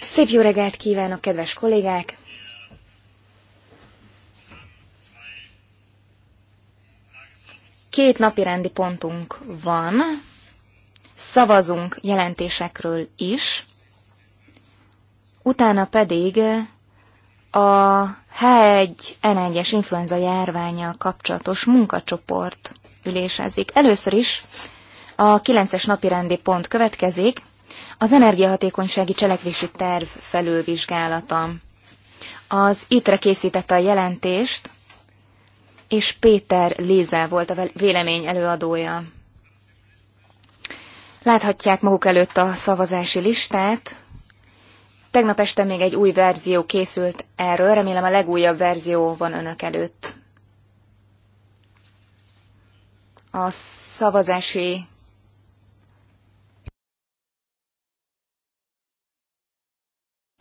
Szép jó reggelt kívánok, kedves kollégák! Két napi rendi pontunk van. Szavazunk jelentésekről is. Utána pedig a H1N1-es influenza járványal kapcsolatos munkacsoport ülésezik. Először is a 9-es napi rendi pont következik. Az energiahatékonysági cselekvési terv felülvizsgálata. Az ITRE készítette a jelentést, és Péter Lézel volt a vélemény előadója. Láthatják maguk előtt a szavazási listát. Tegnap este még egy új verzió készült erről, remélem a legújabb verzió van önök előtt. A szavazási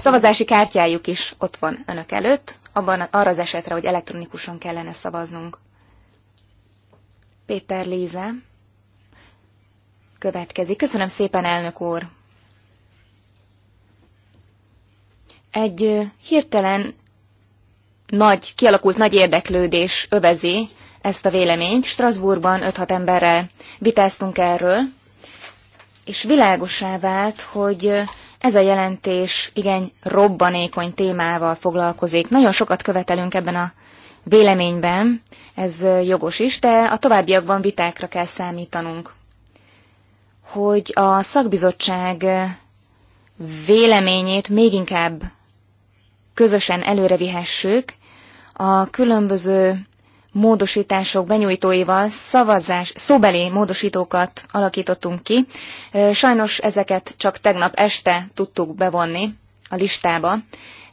Szavazási kártyájuk is ott van önök előtt, abban arra az esetre, hogy elektronikusan kellene szavaznunk. Péter Léze következik. Köszönöm szépen, elnök úr! Egy hirtelen nagy, kialakult nagy érdeklődés övezi ezt a véleményt. Strasbourgban 5-6 emberrel vitáztunk erről, és világosá vált, hogy ez a jelentés igen robbanékony témával foglalkozik. Nagyon sokat követelünk ebben a véleményben, ez jogos is, de a továbbiakban vitákra kell számítanunk. Hogy a szakbizottság véleményét még inkább közösen előrevihessük, a különböző módosítások benyújtóival szavazás, szóbeli módosítókat alakítottunk ki. Sajnos ezeket csak tegnap este tudtuk bevonni a listába,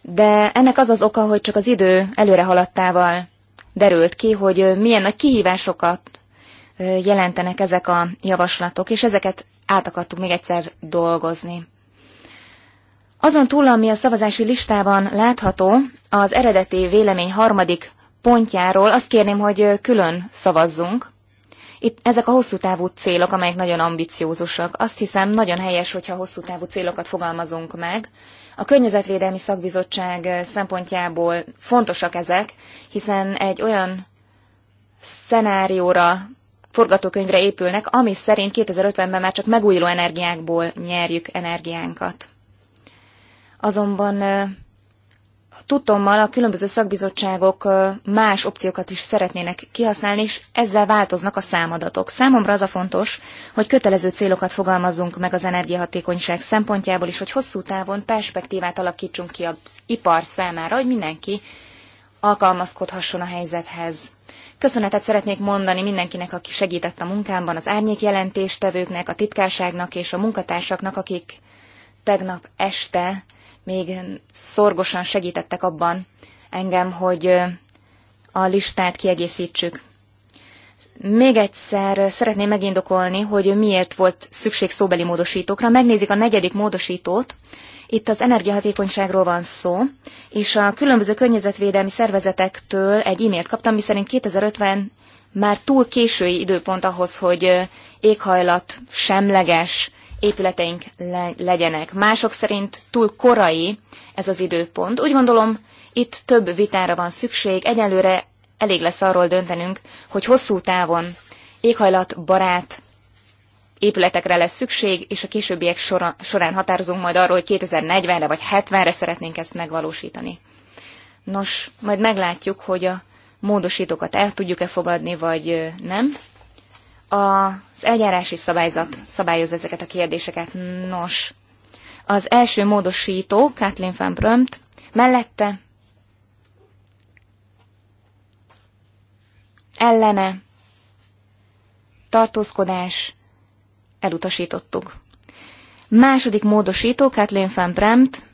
de ennek az az oka, hogy csak az idő előre haladtával derült ki, hogy milyen nagy kihívásokat jelentenek ezek a javaslatok, és ezeket át akartuk még egyszer dolgozni. Azon túl, ami a szavazási listában látható, az eredeti vélemény harmadik pontjáról azt kérném, hogy külön szavazzunk. Itt ezek a hosszú távú célok, amelyek nagyon ambiciózusak. Azt hiszem, nagyon helyes, hogyha hosszú távú célokat fogalmazunk meg. A Környezetvédelmi Szakbizottság szempontjából fontosak ezek, hiszen egy olyan szenárióra, forgatókönyvre épülnek, ami szerint 2050-ben már csak megújuló energiákból nyerjük energiánkat. Azonban Tudtommal a különböző szakbizottságok más opciókat is szeretnének kihasználni, és ezzel változnak a számadatok. Számomra az a fontos, hogy kötelező célokat fogalmazzunk meg az energiahatékonyság szempontjából is, hogy hosszú távon perspektívát alakítsunk ki az ipar számára, hogy mindenki alkalmazkodhasson a helyzethez. Köszönetet szeretnék mondani mindenkinek, aki segített a munkámban, az árnyék jelentéstevőknek, a titkárságnak és a munkatársaknak, akik tegnap este még szorgosan segítettek abban engem, hogy a listát kiegészítsük. Még egyszer szeretném megindokolni, hogy miért volt szükség szóbeli módosítókra. Megnézik a negyedik módosítót. Itt az energiahatékonyságról van szó, és a különböző környezetvédelmi szervezetektől egy e-mailt kaptam, miszerint 2050 már túl késői időpont ahhoz, hogy éghajlat semleges épületeink le- legyenek. Mások szerint túl korai ez az időpont. Úgy gondolom, itt több vitára van szükség. Egyelőre elég lesz arról döntenünk, hogy hosszú távon barát épületekre lesz szükség, és a későbbiek során határozunk majd arról, hogy 2040-re vagy 70-re szeretnénk ezt megvalósítani. Nos, majd meglátjuk, hogy a módosítókat el tudjuk-e fogadni, vagy nem. Az eljárási szabályzat szabályoz ezeket a kérdéseket. Nos, az első módosító, Kathleen van Brömt, mellette ellene tartózkodás elutasítottuk. Második módosító, Kathleen van Brömt,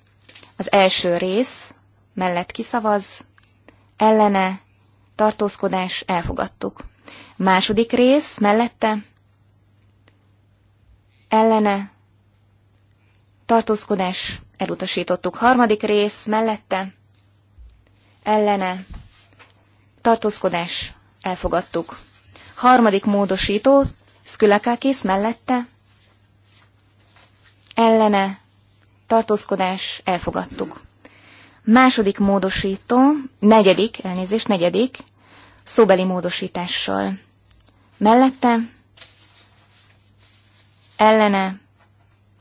az első rész mellett kiszavaz, ellene tartózkodás elfogadtuk. Második rész mellette ellene tartózkodás elutasítottuk. Harmadik rész mellette ellene tartózkodás elfogadtuk. Harmadik módosító Szkülekákész mellette ellene tartózkodás elfogadtuk. Második módosító, negyedik, elnézést, negyedik, szóbeli módosítással Mellette ellene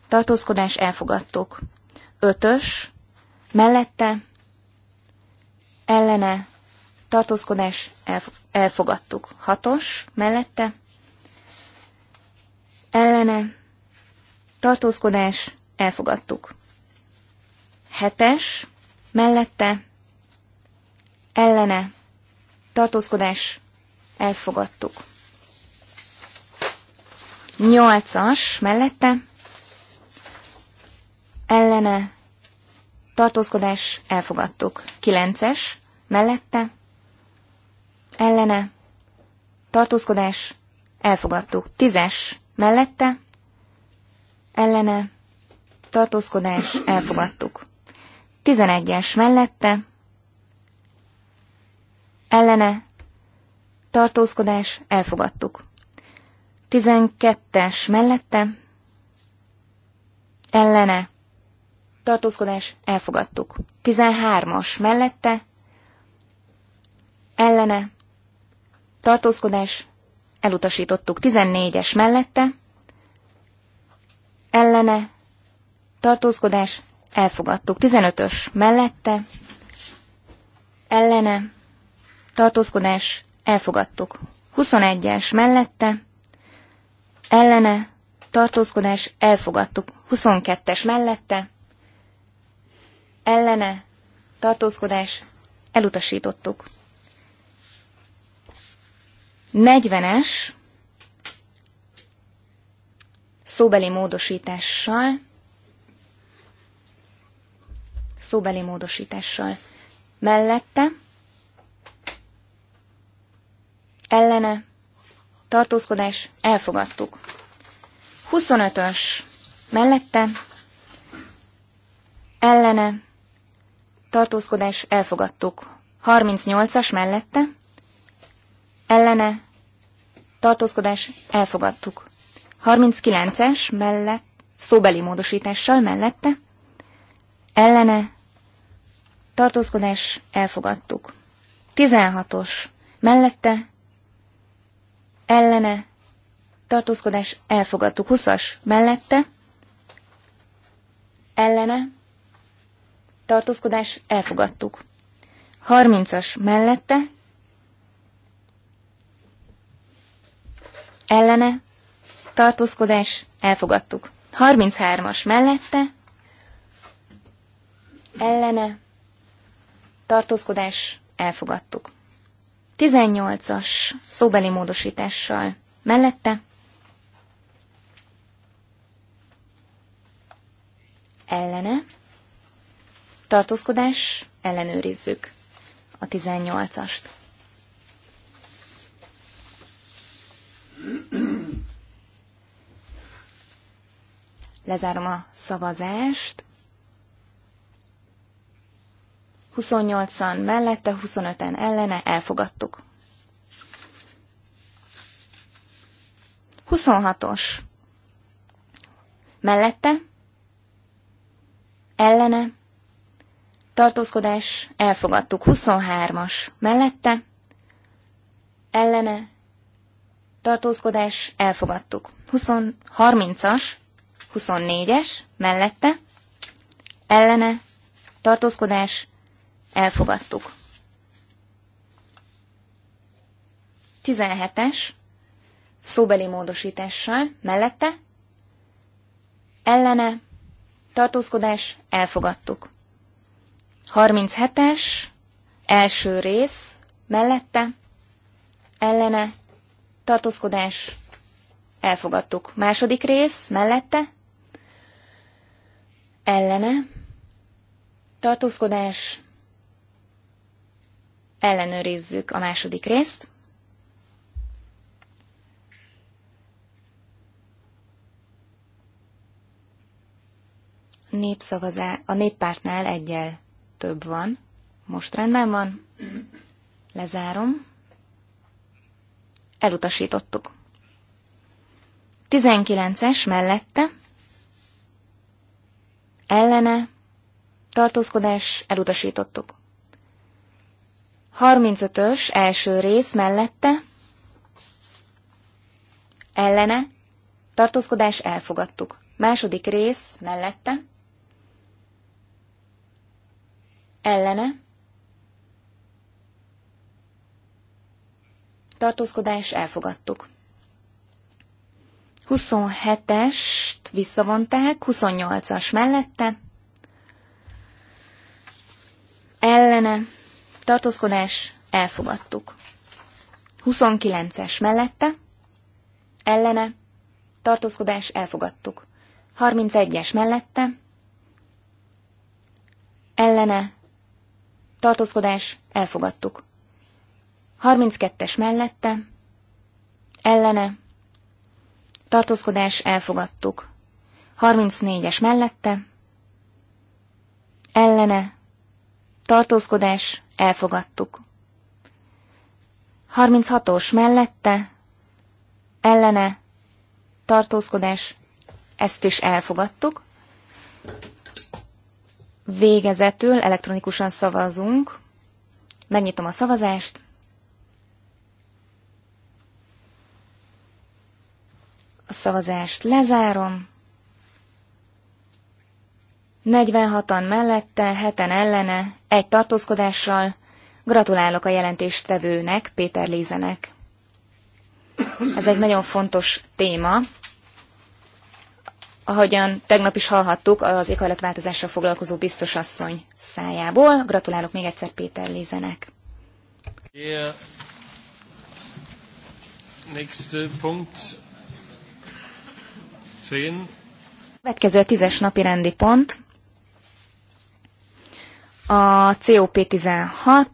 tartózkodás elfogadtuk. Ötös mellette ellene tartózkodás elfogadtuk. Hatos mellette ellene tartózkodás elfogadtuk. Hetes mellette ellene tartózkodás elfogadtuk. Nyolcas mellette ellene tartózkodás elfogadtuk. Kilences mellette ellene tartózkodás elfogadtuk. Tízes mellette ellene tartózkodás elfogadtuk. Tizenegyes mellette ellene tartózkodás elfogadtuk. 12-es mellette, ellene, tartózkodás, elfogadtuk. 13-as mellette, ellene, tartózkodás, elutasítottuk. 14-es mellette, ellene, tartózkodás, elfogadtuk. 15-ös mellette, ellene, tartózkodás, elfogadtuk. 21-es mellette, ellene, tartózkodás, elfogadtuk. 22-es mellette, ellene, tartózkodás, elutasítottuk. 40-es szóbeli módosítással, szóbeli módosítással mellette, ellene, tartózkodás, elfogadtuk. 25-ös mellette, ellene, tartózkodás, elfogadtuk. 38-as mellette, ellene, tartózkodás, elfogadtuk. 39-es mellett, szóbeli módosítással mellette, ellene, tartózkodás, elfogadtuk. 16-os mellette, ellene, tartózkodás elfogadtuk. 20-as mellette, ellene, tartózkodás elfogadtuk. 30-as mellette, ellene, tartózkodás elfogadtuk. 33-as mellette, ellene, tartózkodás elfogadtuk. 18-as szóbeli módosítással. Mellette? Ellene? Tartózkodás? Ellenőrizzük a 18-ast. Lezárom a szavazást. 28-an mellette, 25-en ellene elfogadtuk. 26-os. Mellette, ellene, tartózkodás, elfogadtuk. 23-as. Mellette, ellene, tartózkodás, elfogadtuk. 30-as, 24-es, mellette, ellene, tartózkodás, Elfogadtuk. 17-es, szóbeli módosítással, mellette, ellene, tartózkodás, elfogadtuk. 37-es, első rész, mellette, ellene, tartózkodás, elfogadtuk. Második rész, mellette, ellene, tartózkodás, ellenőrizzük a második részt. A, népszavazá... a néppártnál egyel több van. Most rendben van. Lezárom. Elutasítottuk. 19-es mellette. Ellene. Tartózkodás. Elutasítottuk. 35-ös első rész mellette, ellene, tartózkodás elfogadtuk. Második rész mellette, ellene, tartózkodás elfogadtuk. 27-est visszavonták, 28-as mellette, ellene, tartózkodás, elfogadtuk. 29-es mellette, ellene, tartózkodás, elfogadtuk. 31-es mellette, ellene, tartózkodás, elfogadtuk. 32-es mellette, ellene, tartózkodás, elfogadtuk. 34-es mellette, ellene, tartózkodás, elfogadtuk. 36-os mellette, ellene, tartózkodás, ezt is elfogadtuk. Végezetül elektronikusan szavazunk. Megnyitom a szavazást. A szavazást lezárom. 46-an mellette, 7-en ellene, egy tartózkodással. Gratulálok a jelentéstevőnek, Péter Lézenek. Ez egy nagyon fontos téma. Ahogyan tegnap is hallhattuk, az éghajlatváltozással foglalkozó biztosasszony szájából. Gratulálok még egyszer Péter Lézenek. Yeah. Nächste Punkt. Zehn. Következő a tízes napi rendi pont a COP16,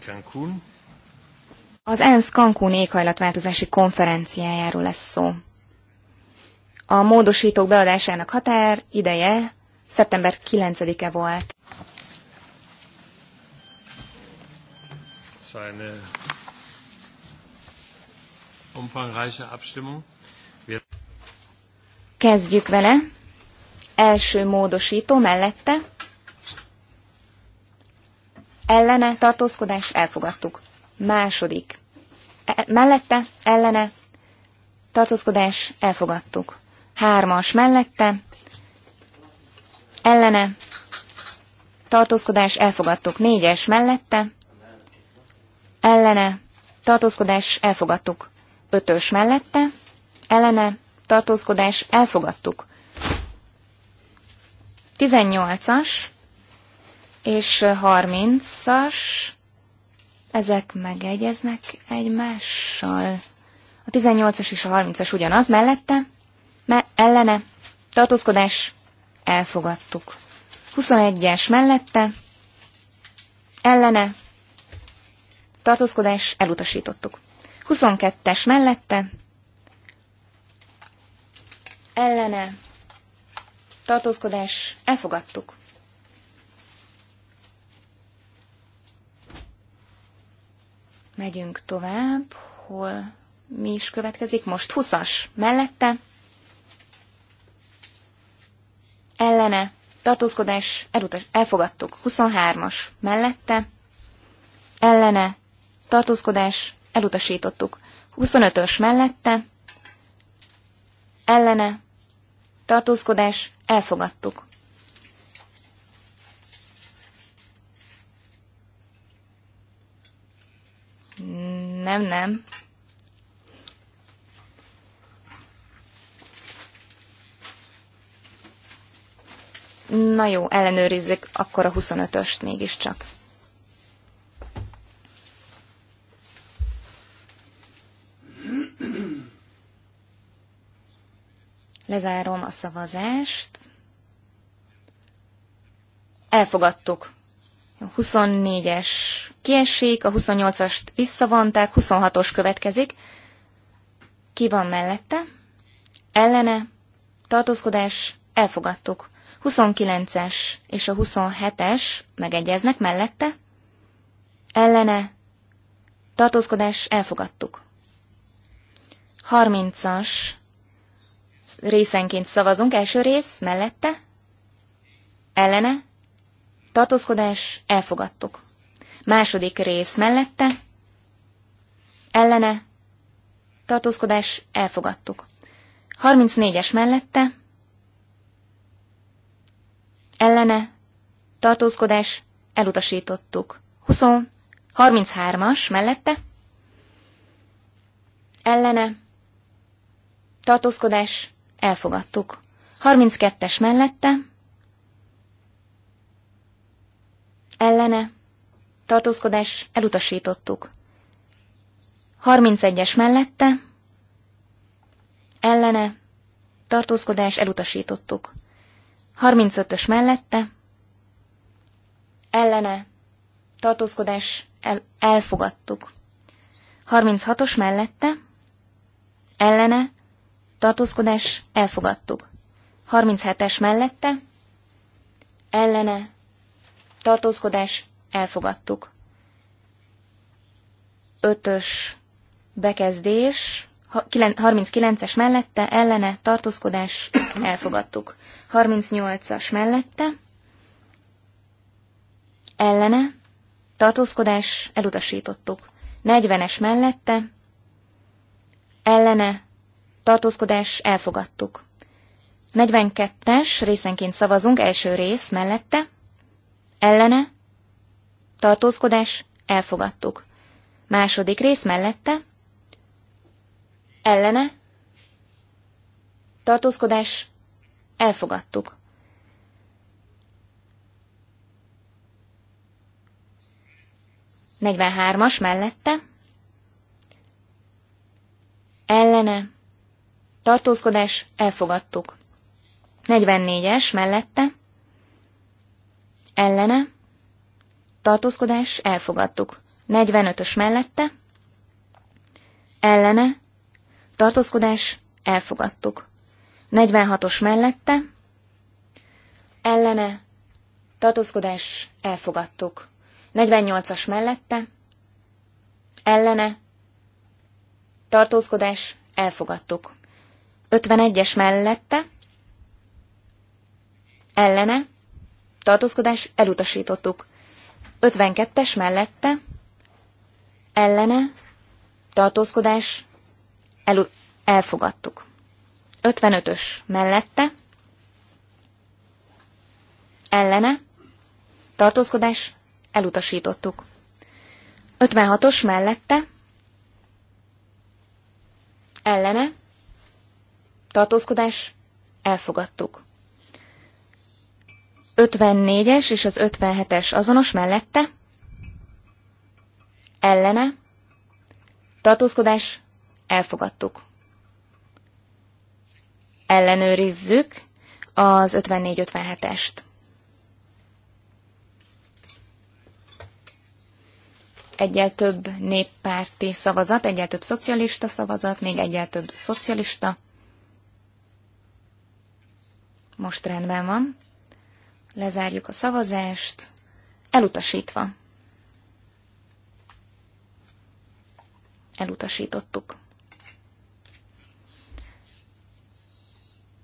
Cancún. Az ENSZ Cancún éghajlatváltozási konferenciájáról lesz szó. A módosítók beadásának határ ideje szeptember 9-e volt. Seine umfangreiche Abstimmung. Kezdjük vele. Első módosító mellette. Ellene tartózkodás elfogadtuk. Második. E mellette, ellene tartózkodás elfogadtuk hármas mellette, ellene, tartózkodás elfogadtuk négyes mellette, ellene, tartózkodás elfogadtuk ötös mellette, ellene, tartózkodás elfogadtuk. 18-as és 30-as, ezek megegyeznek egymással. A 18-as és a 30-as ugyanaz mellette, mert ellene, tartózkodás, elfogadtuk. 21-es mellette, ellene, tartózkodás, elutasítottuk. 22-es mellette, ellene, tartózkodás, elfogadtuk. Megyünk tovább, hol mi is következik. Most 20-as mellette, ellene, tartózkodás, elutas, elfogadtuk. 23-as mellette, ellene, tartózkodás, elutasítottuk. 25-ös mellette, ellene, tartózkodás, elfogadtuk. Nem, nem. Na jó, ellenőrizzük akkor a 25-öst mégiscsak. Lezárom a szavazást. Elfogadtuk. 24-es kiesik, a 28-ast visszavonták, 26-os következik. Ki van mellette? Ellene? Tartózkodás? Elfogadtuk. 29-es és a 27-es megegyeznek mellette, ellene, tartózkodás, elfogadtuk. 30-as részenként szavazunk, első rész mellette, ellene, tartózkodás, elfogadtuk. Második rész mellette, ellene, tartózkodás, elfogadtuk. 34-es mellette, ellene, tartózkodás, elutasítottuk. 20, 33-as mellette, ellene, tartózkodás, elfogadtuk. 32-es mellette, ellene, tartózkodás, elutasítottuk. 31-es mellette, ellene, tartózkodás, elutasítottuk. 35-ös mellette, ellene, tartózkodás, el, elfogadtuk. 36-os mellette, ellene, tartózkodás, elfogadtuk. 37-es mellette, ellene, tartózkodás, elfogadtuk. 5-ös bekezdés, 39-es mellette, ellene, tartózkodás, elfogadtuk. 38-as mellette, ellene, tartózkodás, elutasítottuk. 40-es mellette, ellene, tartózkodás, elfogadtuk. 42-es részenként szavazunk, első rész mellette, ellene, tartózkodás, elfogadtuk. Második rész mellette, ellene, tartózkodás, Elfogadtuk. Negyvenhármas mellette. Ellene. Tartózkodás. Elfogadtuk. Negyvennégyes mellette. Ellene. Tartózkodás. Elfogadtuk. 45-ös mellette. Ellene. Tartózkodás. Elfogadtuk. 46-os mellette, ellene, tartózkodás, elfogadtuk. 48-as mellette, ellene, tartózkodás, elfogadtuk. 51-es mellette, ellene, tartózkodás, elutasítottuk. 52-es mellette, ellene, tartózkodás, elu- elfogadtuk. 55-ös mellette, ellene, tartózkodás, elutasítottuk. 56-os mellette, ellene, tartózkodás, elfogadtuk. 54-es és az 57-es azonos mellette, ellene, tartózkodás, elfogadtuk ellenőrizzük az 54-57-est. Egyel több néppárti szavazat, egyel több szocialista szavazat, még egyel több szocialista. Most rendben van. Lezárjuk a szavazást. Elutasítva. Elutasítottuk.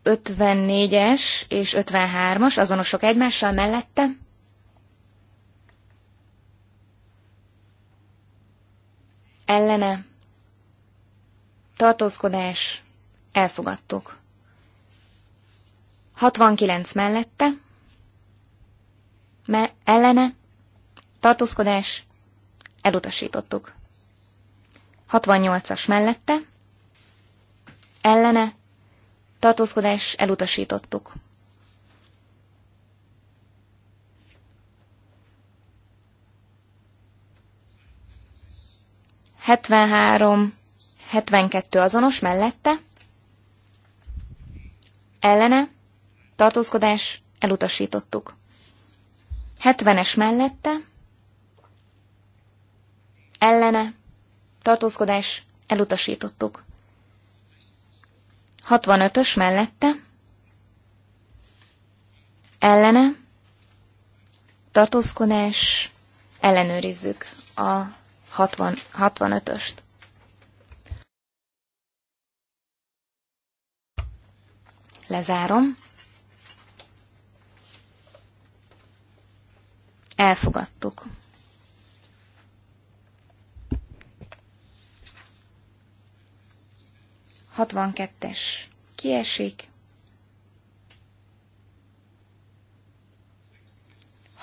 54-es és 53-as azonosok egymással mellette. Ellene. Tartózkodás. Elfogadtuk. 69 mellette. Me ellene. Tartózkodás. Elutasítottuk. 68-as mellette. Ellene tartózkodás elutasítottuk. Hetvenhárom, hetvenkettő azonos mellette, ellene, tartózkodás elutasítottuk. Hetvenes mellette, ellene, tartózkodás elutasítottuk. 65-ös mellette, ellene, tartózkodás, ellenőrizzük a 60, 65-öst. Lezárom. Elfogadtuk. 62-es kiesik,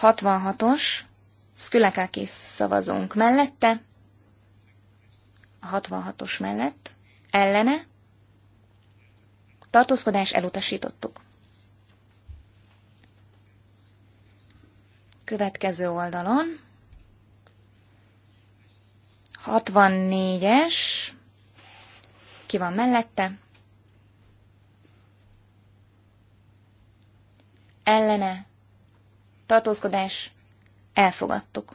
66-os, Szkülekákész szavazónk mellette, a 66-os mellett, ellene, tartózkodás elutasítottuk. Következő oldalon, 64-es, ki van mellette, ellene, tartózkodás, elfogadtuk.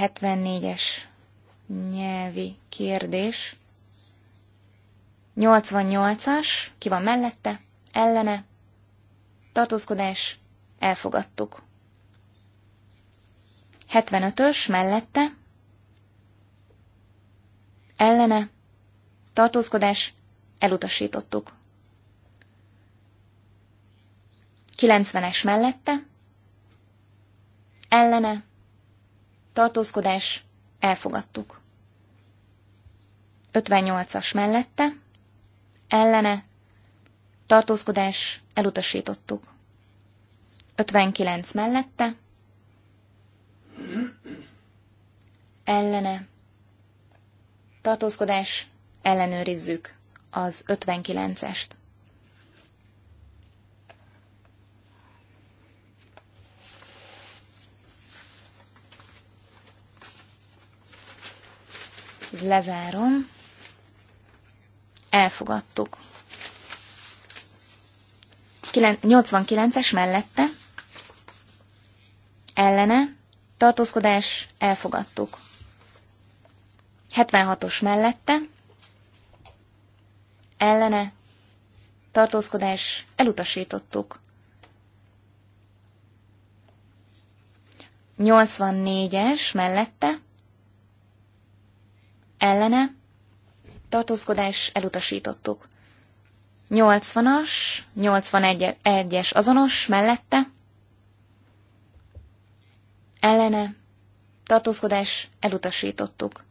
74-es nyelvi kérdés. 88-as, ki van mellette, ellene, tartózkodás, elfogadtuk. 75-ös mellette, ellene, tartózkodás, elutasítottuk. 90-es mellette, ellene, tartózkodás, elfogadtuk. 58-as mellette, ellene, tartózkodás, elutasítottuk. 59 mellette, ellene, tartózkodás, ellenőrizzük az 59-est. Lezárom. Elfogadtuk. 89-es mellette. Ellene. Tartózkodás. Elfogadtuk. 76-os mellette, ellene, tartózkodás, elutasítottuk. 84-es mellette, ellene, tartózkodás, elutasítottuk. 80-as, 81-es azonos mellette, ellene, tartózkodás, elutasítottuk.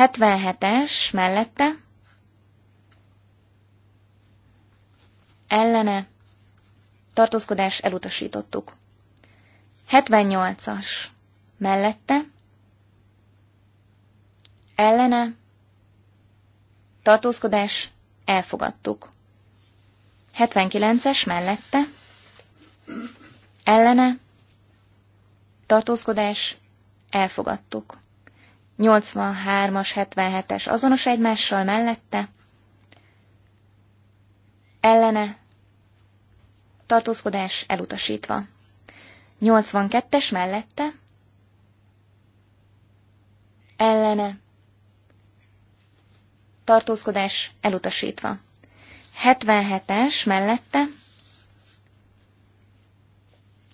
77-es mellette, ellene, tartózkodás elutasítottuk. 78-as mellette, ellene, tartózkodás elfogadtuk. 79-es mellette, ellene, tartózkodás elfogadtuk. 83-as, 77-es azonos egymással mellette, ellene, tartózkodás elutasítva. 82-es mellette, ellene, tartózkodás elutasítva. 77-es mellette,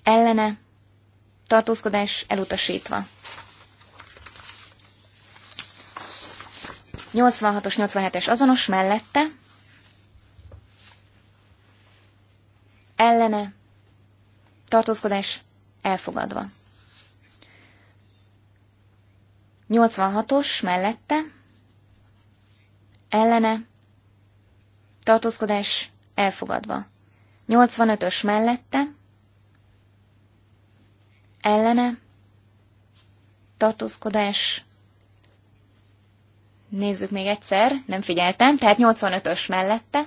ellene, tartózkodás elutasítva. 86-os, 87-es azonos mellette, ellene, tartózkodás elfogadva. 86-os mellette, ellene, tartózkodás elfogadva. 85-ös mellette, ellene, tartózkodás Nézzük még egyszer, nem figyeltem. Tehát 85-ös mellette.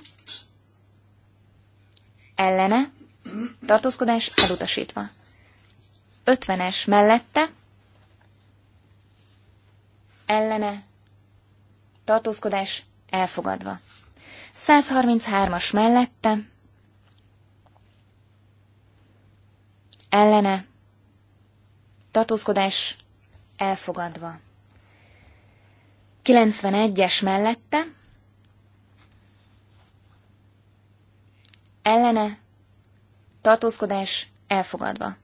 Ellene. Tartózkodás elutasítva. 50-es mellette. Ellene. Tartózkodás elfogadva. 133-as mellette. Ellene. Tartózkodás elfogadva. 91-es mellette, ellene, tartózkodás elfogadva.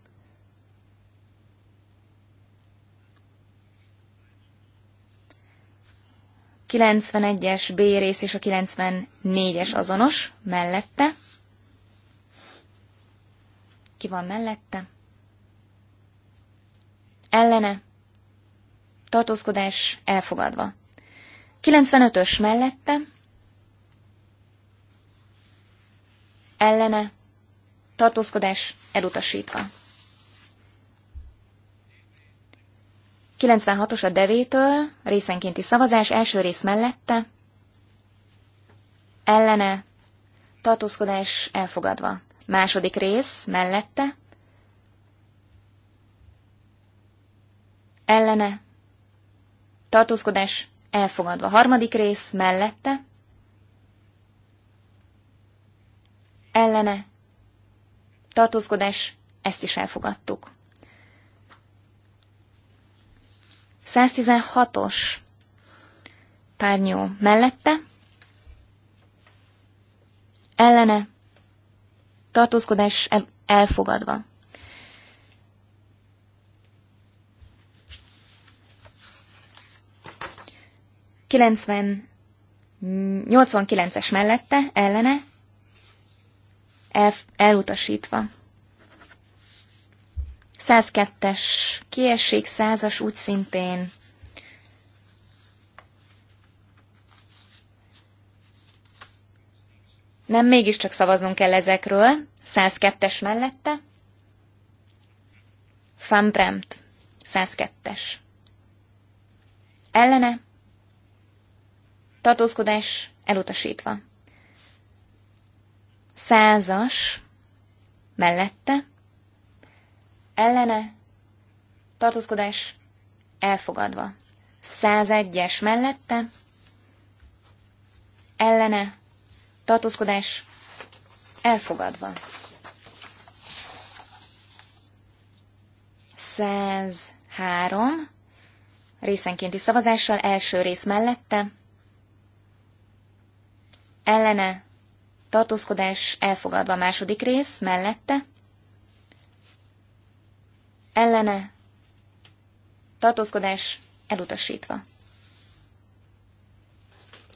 es B rész és a 94-es azonos, mellette. Ki van mellette? Ellene. Tartózkodás elfogadva. 95-ös mellette, ellene, tartózkodás elutasítva. 96-os a devétől, részenkénti szavazás, első rész mellette, ellene, tartózkodás elfogadva. Második rész mellette, ellene, tartózkodás elfogadva. Harmadik rész mellette, ellene, tartózkodás, ezt is elfogadtuk. 116-os párnyó mellette, ellene, tartózkodás elfogadva. 90, 89-es mellette, ellene, el, elutasítva. 102-es kiesség, 100-as úgy szintén. Nem, mégiscsak szavaznunk kell ezekről. 102-es mellette. Van 102-es. Ellene tartózkodás elutasítva. Százas mellette, ellene, tartózkodás elfogadva. Százegyes mellette, ellene, tartózkodás elfogadva. Száz három részenkénti szavazással első rész mellette, ellene, tartózkodás elfogadva a második rész, mellette, ellene, tartózkodás elutasítva.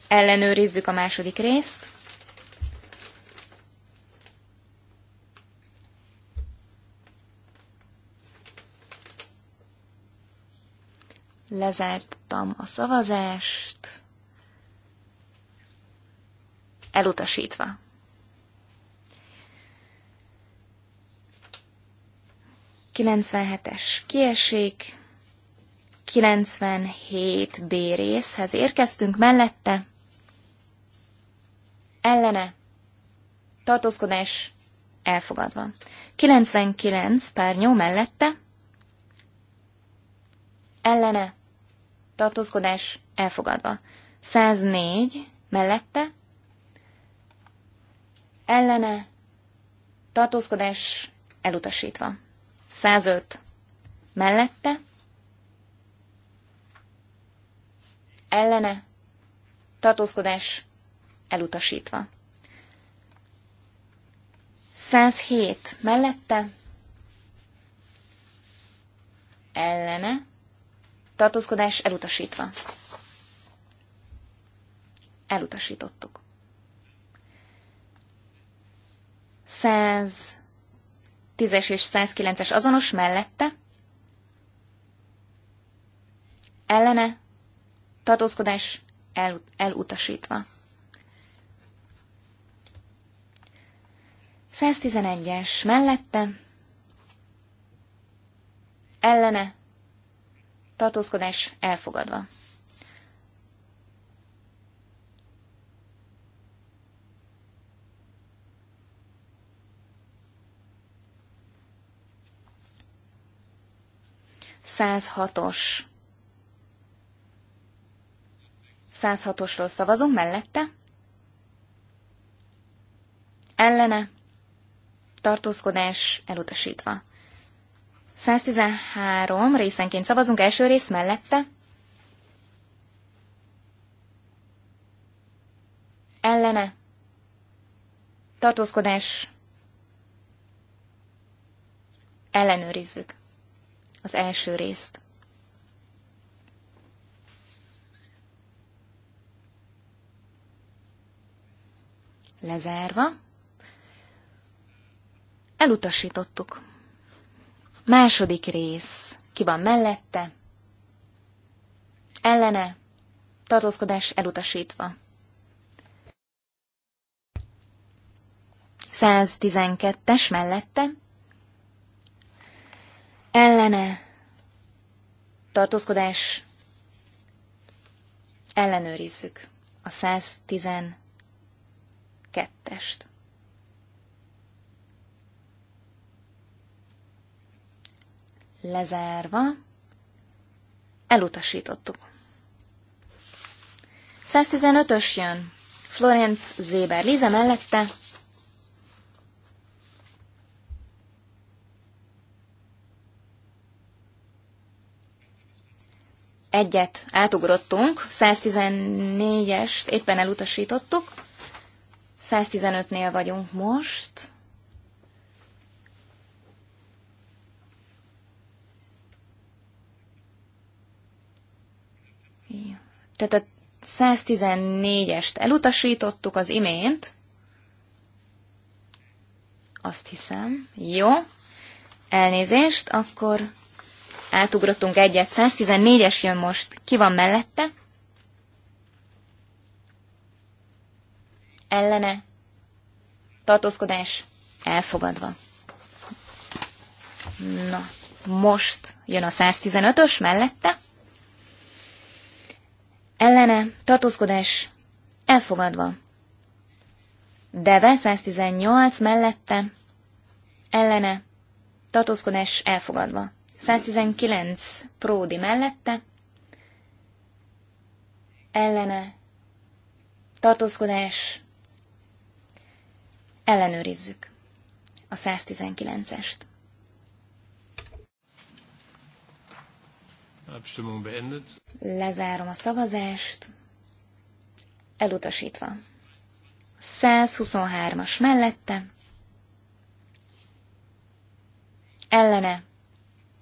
Ellenőrizzük a második részt. Lezártam a szavazást elutasítva. es kiesik, 97 B részhez érkeztünk mellette, ellene, tartózkodás elfogadva. 99 párnyó mellette, ellene, tartózkodás elfogadva. 104 mellette, ellene, tartózkodás elutasítva. 105 mellette, ellene, tartózkodás elutasítva. 107 mellette, ellene, tartózkodás elutasítva. Elutasítottuk. 110-es és 109-es azonos mellette, ellene, tartózkodás el, elutasítva. 111-es mellette, ellene, tartózkodás elfogadva. 106-os. 106-osról szavazunk mellette. Ellene. Tartózkodás elutasítva. 113 részenként szavazunk első rész mellette. Ellene. Tartózkodás. Ellenőrizzük az első részt. Lezárva. Elutasítottuk. Második rész. Ki van mellette? Ellene. Tartózkodás elutasítva. 112-es mellette ellene tartózkodás ellenőrizzük a 112-est. Lezárva elutasítottuk. 115-ös jön. Florence Zéber Lize mellette egyet átugrottunk, 114-est éppen elutasítottuk, 115-nél vagyunk most. Tehát a 114-est elutasítottuk az imént, azt hiszem. Jó, elnézést, akkor átugrottunk egyet, 114-es jön most, ki van mellette? Ellene, tartózkodás, elfogadva. Na, most jön a 115-ös mellette. Ellene, tartózkodás, elfogadva. Deve 118 mellette, ellene, tartózkodás elfogadva. 119 Pródi mellette, ellene tartózkodás, ellenőrizzük a 119-est. Lezárom a szavazást, elutasítva. 123-as mellette, ellene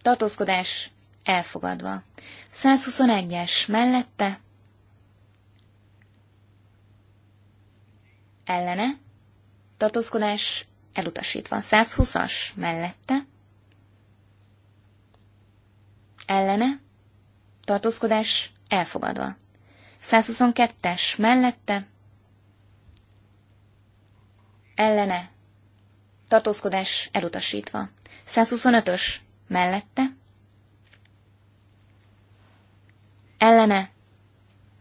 tartózkodás elfogadva. 121-es mellette, ellene, tartózkodás elutasítva. 120-as mellette, ellene, tartózkodás elfogadva. 122-es mellette, ellene, tartózkodás elutasítva. 125-ös mellette, ellene,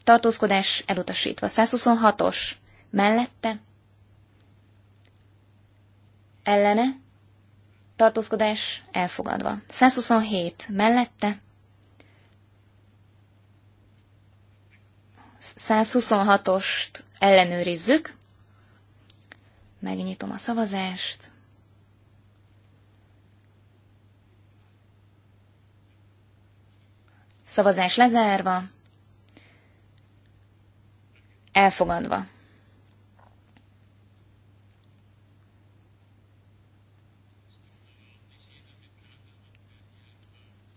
tartózkodás elutasítva, 126-os mellette, ellene, tartózkodás elfogadva, 127 mellette, 126-ost ellenőrizzük, megnyitom a szavazást, Szavazás lezárva. Elfogadva.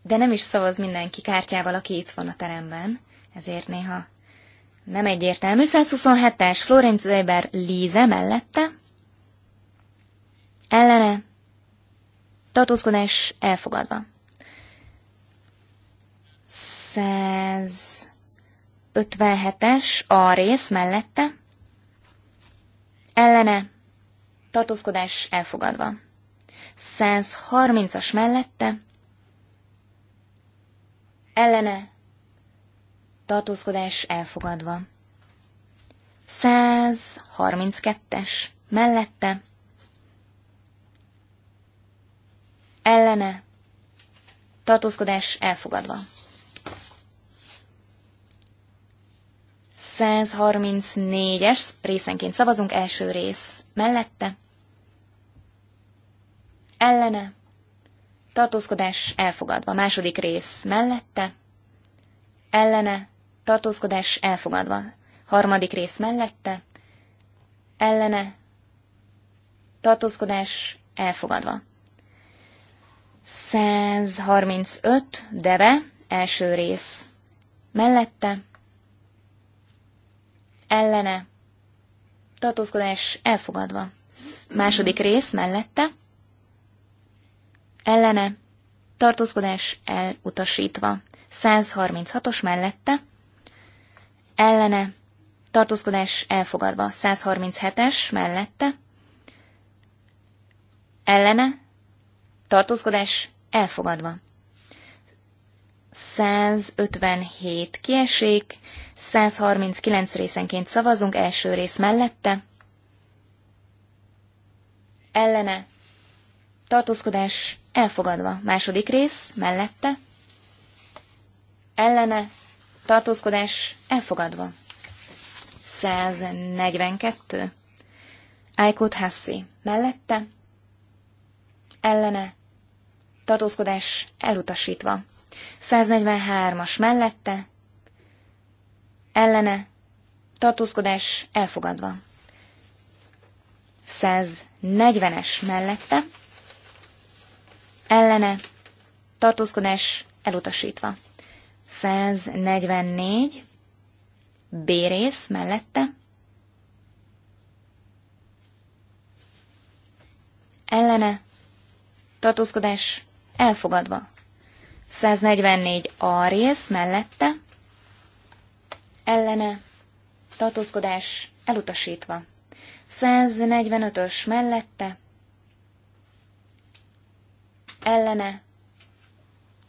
De nem is szavaz mindenki kártyával, aki itt van a teremben, ezért néha nem egyértelmű. 127-es Florence Zeber Líze mellette. Ellene. Tartózkodás elfogadva. 257-es a rész mellette, ellene tartózkodás elfogadva. 130-as mellette, ellene tartózkodás elfogadva. 132-es mellette, ellene tartózkodás elfogadva. 134-es részenként szavazunk, első rész mellette, ellene, tartózkodás elfogadva, második rész mellette, ellene, tartózkodás elfogadva, harmadik rész mellette, ellene, tartózkodás elfogadva. 135 deve, első rész mellette, ellene, tartózkodás elfogadva. Második rész mellette, ellene, tartózkodás elutasítva. 136-os mellette, ellene, tartózkodás elfogadva. 137-es mellette, ellene, tartózkodás elfogadva. 157 kiesék, 139 részenként szavazunk, első rész mellette. Ellene. Tartózkodás elfogadva. Második rész mellette. Ellene. Tartózkodás elfogadva. 142. Ájkót Hassi. Mellette. Ellene. Tartózkodás elutasítva. 143-as mellette, ellene, tartózkodás elfogadva. 140-es mellette, ellene, tartózkodás elutasítva. 144, B rész mellette, ellene, tartózkodás elfogadva. 144 a rész mellette, ellene, tartózkodás elutasítva. 145-ös mellette, ellene,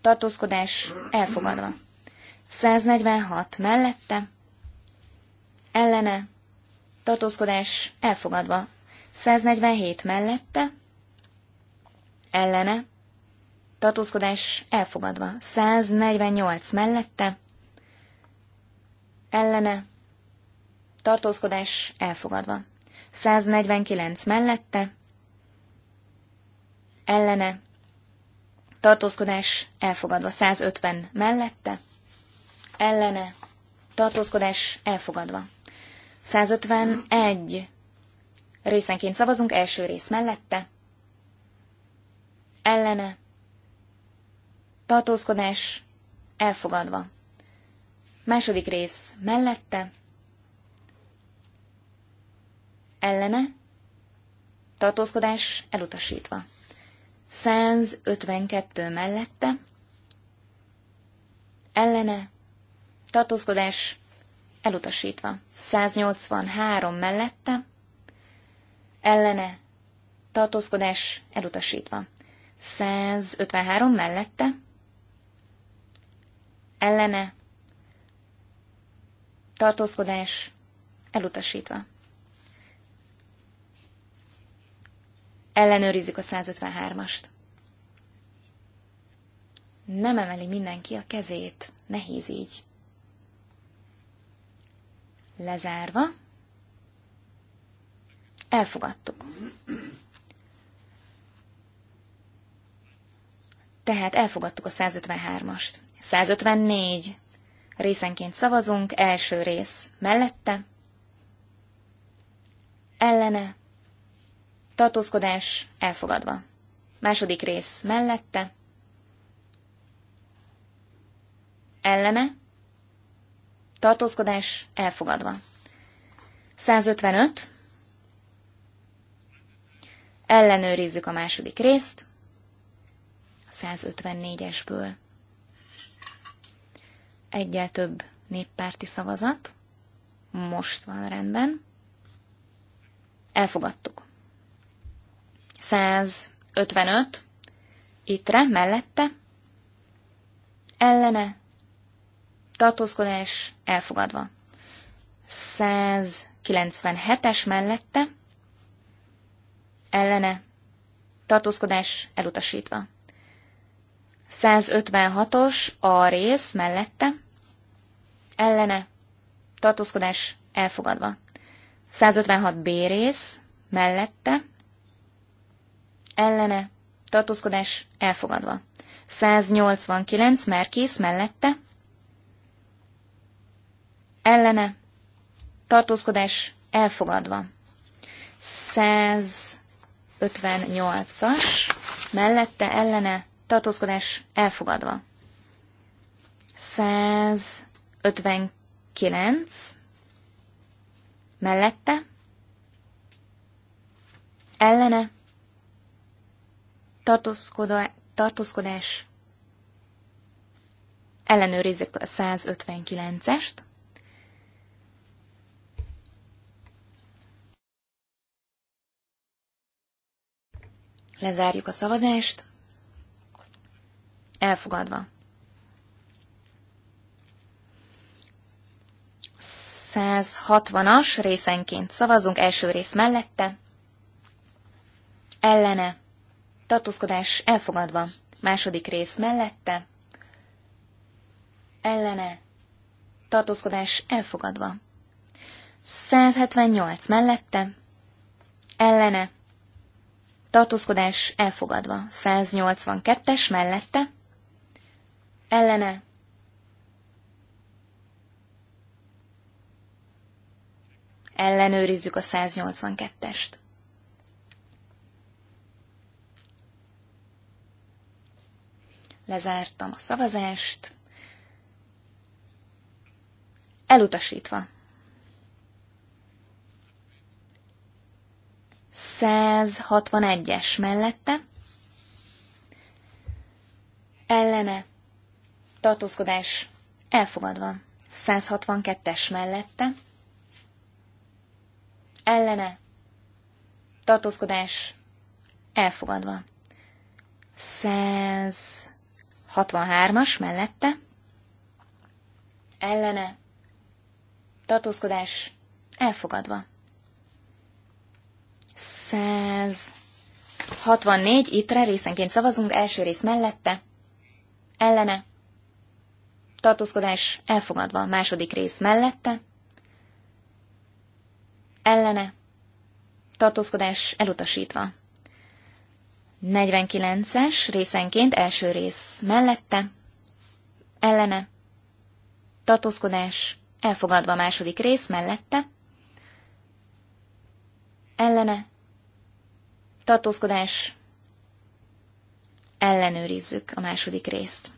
tartózkodás elfogadva. 146 mellette, ellene, tartózkodás elfogadva. 147 mellette, ellene, tartózkodás elfogadva. 148 mellette, ellene, tartózkodás elfogadva. 149 mellette, ellene, tartózkodás elfogadva. 150 mellette, ellene, tartózkodás elfogadva. 151 részenként szavazunk, első rész mellette, ellene, tartózkodás elfogadva. Második rész mellette, ellene, tartózkodás elutasítva. 152 mellette, ellene, tartózkodás elutasítva. 183 mellette, ellene, tartózkodás elutasítva. 153 mellette, ellene, tartózkodás elutasítva. Ellenőrizzük a 153-ast. Nem emeli mindenki a kezét, nehéz így. Lezárva. Elfogadtuk. Tehát elfogadtuk a 153-ast. 154. Részenként szavazunk, első rész mellette, ellene, tartózkodás elfogadva. Második rész mellette, ellene, tartózkodás elfogadva. 155. Ellenőrizzük a második részt, a 154-esből egyel több néppárti szavazat. Most van rendben. Elfogadtuk. 155. Ittre, mellette. Ellene. Tartózkodás elfogadva. 197-es mellette. Ellene. Tartózkodás elutasítva. 156-os a rész mellette, ellene, tartózkodás elfogadva. 156 B rész mellette, ellene, tartózkodás elfogadva. 189 Merkész mellette, ellene, tartózkodás elfogadva. 158-as mellette, ellene, tartózkodás elfogadva. 159 mellette, ellene, tartózkodás, ellenőrizzük a 159-est, Lezárjuk a szavazást. Elfogadva. 160-as részenként szavazunk első rész mellette. Ellene. Tartózkodás elfogadva. Második rész mellette. Ellene. Tartózkodás elfogadva. 178 mellette. Ellene. Tartózkodás elfogadva. 182-es mellette ellene. Ellenőrizzük a 182-est. Lezártam a szavazást. Elutasítva. 161-es mellette. Ellene tartózkodás elfogadva. 162-es mellette, ellene, tartózkodás elfogadva. 163-as mellette, ellene, tartózkodás elfogadva. 164, ittre részenként szavazunk, első rész mellette, ellene, tartózkodás elfogadva második rész mellette, ellene, tartózkodás elutasítva. 49-es részenként első rész mellette, ellene, tartózkodás elfogadva második rész mellette, ellene, tartózkodás ellenőrizzük a második részt.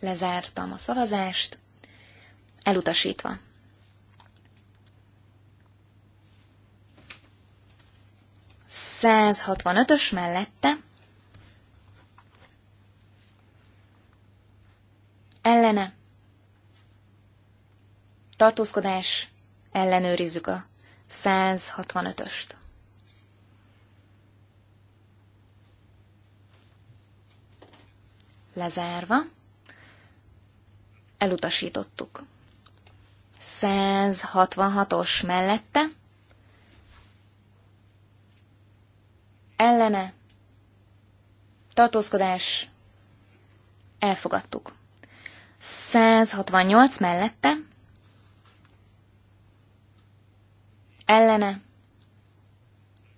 Lezártam a szavazást. Elutasítva. ös mellette. Ellene. Tartózkodás. Ellenőrizzük a 165-öst. lezárva elutasítottuk. 166-os mellette, ellene, tartózkodás, elfogadtuk. 168 mellette, ellene,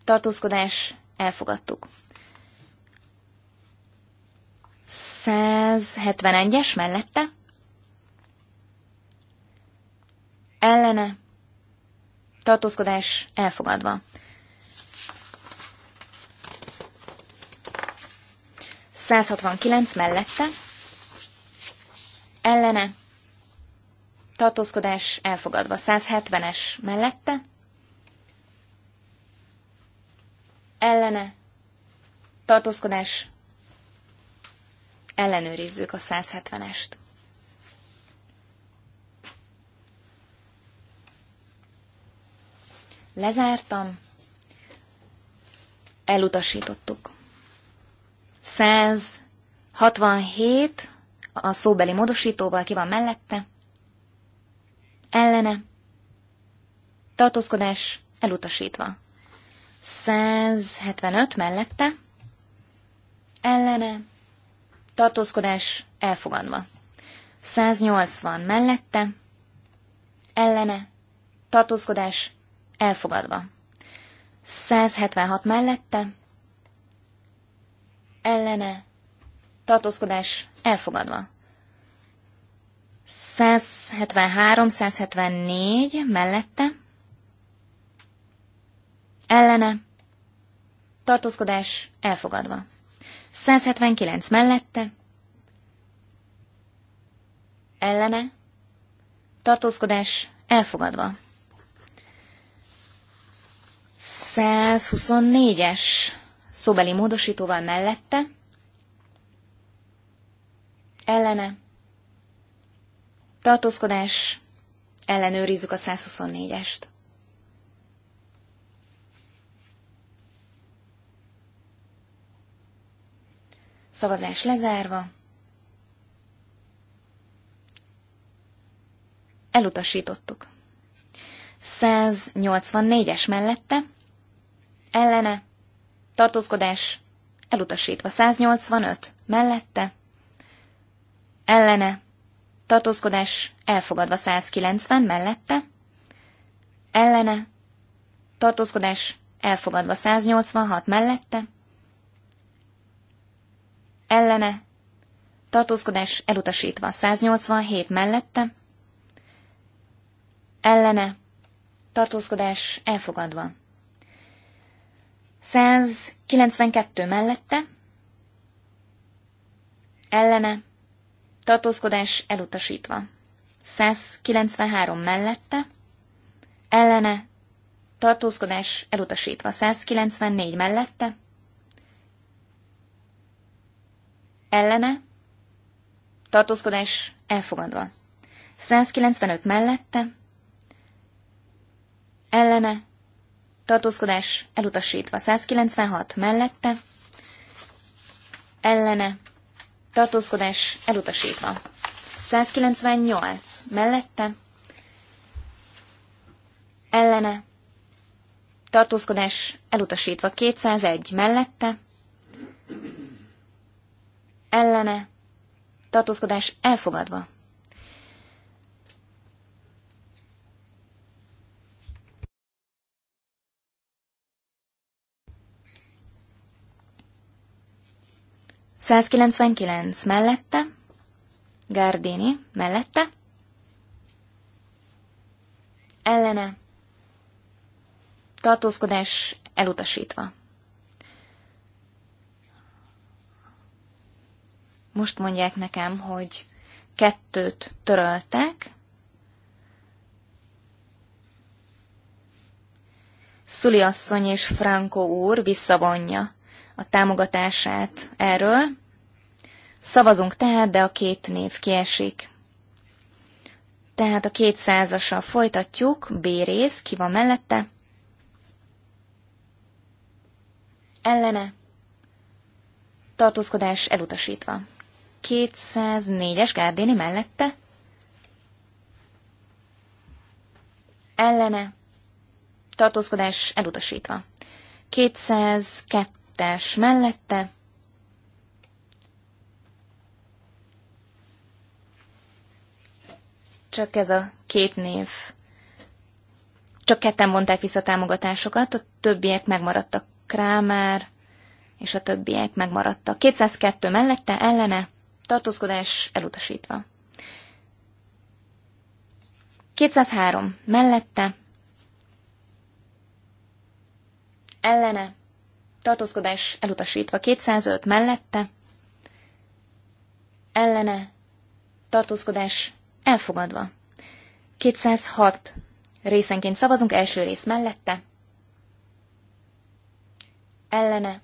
tartózkodás, elfogadtuk. 171-es mellette, ellene, tartózkodás elfogadva. 169 mellette, ellene, tartózkodás elfogadva. 170-es mellette, ellene, tartózkodás ellenőrizzük a 170-est. Lezártam. Elutasítottuk. 167 a szóbeli módosítóval ki van mellette. Ellene. Tartózkodás elutasítva. 175 mellette. Ellene. Tartózkodás elfogadva. 180 mellette. Ellene. Tartózkodás Elfogadva. 176 mellette. Ellene. Tartózkodás. Elfogadva. 173, 174 mellette. Ellene. Tartózkodás elfogadva. 179 mellette. Ellene. Tartózkodás elfogadva. 124-es szóbeli módosítóval mellette, ellene, tartózkodás, ellenőrizzük a 124-est. Szavazás lezárva. Elutasítottuk. 184-es mellette ellene, tartózkodás, elutasítva 185, mellette, ellene, tartózkodás, elfogadva 190, mellette, ellene, tartózkodás, elfogadva 186, mellette, ellene, tartózkodás, elutasítva 187, mellette, ellene, tartózkodás, elfogadva 192 mellette, ellene, tartózkodás elutasítva. 193 mellette, ellene, tartózkodás elutasítva. 194 mellette, ellene, tartózkodás elfogadva. 195 mellette, ellene, tartózkodás elutasítva. 196 mellette, ellene, tartózkodás elutasítva. 198 mellette, ellene, tartózkodás elutasítva. 201 mellette, ellene, tartózkodás elfogadva. 199 mellette, Gardini mellette, ellene, tartózkodás elutasítva. Most mondják nekem, hogy kettőt töröltek, Szuli asszony és Franco úr visszavonja a támogatását erről. Szavazunk tehát, de a két név kiesik. Tehát a két százassal folytatjuk, B rész, ki van mellette? Ellene. Tartózkodás elutasítva. 204-es Gárdéni mellette? Ellene. Tartózkodás elutasítva módosítás mellette, csak ez a két név, csak ketten mondták vissza támogatásokat, a többiek megmaradtak Krámár, és a többiek megmaradtak. 202 mellette, ellene, tartózkodás elutasítva. 203 mellette, ellene, tartózkodás elutasítva 205 mellette, ellene tartózkodás elfogadva. 206 részenként szavazunk, első rész mellette, ellene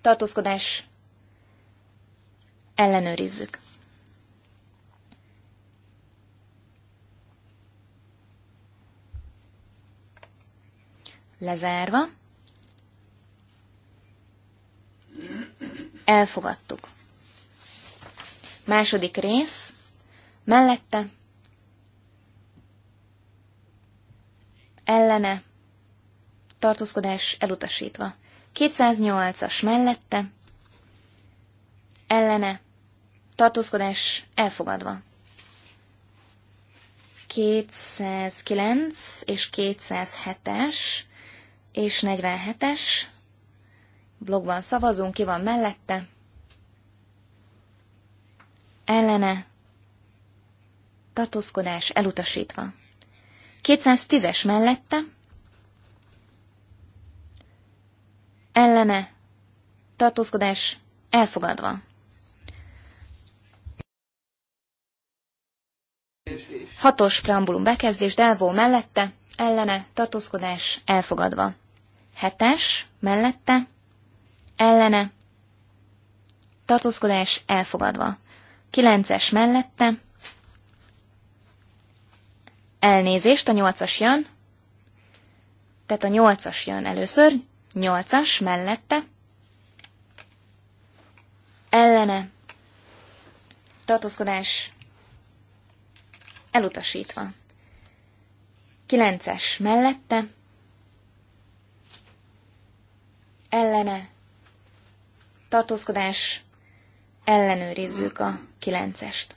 tartózkodás ellenőrizzük. Lezárva. Elfogadtuk. Második rész. Mellette. Ellene. Tartózkodás elutasítva. 208-as mellette. Ellene. Tartózkodás elfogadva. 209 és 207-es és 47-es blogban szavazunk, ki van mellette, ellene, tartózkodás elutasítva. 210-es mellette, ellene, tartózkodás elfogadva. Hatos preambulum bekezdés, Delvó mellette, ellene, tartózkodás elfogadva. Hetes, mellette, ellene, tartózkodás elfogadva. 9-es mellette, elnézést, a 8-as jön, tehát a 8-as jön először, 8-as mellette, ellene, tartózkodás elutasítva. 9-es mellette, ellene, tartózkodás, ellenőrizzük a kilencest.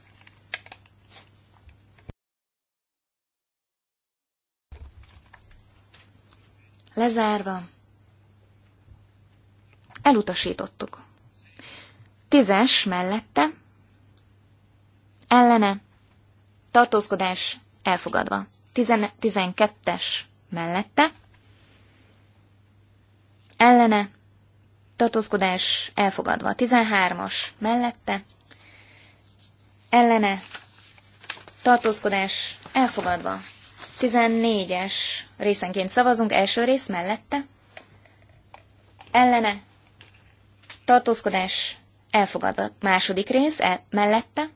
Lezárva. Elutasítottuk. Tízes mellette. Ellene. Tartózkodás elfogadva. Tizen- tizenkettes mellette. Ellene tartózkodás elfogadva. 13-as mellette, ellene, tartózkodás elfogadva. 14-es részenként szavazunk, első rész mellette, ellene, tartózkodás elfogadva. Második rész el, mellette,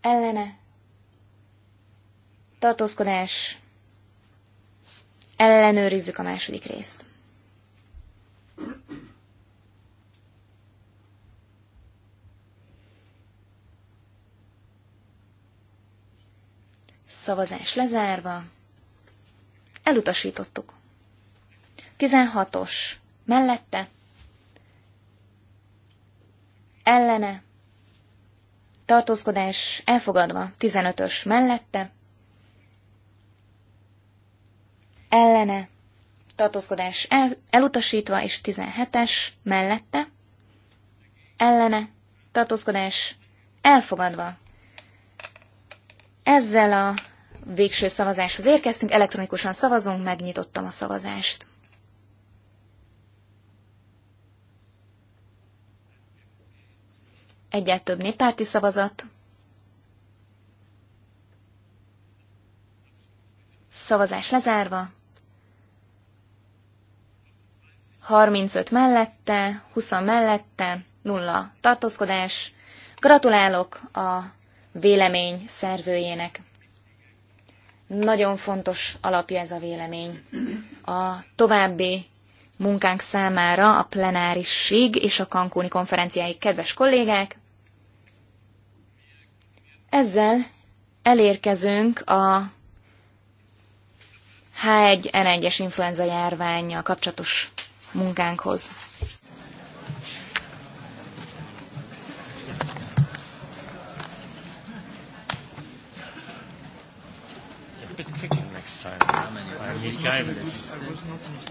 ellene, tartózkodás ellenőrizzük a második részt. Szavazás lezárva. Elutasítottuk. 16-os. Mellette. Ellene. Tartózkodás elfogadva. 15-ös. Mellette ellene tartózkodás el, elutasítva, és 17-es mellette ellene tartózkodás elfogadva. Ezzel a végső szavazáshoz érkeztünk, elektronikusan szavazunk, megnyitottam a szavazást. Egyet több néppárti szavazat. Szavazás lezárva. 35 mellette, 20 mellette, nulla tartózkodás. Gratulálok a vélemény szerzőjének. Nagyon fontos alapja ez a vélemény. A további munkánk számára a plenárisig és a kankúni konferenciáig, kedves kollégák. Ezzel elérkezünk a H1N1-es influenza járványjal kapcsolatos munkánkhoz. next time. I'm MacGyver.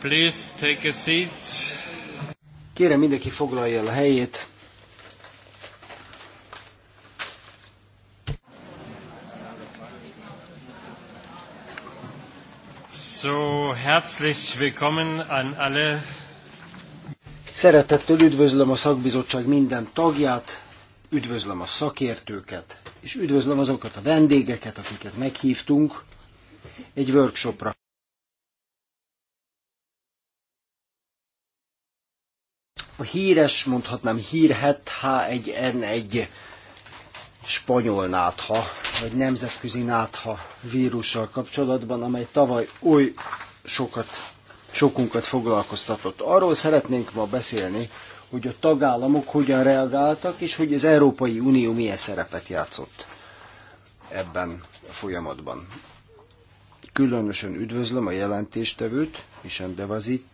Please take a seat. Kérem mindenki foglalja el a helyét. So, herzlich willkommen an alle. Szeretettel üdvözlöm a szakbizottság minden tagját, üdvözlöm a szakértőket, és üdvözlöm azokat a vendégeket, akiket meghívtunk egy workshopra. a híres, mondhatnám hírhet H1N1 spanyol nátha, vagy nemzetközi nátha vírussal kapcsolatban, amely tavaly oly sokat, sokunkat foglalkoztatott. Arról szeretnénk ma beszélni, hogy a tagállamok hogyan reagáltak, és hogy az Európai Unió milyen szerepet játszott ebben a folyamatban. Különösen üdvözlöm a jelentéstevőt, Isen Devazit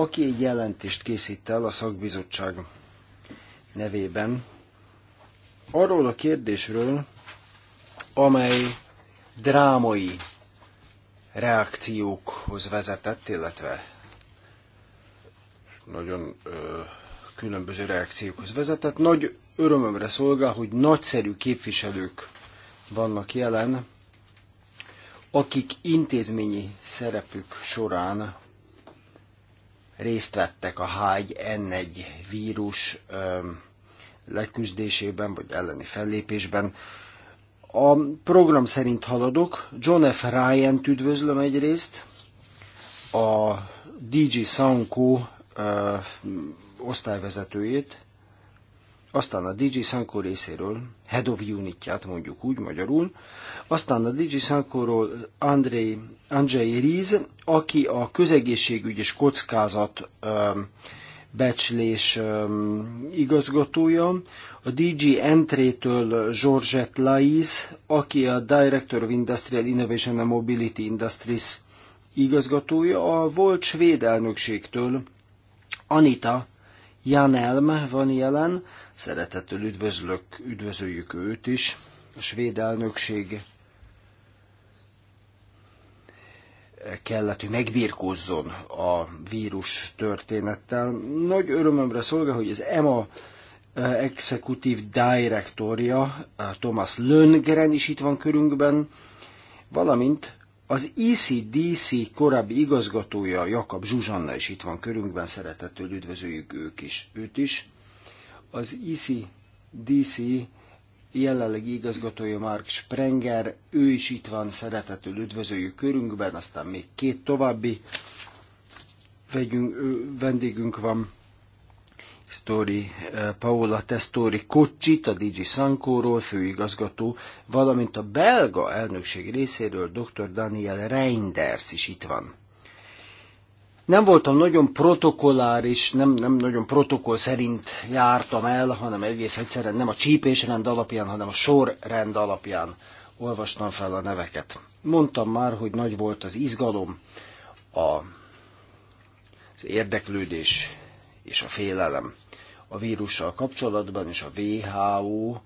aki egy jelentést készít el a szakbizottság nevében arról a kérdésről, amely drámai reakciókhoz vezetett, illetve nagyon ö, különböző reakciókhoz vezetett. Nagy örömömre szolgál, hogy nagyszerű képviselők vannak jelen, akik intézményi szerepük során részt vettek a H1N1 vírus leküzdésében, vagy elleni fellépésben. A program szerint haladok. John F. ryan üdvözlöm egyrészt, a DG Sanko osztályvezetőjét, aztán a DJ Sanko részéről, Head of Unitját mondjuk úgy magyarul, aztán a DJ Sankoról Andrei, Andrei Riz, aki a közegészségügy és kockázat um, becslés um, igazgatója, a DG Entrétől Georgette Laiz, aki a Director of Industrial Innovation and Mobility Industries igazgatója, a volt svéd elnökségtől Anita Janelm van jelen, Szeretettel üdvözlök, üdvözöljük őt is, a svéd elnökség kellett, hogy megbírkozzon a vírus történettel. Nagy örömömre szolgál, hogy az EMA executive directorja, Thomas Löngren is itt van körünkben, valamint az ECDC korábbi igazgatója, Jakab Zsuzsanna is itt van körünkben, szeretettől üdvözöljük ők is, őt is. Az ECDC jelenlegi igazgatója Mark Sprenger, ő is itt van, szeretetül üdvözöljük körünkben, aztán még két további vegyünk, vendégünk van. Story, Paola Testori Kocsit, a DJ Sankóról főigazgató, valamint a belga elnökség részéről dr. Daniel Reinders is itt van. Nem voltam nagyon protokolláris, nem, nem nagyon protokoll szerint jártam el, hanem egész egyszerűen nem a csípésrend alapján, hanem a sorrend alapján olvastam fel a neveket. Mondtam már, hogy nagy volt az izgalom, a, az érdeklődés és a félelem a vírussal kapcsolatban, és a WHO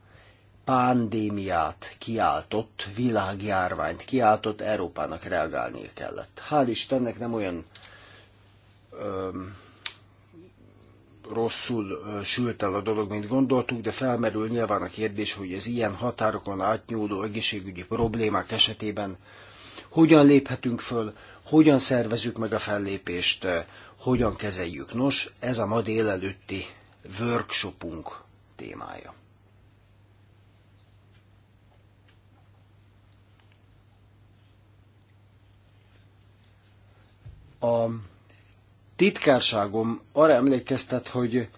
pandémiát kiáltott, világjárványt kiáltott, Európának reagálnia kellett. Hál' Istennek nem olyan rosszul sült el a dolog, mint gondoltuk, de felmerül nyilván a kérdés, hogy az ilyen határokon átnyúló egészségügyi problémák esetében hogyan léphetünk föl, hogyan szervezzük meg a fellépést, hogyan kezeljük. Nos, ez a ma délelőtti workshopunk témája. A titkárságom arra emlékeztet, hogy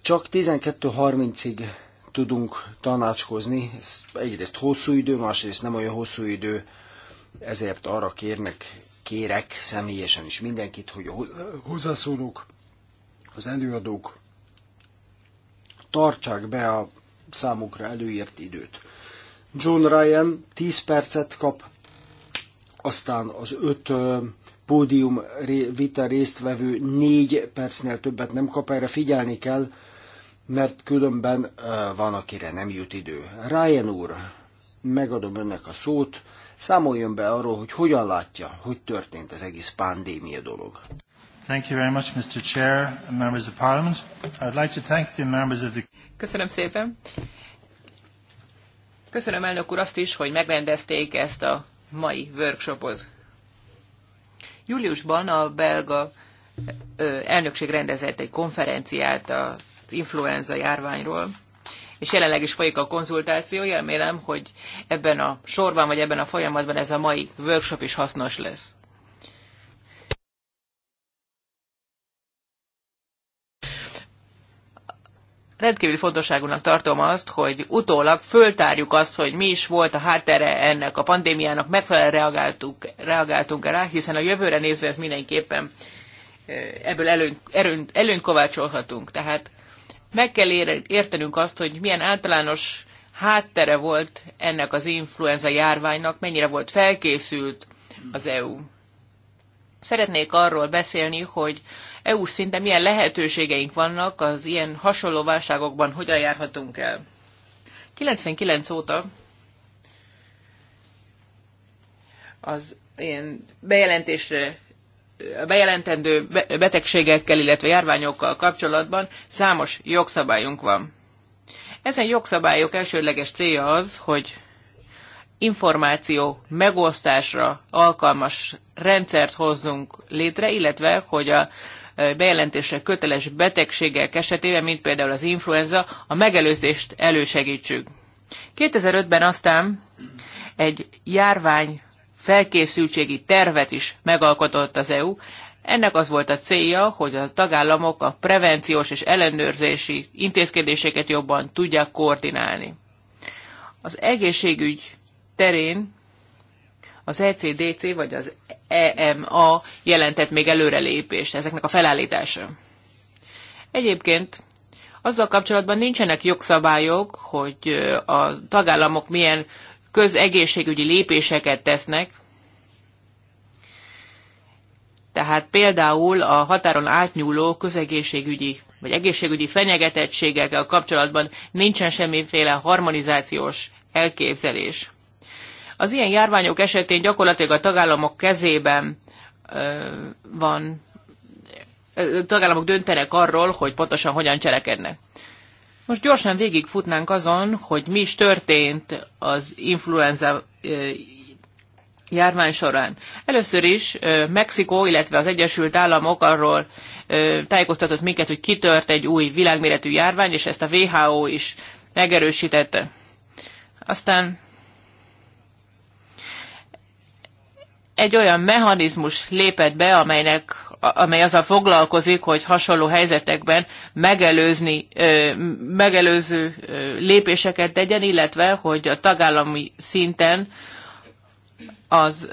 csak 12.30-ig tudunk tanácskozni. Ez egyrészt hosszú idő, másrészt nem olyan hosszú idő, ezért arra kérnek, kérek személyesen is mindenkit, hogy a hozzászólók, az előadók tartsák be a számukra előírt időt. John Ryan 10 percet kap, aztán az öt pódium vita résztvevő négy percnél többet nem kap, erre figyelni kell, mert különben van, akire nem jut idő. Ryan úr, megadom önnek a szót, számoljon be arról, hogy hogyan látja, hogy történt az egész pandémia dolog. Thank you very much, Mr. Chair and members of Parliament. I'd like to thank the members of the... Köszönöm szépen. Köszönöm elnök úr azt is, hogy megrendezték ezt a mai workshopot. Júliusban a belga elnökség rendezett egy konferenciát az influenza járványról, és jelenleg is folyik a konzultáció. Remélem, hogy ebben a sorban, vagy ebben a folyamatban ez a mai workshop is hasznos lesz. Rendkívül fontosságúnak tartom azt, hogy utólag föltárjuk azt, hogy mi is volt a háttere ennek a pandémiának, megfelelően reagáltunk, reagáltunk rá, hiszen a jövőre nézve ez mindenképpen ebből előnyt, erőn, előny kovácsolhatunk. Tehát meg kell értenünk azt, hogy milyen általános háttere volt ennek az influenza járványnak, mennyire volt felkészült az EU. Szeretnék arról beszélni, hogy EU szinten milyen lehetőségeink vannak az ilyen hasonló válságokban, hogyan járhatunk el. 99 óta az ilyen bejelentésre bejelentendő betegségekkel, illetve járványokkal kapcsolatban számos jogszabályunk van. Ezen jogszabályok elsődleges célja az, hogy információ megosztásra alkalmas rendszert hozzunk létre, illetve hogy a bejelentésre köteles betegségek esetében, mint például az influenza, a megelőzést elősegítsük. 2005-ben aztán egy járvány felkészültségi tervet is megalkotott az EU. Ennek az volt a célja, hogy a tagállamok a prevenciós és ellenőrzési intézkedéseket jobban tudják koordinálni. Az egészségügy terén az ECDC vagy az EMA jelentett még előrelépést ezeknek a felállítása. Egyébként azzal kapcsolatban nincsenek jogszabályok, hogy a tagállamok milyen közegészségügyi lépéseket tesznek, tehát például a határon átnyúló közegészségügyi vagy egészségügyi fenyegetettségekkel kapcsolatban nincsen semmiféle harmonizációs elképzelés. Az ilyen járványok esetén gyakorlatilag a tagállamok kezében van, a tagállamok döntenek arról, hogy pontosan hogyan cselekednek. Most gyorsan végigfutnánk azon, hogy mi is történt az influenza járvány során. Először is Mexikó, illetve az Egyesült Államok arról tájékoztatott minket, hogy kitört egy új világméretű járvány, és ezt a WHO is megerősítette. Aztán egy olyan mechanizmus lépett be, amelynek, amely azzal foglalkozik, hogy hasonló helyzetekben megelőzni, megelőző lépéseket tegyen, illetve, hogy a tagállami szinten az,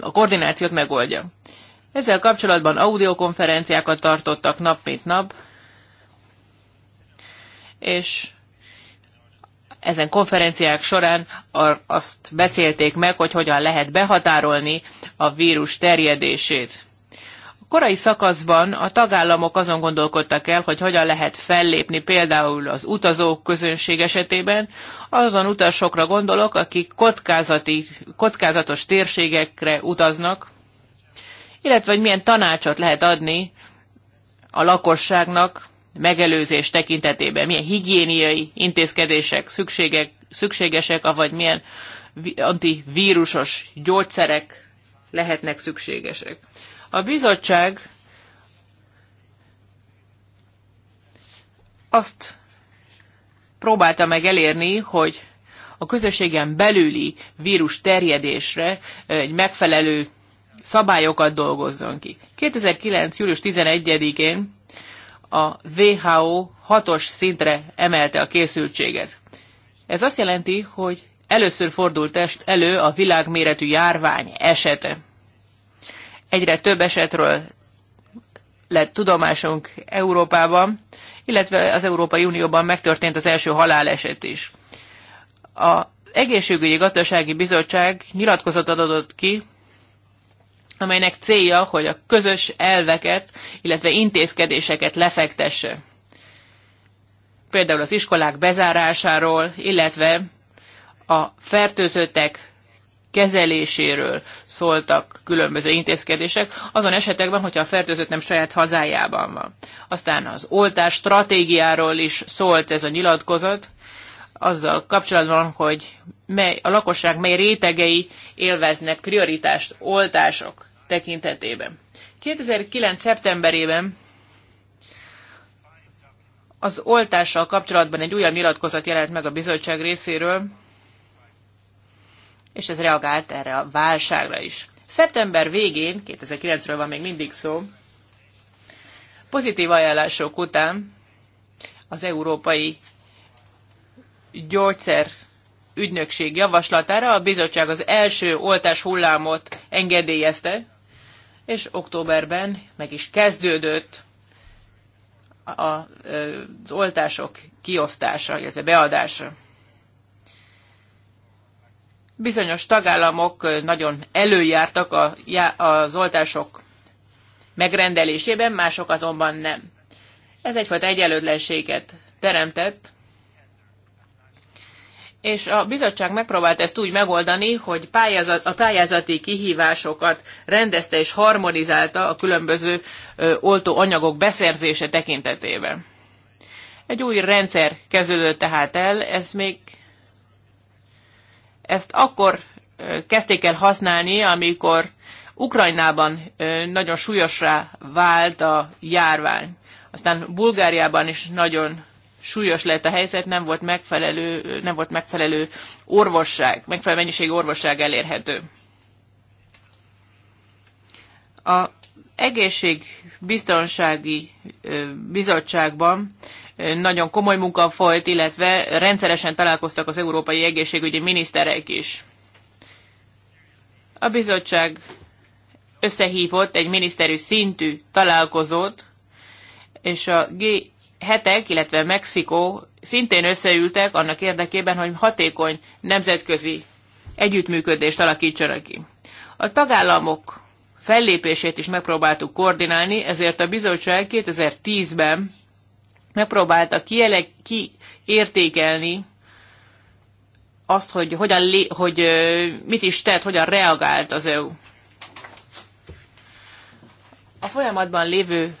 a koordinációt megoldja. Ezzel kapcsolatban audiokonferenciákat tartottak nap mint nap, és ezen konferenciák során azt beszélték meg, hogy hogyan lehet behatárolni a vírus terjedését. A korai szakaszban a tagállamok azon gondolkodtak el, hogy hogyan lehet fellépni például az utazók közönség esetében, azon utasokra gondolok, akik kockázati, kockázatos térségekre utaznak, illetve hogy milyen tanácsot lehet adni a lakosságnak megelőzés tekintetében, milyen higiéniai intézkedések szükségek, szükségesek, avagy milyen antivírusos gyógyszerek lehetnek szükségesek. A bizottság azt próbálta meg elérni, hogy a közösségen belüli vírus terjedésre egy megfelelő szabályokat dolgozzon ki. 2009. július 11-én a WHO hatos szintre emelte a készültséget. Ez azt jelenti, hogy először fordult elő a világméretű járvány esete. Egyre több esetről lett tudomásunk Európában, illetve az Európai Unióban megtörtént az első haláleset is. A Egészségügyi Gazdasági Bizottság nyilatkozatot adott ki amelynek célja, hogy a közös elveket, illetve intézkedéseket lefektesse. Például az iskolák bezárásáról, illetve a fertőzöttek kezeléséről szóltak különböző intézkedések, azon esetekben, hogyha a fertőzött nem saját hazájában van. Aztán az oltás stratégiáról is szólt ez a nyilatkozat, azzal kapcsolatban, hogy mely, a lakosság mely rétegei élveznek prioritást oltások tekintetében. 2009. szeptemberében az oltással kapcsolatban egy újabb nyilatkozat jelent meg a bizottság részéről, és ez reagált erre a válságra is. Szeptember végén, 2009-ről van még mindig szó, pozitív ajánlások után az Európai Gyógyszer ügynökség javaslatára a bizottság az első oltás hullámot engedélyezte, és októberben meg is kezdődött az oltások kiosztása, illetve beadása. Bizonyos tagállamok nagyon előjártak az oltások megrendelésében, mások azonban nem. Ez egyfajta egyenlőtlenséget teremtett, és a bizottság megpróbált ezt úgy megoldani, hogy pályázat, a pályázati kihívásokat rendezte és harmonizálta a különböző ö, oltó anyagok beszerzése tekintetében. Egy új rendszer kezdődött tehát el, ez még ezt akkor kezdték el használni, amikor Ukrajnában nagyon súlyosra vált a járvány. Aztán Bulgáriában is nagyon súlyos lett a helyzet, nem volt megfelelő, nem volt megfelelő orvosság, megfelelő mennyiség orvosság elérhető. A egészségbiztonsági bizottságban nagyon komoly munka folyt, illetve rendszeresen találkoztak az európai egészségügyi miniszterek is. A bizottság összehívott egy miniszterű szintű találkozót, és a G hetek, illetve Mexikó szintén összeültek annak érdekében, hogy hatékony nemzetközi együttműködést alakítsanak ki. A tagállamok fellépését is megpróbáltuk koordinálni, ezért a bizottság 2010-ben megpróbálta kiértékelni azt, hogy, hogyan lé- hogy mit is tett, hogyan reagált az EU. A folyamatban lévő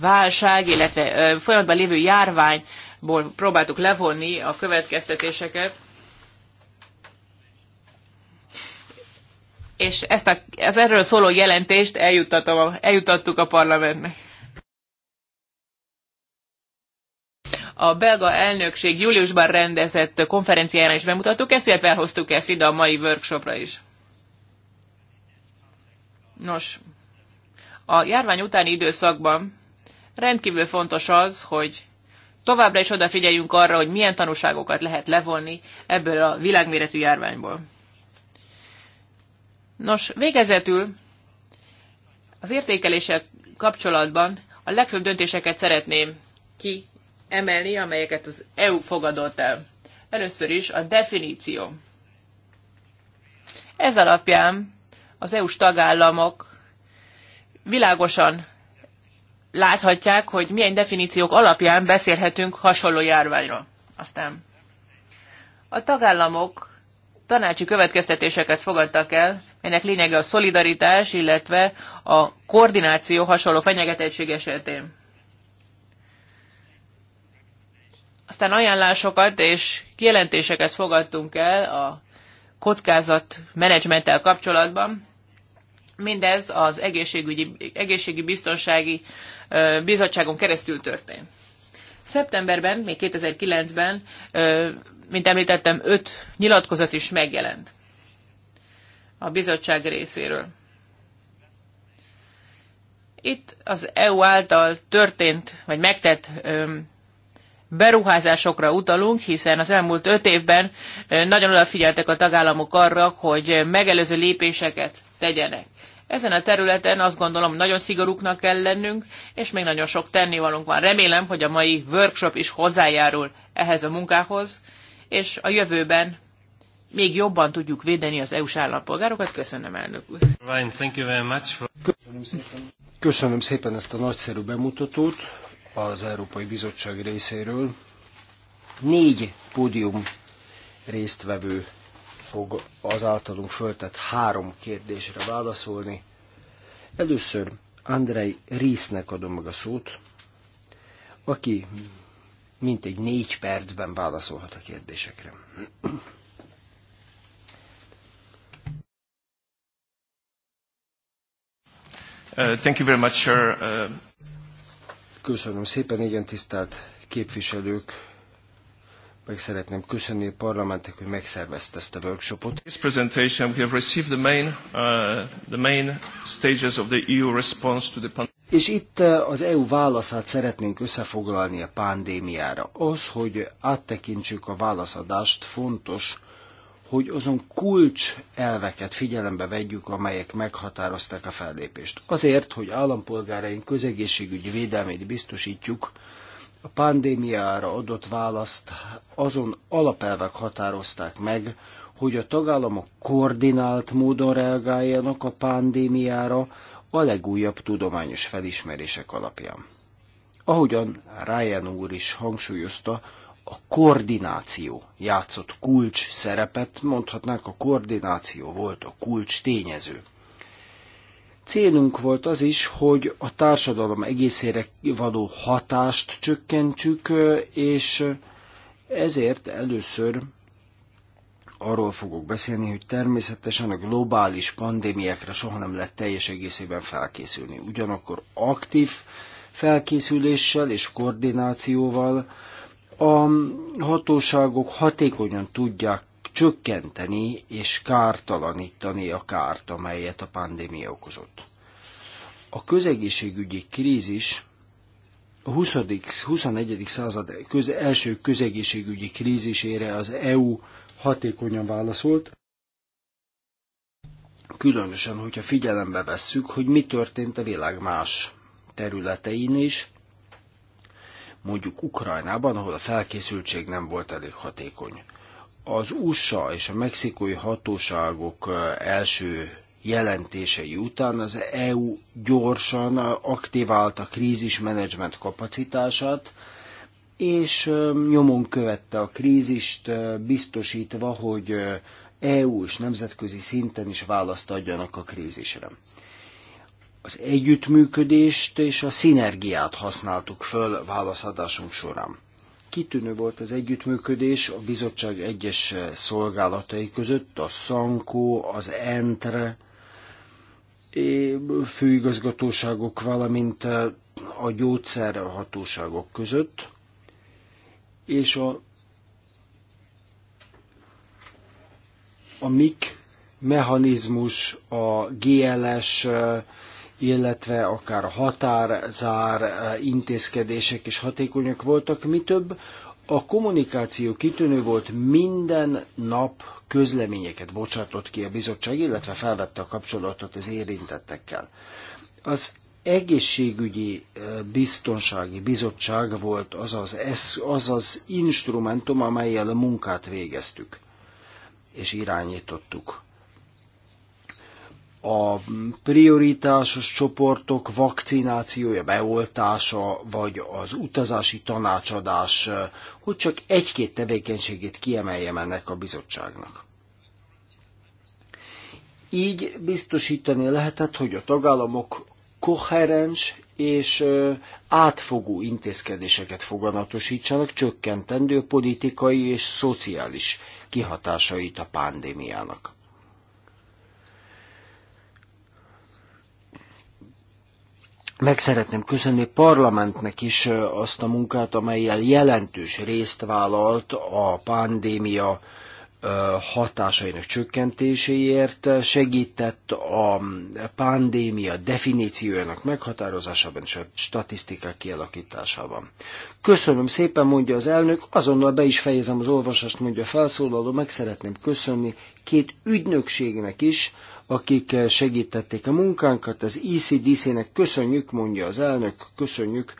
válság, illetve folyamatban lévő járványból próbáltuk levonni a következtetéseket. És ezt a, az erről szóló jelentést eljuttattuk a parlamentnek. a belga elnökség júliusban rendezett konferenciára is bemutattuk, illetve elhoztuk ezt ide a mai workshopra is. Nos, a járvány utáni időszakban Rendkívül fontos az, hogy továbbra is odafigyeljünk arra, hogy milyen tanúságokat lehet levonni ebből a világméretű járványból. Nos, végezetül az értékelések kapcsolatban a legfőbb döntéseket szeretném kiemelni, amelyeket az EU fogadott el. Először is a definíció. Ez alapján az EU-s tagállamok világosan láthatják, hogy milyen definíciók alapján beszélhetünk hasonló járványról. Aztán a tagállamok tanácsi következtetéseket fogadtak el, melynek lényege a szolidaritás, illetve a koordináció hasonló fenyegetettség esetén. Aztán ajánlásokat és kijelentéseket fogadtunk el a kockázat menedzsmenttel kapcsolatban. Mindez az egészségügyi, egészségi biztonsági bizottságon keresztül történt. Szeptemberben, még 2009-ben, mint említettem, öt nyilatkozat is megjelent a bizottság részéről. Itt az EU által történt, vagy megtett beruházásokra utalunk, hiszen az elmúlt öt évben nagyon odafigyeltek a tagállamok arra, hogy megelőző lépéseket tegyenek. Ezen a területen azt gondolom, nagyon szigorúknak kell lennünk, és még nagyon sok tennivalónk van. Remélem, hogy a mai workshop is hozzájárul ehhez a munkához, és a jövőben még jobban tudjuk védeni az EU-s állampolgárokat. Köszönöm, elnök úr. Köszönöm szépen. Köszönöm szépen ezt a nagyszerű bemutatót az Európai Bizottság részéről. Négy pódium résztvevő fog az általunk föltett három kérdésre válaszolni. Először Andrei Rísznek adom meg a szót, aki mintegy négy percben válaszolhat a kérdésekre. Uh, thank you very much, sir. Uh... Köszönöm szépen, igen tisztelt képviselők, meg szeretném köszönni a parlamentek, hogy megszervezte ezt a workshopot. This presentation we have received the main, uh, the main stages of the EU response to the pandemic. És itt uh, az EU válaszát szeretnénk összefoglalni a pandémiára. Az, hogy áttekintsük a válaszadást, fontos, hogy azon kulcs elveket figyelembe vegyük, amelyek meghatározták a fellépést. Azért, hogy állampolgáraink közegészségügyi védelmét biztosítjuk, a pandémiára adott választ azon alapelvek határozták meg, hogy a tagállamok koordinált módon reagáljanak a pandémiára a legújabb tudományos felismerések alapján. Ahogyan Ryan úr is hangsúlyozta, a koordináció játszott kulcs szerepet, mondhatnánk a koordináció volt a kulcs tényező. Célunk volt az is, hogy a társadalom egészére való hatást csökkentsük, és ezért először arról fogok beszélni, hogy természetesen a globális pandémiákra soha nem lehet teljes egészében felkészülni. Ugyanakkor aktív felkészüléssel és koordinációval a hatóságok hatékonyan tudják csökkenteni és kártalanítani a kárt, amelyet a pandémia okozott. A közegészségügyi krízis a 20. 21. század köz, első közegészségügyi krízisére az EU hatékonyan válaszolt, különösen, hogyha figyelembe vesszük, hogy mi történt a világ más területein is, mondjuk Ukrajnában, ahol a felkészültség nem volt elég hatékony. Az USA és a mexikói hatóságok első jelentései után az EU gyorsan aktiválta krízismenedzsment kapacitását, és nyomon követte a krízist, biztosítva, hogy EU és nemzetközi szinten is választ adjanak a krízisre. Az együttműködést és a szinergiát használtuk föl válaszadásunk során. Kitűnő volt az együttműködés a bizottság egyes szolgálatai között, a Szankó, az Entre, főigazgatóságok, valamint a gyógyszerhatóságok között, és a, a MIK mechanizmus, a GLS illetve akár határzár eh, intézkedések is hatékonyak voltak, mi több, a kommunikáció kitűnő volt, minden nap közleményeket bocsátott ki a bizottság, illetve felvette a kapcsolatot az érintettekkel. Az egészségügyi eh, biztonsági bizottság volt az az, az, az instrumentum, amelyel a munkát végeztük és irányítottuk a prioritásos csoportok vakcinációja, beoltása, vagy az utazási tanácsadás, hogy csak egy-két tevékenységét kiemeljem ennek a bizottságnak. Így biztosítani lehetett, hogy a tagállamok koherens és átfogó intézkedéseket foganatosítsanak, csökkentendő politikai és szociális kihatásait a pandémiának. meg szeretném köszönni parlamentnek is azt a munkát, amelyel jelentős részt vállalt a pandémia hatásainak csökkentéséért, segített a pandémia definíciójának meghatározásában és a statisztikák kialakításában. Köszönöm szépen, mondja az elnök, azonnal be is fejezem az olvasást, mondja a felszólaló, meg szeretném köszönni két ügynökségnek is, akik eh, segítették a munkánkat. Az ECDC-nek köszönjük, mondja az elnök, köszönjük,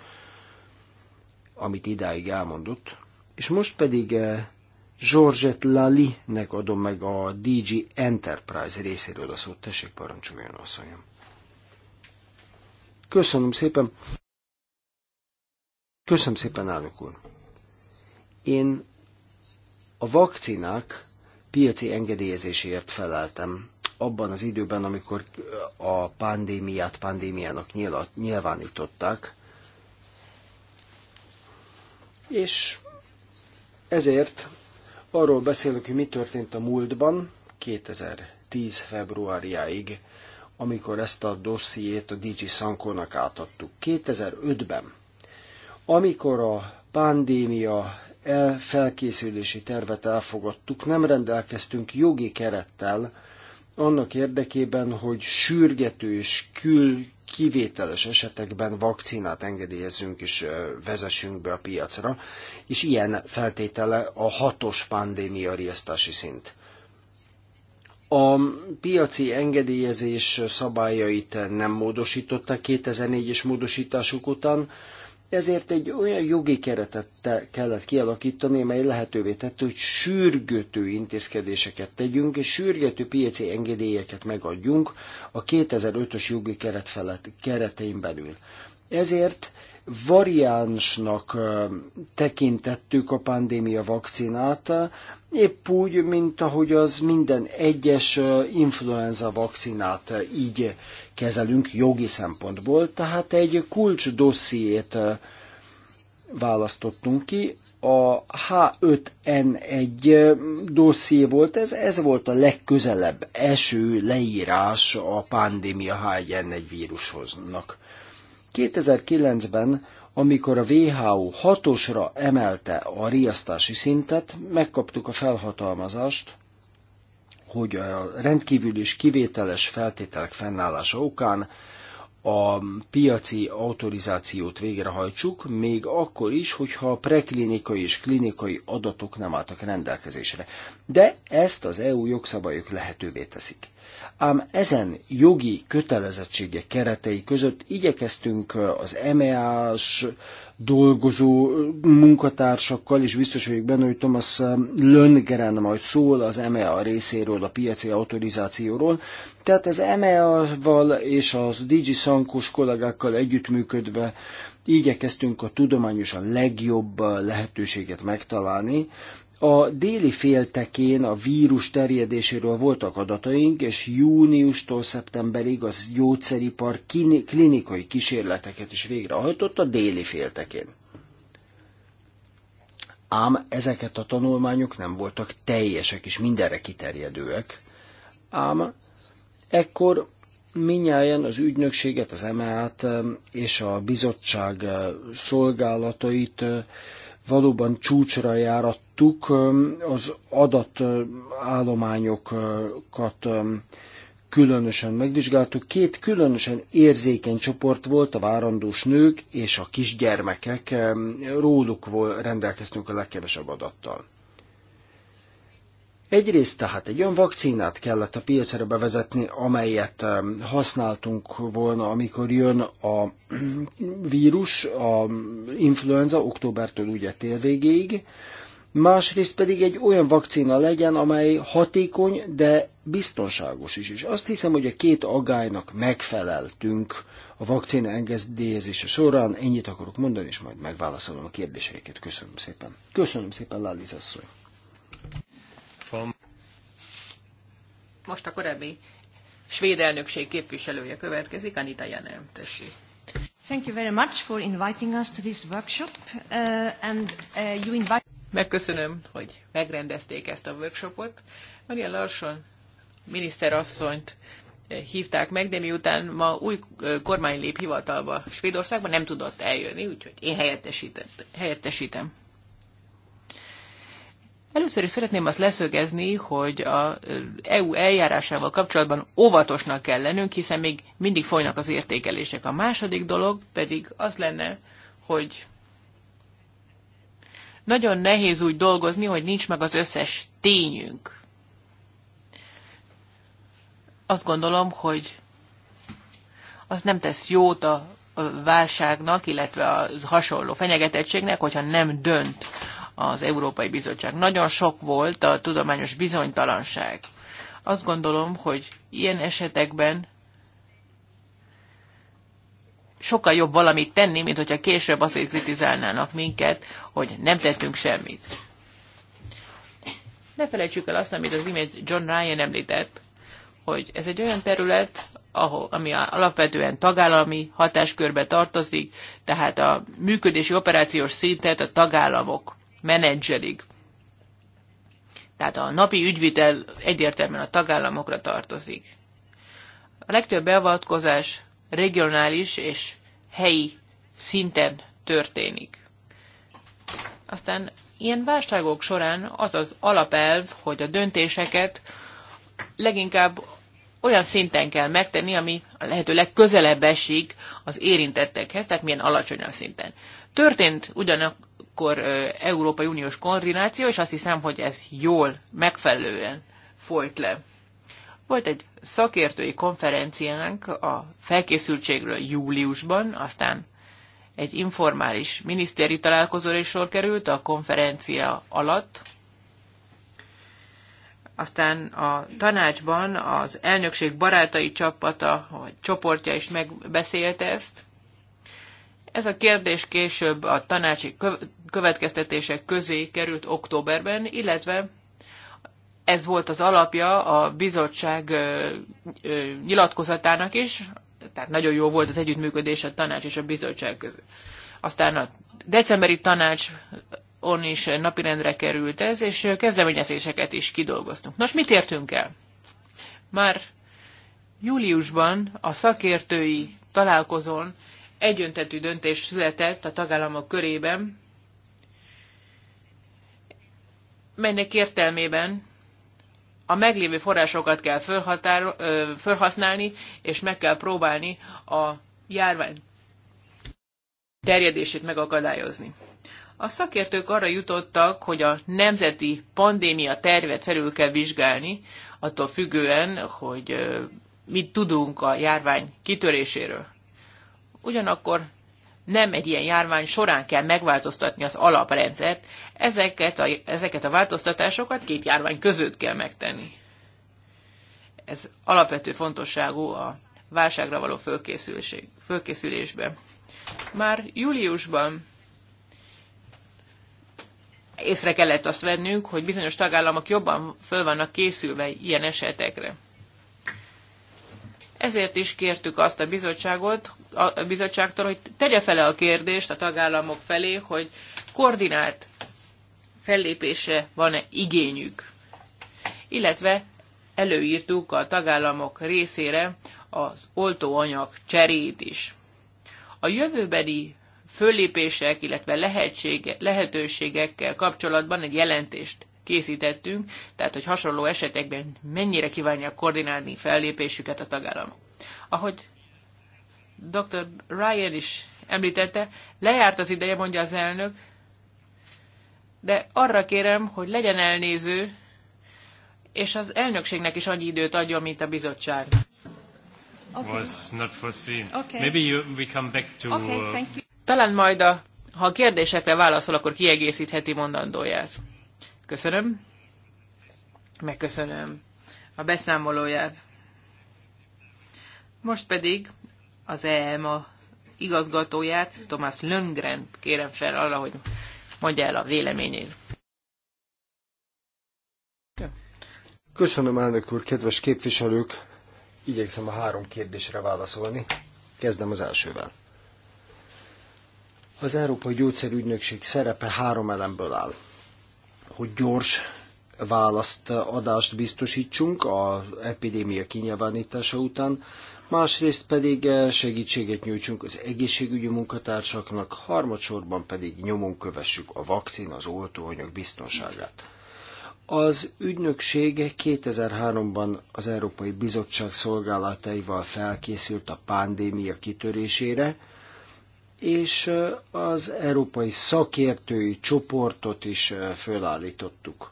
amit idáig elmondott. És most pedig eh, Georgette Lali-nek adom meg a DG Enterprise részéről a szót. Tessék, parancsoljon, asszonyom. Köszönöm szépen. Köszönöm szépen, elnök úr. Én a vakcinák piaci engedélyezéséért feleltem abban az időben, amikor a pandémiát pandémiának nyilvánították, és ezért arról beszélünk, hogy mi történt a múltban, 2010. februárjáig, amikor ezt a dossziét a DG Sankónak átadtuk. 2005-ben, amikor a pandémia felkészülési tervet elfogadtuk, nem rendelkeztünk jogi kerettel annak érdekében, hogy sürgető és kül kivételes esetekben vakcinát engedélyezünk és vezessünk be a piacra, és ilyen feltétele a hatos pandémia riasztási szint. A piaci engedélyezés szabályait nem módosították 2004-es módosításuk után, ezért egy olyan jogi keretet kellett kialakítani, mely lehetővé tette, hogy sürgető intézkedéseket tegyünk, és sürgető piaci engedélyeket megadjunk a 2005-ös jogi keret felett, keretein belül. Ezért variánsnak tekintettük a pandémia vakcinát, épp úgy, mint ahogy az minden egyes influenza vakcinát így kezelünk jogi szempontból, tehát egy kulcs dossziét választottunk ki, a H5N1 dosszié volt ez, ez volt a legközelebb eső leírás a pandémia H1N1 vírushoznak. 2009-ben amikor a WHO hatosra emelte a riasztási szintet, megkaptuk a felhatalmazást, hogy a rendkívül és kivételes feltételek fennállása okán a piaci autorizációt végrehajtsuk, még akkor is, hogyha a preklinikai és klinikai adatok nem álltak rendelkezésre. De ezt az EU jogszabályok lehetővé teszik ám ezen jogi kötelezettségek keretei között igyekeztünk az e MEA-s dolgozó munkatársakkal, és biztos vagyok benne, hogy Thomas Löngeren majd szól az e MEA részéről, a piaci autorizációról. Tehát az e MEA-val és az DG Szankos kollégákkal együttműködve igyekeztünk a tudományosan legjobb lehetőséget megtalálni, a déli féltekén a vírus terjedéséről voltak adataink, és júniustól szeptemberig az gyógyszeripar klinikai kísérleteket is végrehajtott a déli féltekén. Ám ezeket a tanulmányok nem voltak teljesek és mindenre kiterjedőek. Ám ekkor minnyáján az ügynökséget, az e EMEA-t és a bizottság szolgálatait valóban csúcsra járat láttuk, az adatállományokat különösen megvizsgáltuk. Két különösen érzékeny csoport volt, a várandós nők és a kisgyermekek, róluk rendelkeztünk a legkevesebb adattal. Egyrészt tehát egy olyan vakcinát kellett a piacra bevezetni, amelyet használtunk volna, amikor jön a vírus, a influenza októbertől ugye tél végéig, másrészt pedig egy olyan vakcina legyen, amely hatékony, de biztonságos is. És azt hiszem, hogy a két agálynak megfeleltünk a vakcina engedélyezése során. Ennyit akarok mondani, és majd megválaszolom a kérdéseiket. Köszönöm szépen. Köszönöm szépen, Láliz asszony. Most a korábbi svéd elnökség képviselője következik, Anita Jenem, tessék. Thank you very much for inviting us to this workshop uh, and uh, you invite Megköszönöm, hogy megrendezték ezt a workshopot. Maria Larson miniszterasszonyt eh, hívták meg, de miután ma új eh, kormány lép hivatalba Svédországban, nem tudott eljönni, úgyhogy én helyettesítem. Először is szeretném azt leszögezni, hogy az EU eh, e eljárásával kapcsolatban óvatosnak kell lennünk, hiszen még mindig folynak az értékelések. A második dolog pedig az lenne, hogy nagyon nehéz úgy dolgozni, hogy nincs meg az összes tényünk. Azt gondolom, hogy az nem tesz jót a válságnak, illetve a hasonló fenyegetettségnek, hogyha nem dönt az Európai Bizottság. Nagyon sok volt a tudományos bizonytalanság. Azt gondolom, hogy ilyen esetekben sokkal jobb valamit tenni, mint hogyha később azért kritizálnának minket, hogy nem tettünk semmit. Ne felejtsük el azt, amit az imént John Ryan említett, hogy ez egy olyan terület, ahol, ami alapvetően tagállami hatáskörbe tartozik, tehát a működési operációs szintet a tagállamok menedzselik. Tehát a napi ügyvitel egyértelműen a tagállamokra tartozik. A legtöbb beavatkozás regionális és helyi szinten történik. Aztán ilyen válságok során az az alapelv, hogy a döntéseket leginkább olyan szinten kell megtenni, ami a lehető legközelebb esik az érintettekhez, tehát milyen alacsony a szinten. Történt ugyanakkor Európai Uniós koordináció, és azt hiszem, hogy ez jól, megfelelően folyt le. Volt egy szakértői konferenciánk a felkészültségről júliusban, aztán egy informális minisztéri találkozó is sor került a konferencia alatt. Aztán a tanácsban az elnökség barátai csapata, vagy csoportja is megbeszélte ezt. Ez a kérdés később a tanácsi következtetések közé került októberben, illetve ez volt az alapja a bizottság nyilatkozatának is, tehát nagyon jó volt az együttműködés a tanács és a bizottság között. Aztán a decemberi tanács on is napirendre került ez, és kezdeményezéseket is kidolgoztunk. Nos, mit értünk el? Már júliusban a szakértői találkozón egyöntetű döntés született a tagállamok körében, melynek értelmében a meglévő forrásokat kell felhasználni, és meg kell próbálni a járvány terjedését megakadályozni. A szakértők arra jutottak, hogy a nemzeti pandémia tervet felül kell vizsgálni, attól függően, hogy mit tudunk a járvány kitöréséről. Ugyanakkor nem egy ilyen járvány során kell megváltoztatni az alaprendszert, ezeket a, ezeket a változtatásokat két járvány között kell megtenni. Ez alapvető fontosságú a válságra való fölkészülésben. Már júliusban észre kellett azt vennünk, hogy bizonyos tagállamok jobban föl vannak készülve ilyen esetekre. Ezért is kértük azt a, bizottságot, a bizottságtól, hogy tegye fele a kérdést a tagállamok felé, hogy koordinált fellépése van-e igényük. Illetve előírtuk a tagállamok részére az oltóanyag cserét is. A jövőbeli föllépések, illetve lehetőségekkel kapcsolatban egy jelentést készítettünk, tehát hogy hasonló esetekben mennyire kívánják koordinálni fellépésüket a tagállamok. Ahogy dr. Ryan is említette, lejárt az ideje, mondja az elnök, de arra kérem, hogy legyen elnéző, és az elnökségnek is annyi időt adjon, mint a bizottság. Okay. Was not foreseen. Okay. Maybe you, we come back to, okay, thank you. Talán majd, a, ha a kérdésekre válaszol, akkor kiegészítheti mondandóját. Köszönöm. Megköszönöm a beszámolóját. Most pedig az EMA igazgatóját, Thomas Löngren kérem fel arra, hogy mondja el a véleményét. Köszönöm, elnök úr, kedves képviselők! Igyekszem a három kérdésre válaszolni. Kezdem az elsővel. Az Európai Gyógyszerügynökség szerepe három elemből áll hogy gyors választ eh, adást biztosítsunk az epidémia kinyilvánítása után, másrészt pedig eh, segítséget nyújtsunk az egészségügyi munkatársaknak, harmadsorban pedig nyomon kövessük a vakcina, az oltóanyag biztonságát. Az ügynökség 2003-ban az Európai Bizottság szolgálataival felkészült a pandémia kitörésére, és az európai szakértői csoportot is fölállítottuk.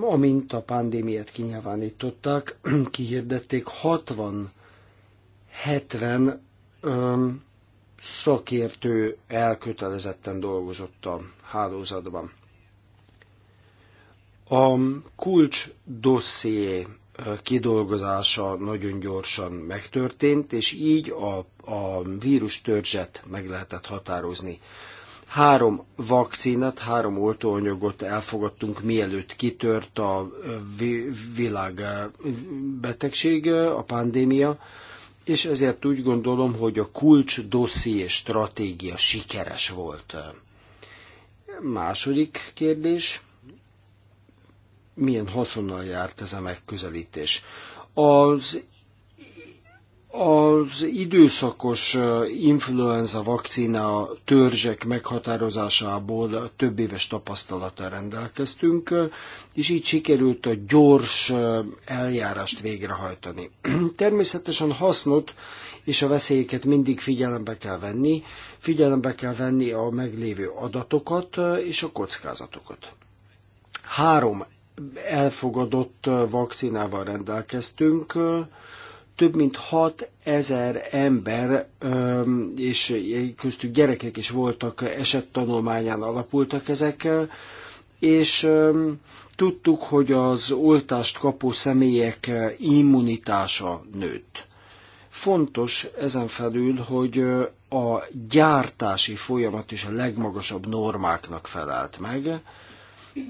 Amint a pandémiát kinyilvánították, kihirdették 60-70 szakértő elkötelezetten dolgozott a hálózatban. A kulcs dosszié kidolgozása nagyon gyorsan megtörtént, és így a, a vírus törzset meg lehetett határozni. Három vakcinát, három oltóanyagot elfogadtunk, mielőtt kitört a világ betegsége, a pandémia, és ezért úgy gondolom, hogy a kulcs dosszié stratégia sikeres volt. Második kérdés milyen haszonnal járt ez a megközelítés. Az az időszakos influenza vakcina törzsek meghatározásából több éves tapasztalata rendelkeztünk, és így sikerült a gyors eljárást végrehajtani. Természetesen hasznot és a veszélyeket mindig figyelembe kell venni, figyelembe kell venni a meglévő adatokat és a kockázatokat. Három elfogadott vakcinával rendelkeztünk. Több mint 6 ezer ember, és köztük gyerekek is voltak, esettanulmányán alapultak ezek, és tudtuk, hogy az oltást kapó személyek immunitása nőtt. Fontos ezen felül, hogy a gyártási folyamat is a legmagasabb normáknak felelt meg,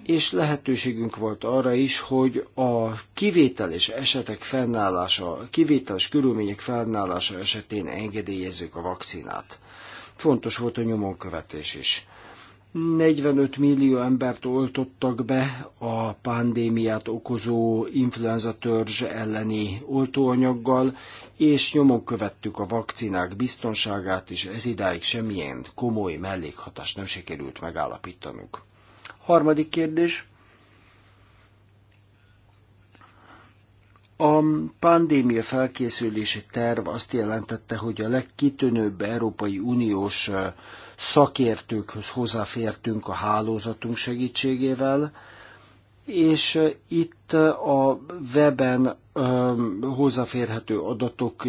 és lehetőségünk volt arra is, hogy a kivételes esetek fennállása, kivételes körülmények fennállása esetén engedélyezzük a vakcinát. Fontos volt a nyomonkövetés is. 45 millió embert oltottak be a pandémiát okozó influenza törzs elleni oltóanyaggal, és nyomon követtük a vakcinák biztonságát, és ez idáig semmilyen komoly mellékhatást nem sikerült megállapítanunk. Harmadik kérdés. A pandémia felkészülési terv azt jelentette, hogy a legkitűnőbb Európai Uniós szakértőkhöz hozzáfértünk a hálózatunk segítségével, és itt a weben hozzáférhető adatok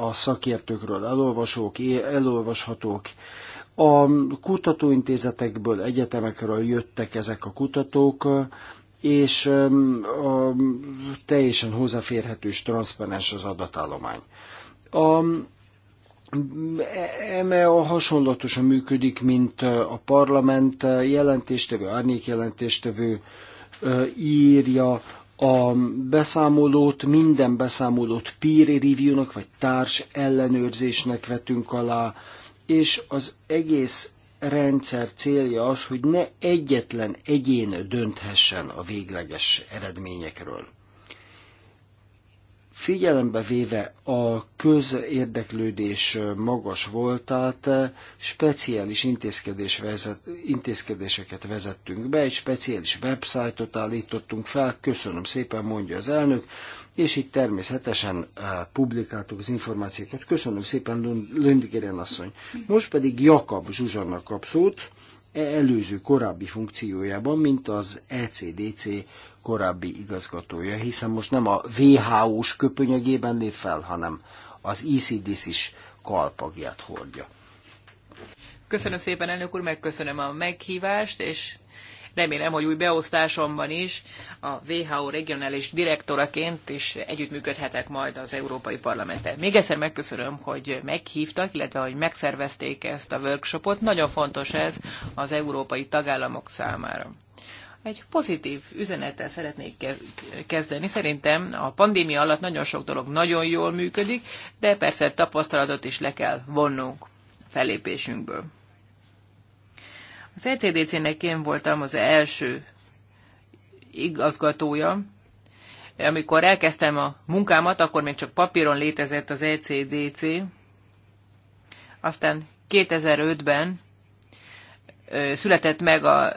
a szakértőkről elolvasók, elolvashatók, a kutatóintézetekből, egyetemekről jöttek ezek a kutatók, és um, a teljesen hozzáférhető és transzparens az adatállomány. A EMEA hasonlatosan működik, mint a parlament jelentéstevő, árnyék jelentéstevő írja a beszámolót, minden beszámolót peer review-nak vagy társ ellenőrzésnek vetünk alá, és az egész rendszer célja az, hogy ne egyetlen egyén dönthessen a végleges eredményekről. Figyelembe véve a közérdeklődés magas voltát, speciális intézkedés vezet, intézkedéseket vezettünk be, egy speciális websájtot állítottunk fel, köszönöm szépen, mondja az elnök, és itt természetesen eh, publikáltuk az információkat. Köszönöm szépen, Lundgren asszony. Most pedig Jakab Zsuzsanna kap szót, előző korábbi funkciójában, mint az ECDC korábbi igazgatója, hiszen most nem a WHO-s köpönyögében lép fel, hanem az ECDC is kalpagját hordja. Köszönöm szépen, elnök úr, megköszönöm a meghívást, és Remélem, hogy új beosztásomban is a WHO regionális direktoraként is együttműködhetek majd az Európai Parlamenttel. Még egyszer megköszönöm, hogy meghívtak, illetve hogy megszervezték ezt a workshopot. Nagyon fontos ez az európai tagállamok számára egy pozitív üzenettel szeretnék kezdeni. Szerintem a pandémia alatt nagyon sok dolog nagyon jól működik, de persze tapasztalatot is le kell vonnunk fellépésünkből. Az ECDC-nek én voltam az első igazgatója. Amikor elkezdtem a munkámat, akkor még csak papíron létezett az ECDC. Aztán 2005-ben született meg a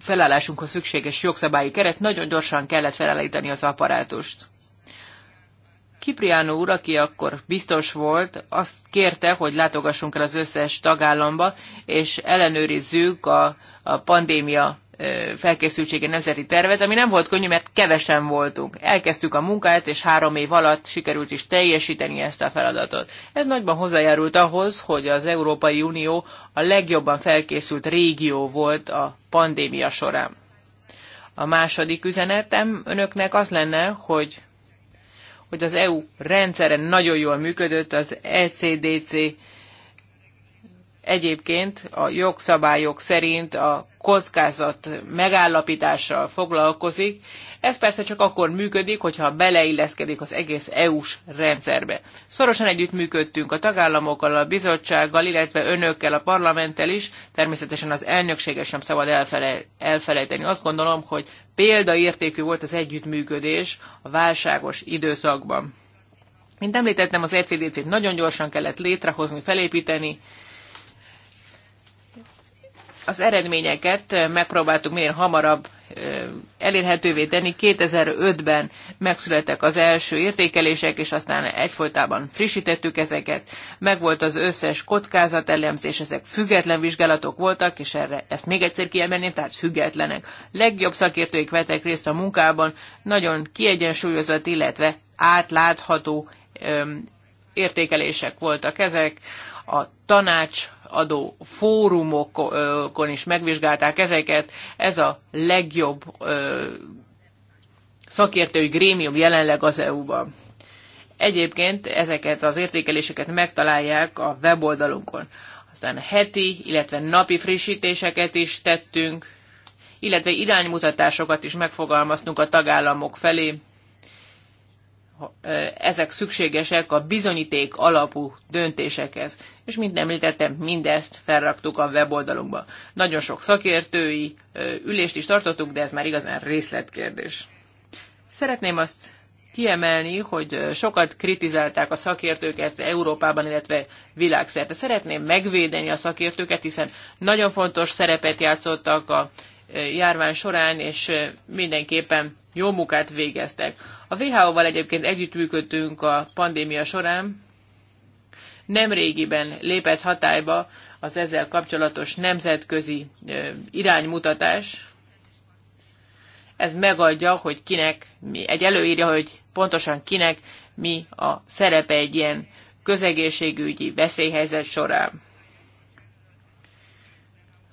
felállásunkhoz szükséges jogszabályi keret, nagyon gyorsan kellett felállítani az apparátust. Kipriano úr, aki akkor biztos volt, azt kérte, hogy látogassunk el az összes tagállamba, és ellenőrizzük a, a pandémia felkészültsége nemzeti tervet, ami nem volt könnyű, mert kevesen voltunk. Elkezdtük a munkát, és három év alatt sikerült is teljesíteni ezt a feladatot. Ez nagyban hozzájárult ahhoz, hogy az Európai Unió a legjobban felkészült régió volt a pandémia során. A második üzenetem önöknek az lenne, hogy hogy az EU rendszere nagyon jól működött, az ECDC egyébként a jogszabályok szerint a kockázat megállapítással foglalkozik. Ez persze csak akkor működik, hogyha beleilleszkedik az egész EU-s rendszerbe. Szorosan együtt működtünk a tagállamokkal, a bizottsággal, illetve önökkel, a parlamenttel is. Természetesen az elnökséget sem szabad elfele, elfelejteni. Azt gondolom, hogy példaértékű volt az együttműködés a válságos időszakban. Mint említettem, az ECDC-t nagyon gyorsan kellett létrehozni, felépíteni. Az eredményeket megpróbáltuk minél hamarabb elérhetővé tenni. 2005-ben megszülettek az első értékelések, és aztán egyfolytában frissítettük ezeket. Megvolt az összes kockázat elemzés, ezek független vizsgálatok voltak, és erre ezt még egyszer kiemelném, tehát függetlenek. Legjobb szakértőik vettek részt a munkában, nagyon kiegyensúlyozott, illetve átlátható értékelések voltak ezek. A tanács adó fórumokon is megvizsgálták ezeket. Ez a legjobb szakértői grémium jelenleg az EU-ban. Egyébként ezeket az értékeléseket megtalálják a weboldalunkon. Aztán heti, illetve napi frissítéseket is tettünk, illetve iránymutatásokat is megfogalmaztunk a tagállamok felé ezek szükségesek a bizonyíték alapú döntésekhez. És mint említettem, mindezt felraktuk a weboldalunkba. Nagyon sok szakértői ülést is tartottuk, de ez már igazán részletkérdés. Szeretném azt kiemelni, hogy sokat kritizálták a szakértőket Európában, illetve világszerte. Szeretném megvédeni a szakértőket, hiszen nagyon fontos szerepet játszottak a járvány során, és mindenképpen jó munkát végeztek. A WHO-val egyébként együttműködtünk a pandémia során. Nemrégiben lépett hatályba az ezzel kapcsolatos nemzetközi iránymutatás. Ez megadja, hogy kinek, mi, egy előírja, hogy pontosan kinek mi a szerepe egy ilyen közegészségügyi veszélyhelyzet során.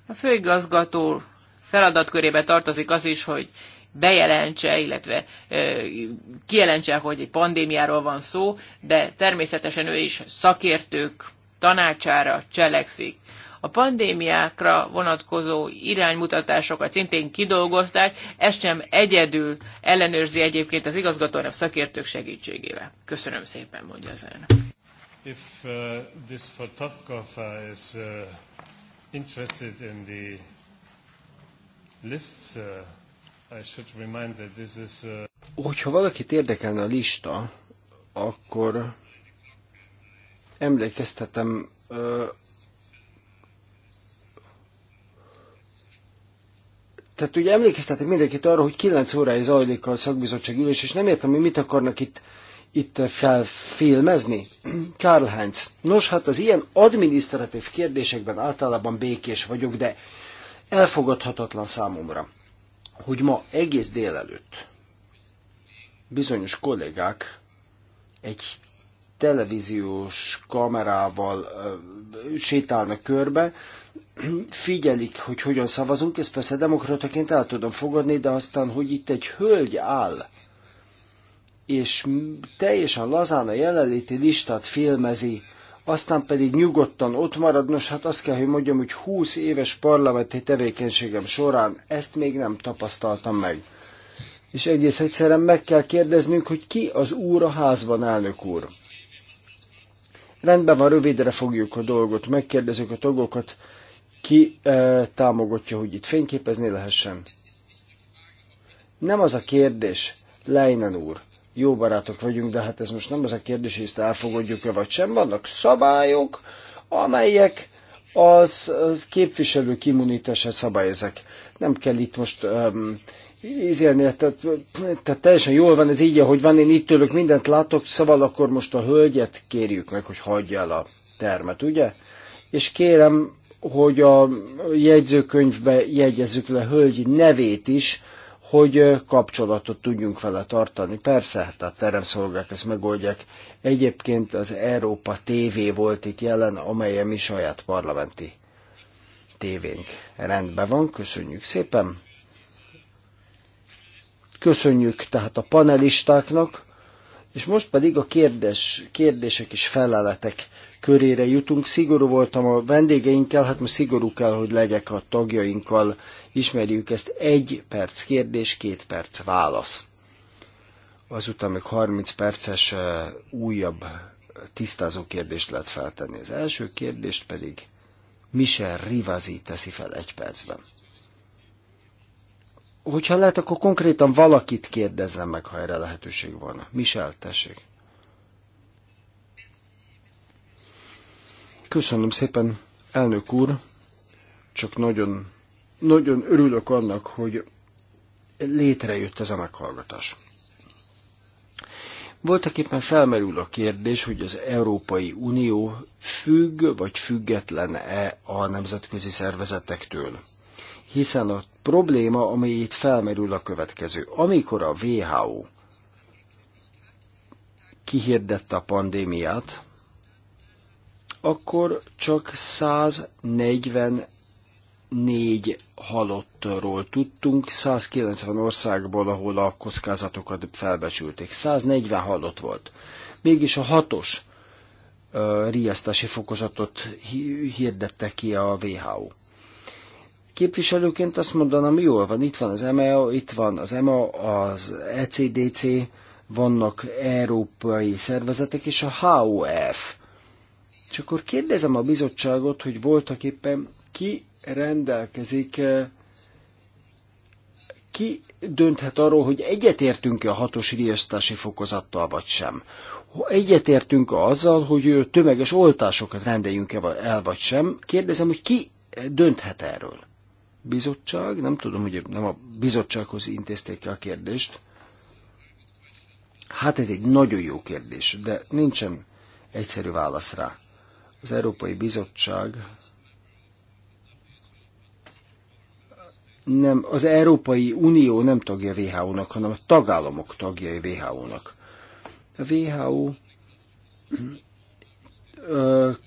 A főigazgató feladatkörébe tartozik az is, hogy bejelentse, illetve kijelentse, hogy egy pandémiáról van szó, de természetesen ő is szakértők tanácsára cselekszik. A pandémiákra vonatkozó iránymutatásokat szintén kidolgozták, ezt sem egyedül ellenőrzi egyébként az igazgatónak szakértők segítségével. Köszönöm szépen, mondja az elnök. If uh, this is uh, interested in the lists uh, Uh, Hogyha valakit érdekelne a lista, akkor emlékeztetem tehát ugye emlékeztetek mindenkit arra, hogy 9 óráig zajlik a szakbizottság ülés, és nem értem, hogy mit akarnak itt, itt felfilmezni. Karl Heinz. Nos, hát az ilyen administratív kérdésekben általában békés vagyok, de elfogadhatatlan számomra, hogy ma egész délelőtt bizonyos kollégák egy televíziós kamerával uh, sétálnak körbe, figyelik, hogy hogyan szavazunk, ezt persze demokrataként el tudom fogadni, de aztán, hogy itt egy hölgy áll, és teljesen lazán a jelenléti listát filmezi, aztán pedig nyugodtan ott marad. Nos, hát azt kell, hogy mondjam, hogy 20 éves parlamenti tevékenységem során ezt még nem tapasztaltam meg. És egész egyszerűen meg kell kérdeznünk, hogy ki az úr a házban, elnök úr. Rendben van, rövidre fogjuk a dolgot, megkérdezzük a tagokat, ki e, támogatja, hogy itt fényképezni lehessen. Nem az a kérdés, Leinen úr, jó barátok vagyunk, de hát ez most nem az a kérdés, hogy ezt elfogadjuk-e vagy sem. Vannak szabályok, amelyek az képviselő kimunitását szabályozek. Nem kell itt most um, ízélni, tehát, hát, tehát teljesen jól van ez így, ahogy van, én itt tőlük mindent látok, szóval akkor most a hölgyet kérjük meg, hogy hagyja el a termet, ugye? És kérem, hogy a jegyzőkönyvbe jegyezzük le a hölgy nevét is, hogy kapcsolatot tudjunk vele tartani. Persze, hát a teremszolgák ezt megoldják. Egyébként az Európa TV volt itt jelen, amelyen mi saját parlamenti tévénk. Rendben van, köszönjük szépen. Köszönjük tehát a panelistáknak, és most pedig a kérdés, kérdések és feleletek körére jutunk. Szigorú voltam a vendégeinkkel, hát most szigorú kell, hogy legyek a tagjainkkal. Ismerjük ezt egy perc kérdés, két perc válasz. Azután még 30 perces eh, újabb eh, tisztázó kérdést lehet feltenni. Az első kérdést pedig Michel Rivazi teszi fel egy percben. Hogyha lehet, akkor konkrétan valakit kérdezzem meg, ha erre lehetőség van. Michel, tessék. Köszönöm szépen, elnök úr. Csak nagyon, nagyon örülök annak, hogy létrejött ez a meghallgatás. Voltak éppen felmerül a kérdés, hogy az Európai Unió függ vagy független-e a nemzetközi szervezetektől. Hiszen a probléma, amely itt felmerül a következő. Amikor a WHO kihirdette a pandémiát, akkor csak 144 halottról tudtunk, 190 országból, ahol a kockázatokat felbecsülték. 140 halott volt. Mégis a hatos uh, riasztási fokozatot hirdette ki a WHO képviselőként azt mondanám, jól van, itt van az EMA, itt van az EMA, az ECDC, vannak európai szervezetek, és a HOF és akkor kérdezem a bizottságot, hogy voltak éppen ki rendelkezik, eh, ki dönthet arról, hogy egyetértünk-e a hatos riasztási fokozattal, vagy sem. Egyetértünk-e azzal, hogy eh, tömeges oltásokat rendeljünk-e el, vagy sem. Kérdezem, hogy ki eh, dönthet erről? Bizottság? Nem tudom, hogy nem a bizottsághoz intézték a kérdést. Hát ez egy nagyon jó kérdés, de nincsen egyszerű válasz rá. Az Európai Bizottság nem, az Európai Unió nem tagja WHO-nak, hanem a tagállamok tagjai WHO-nak. A WHO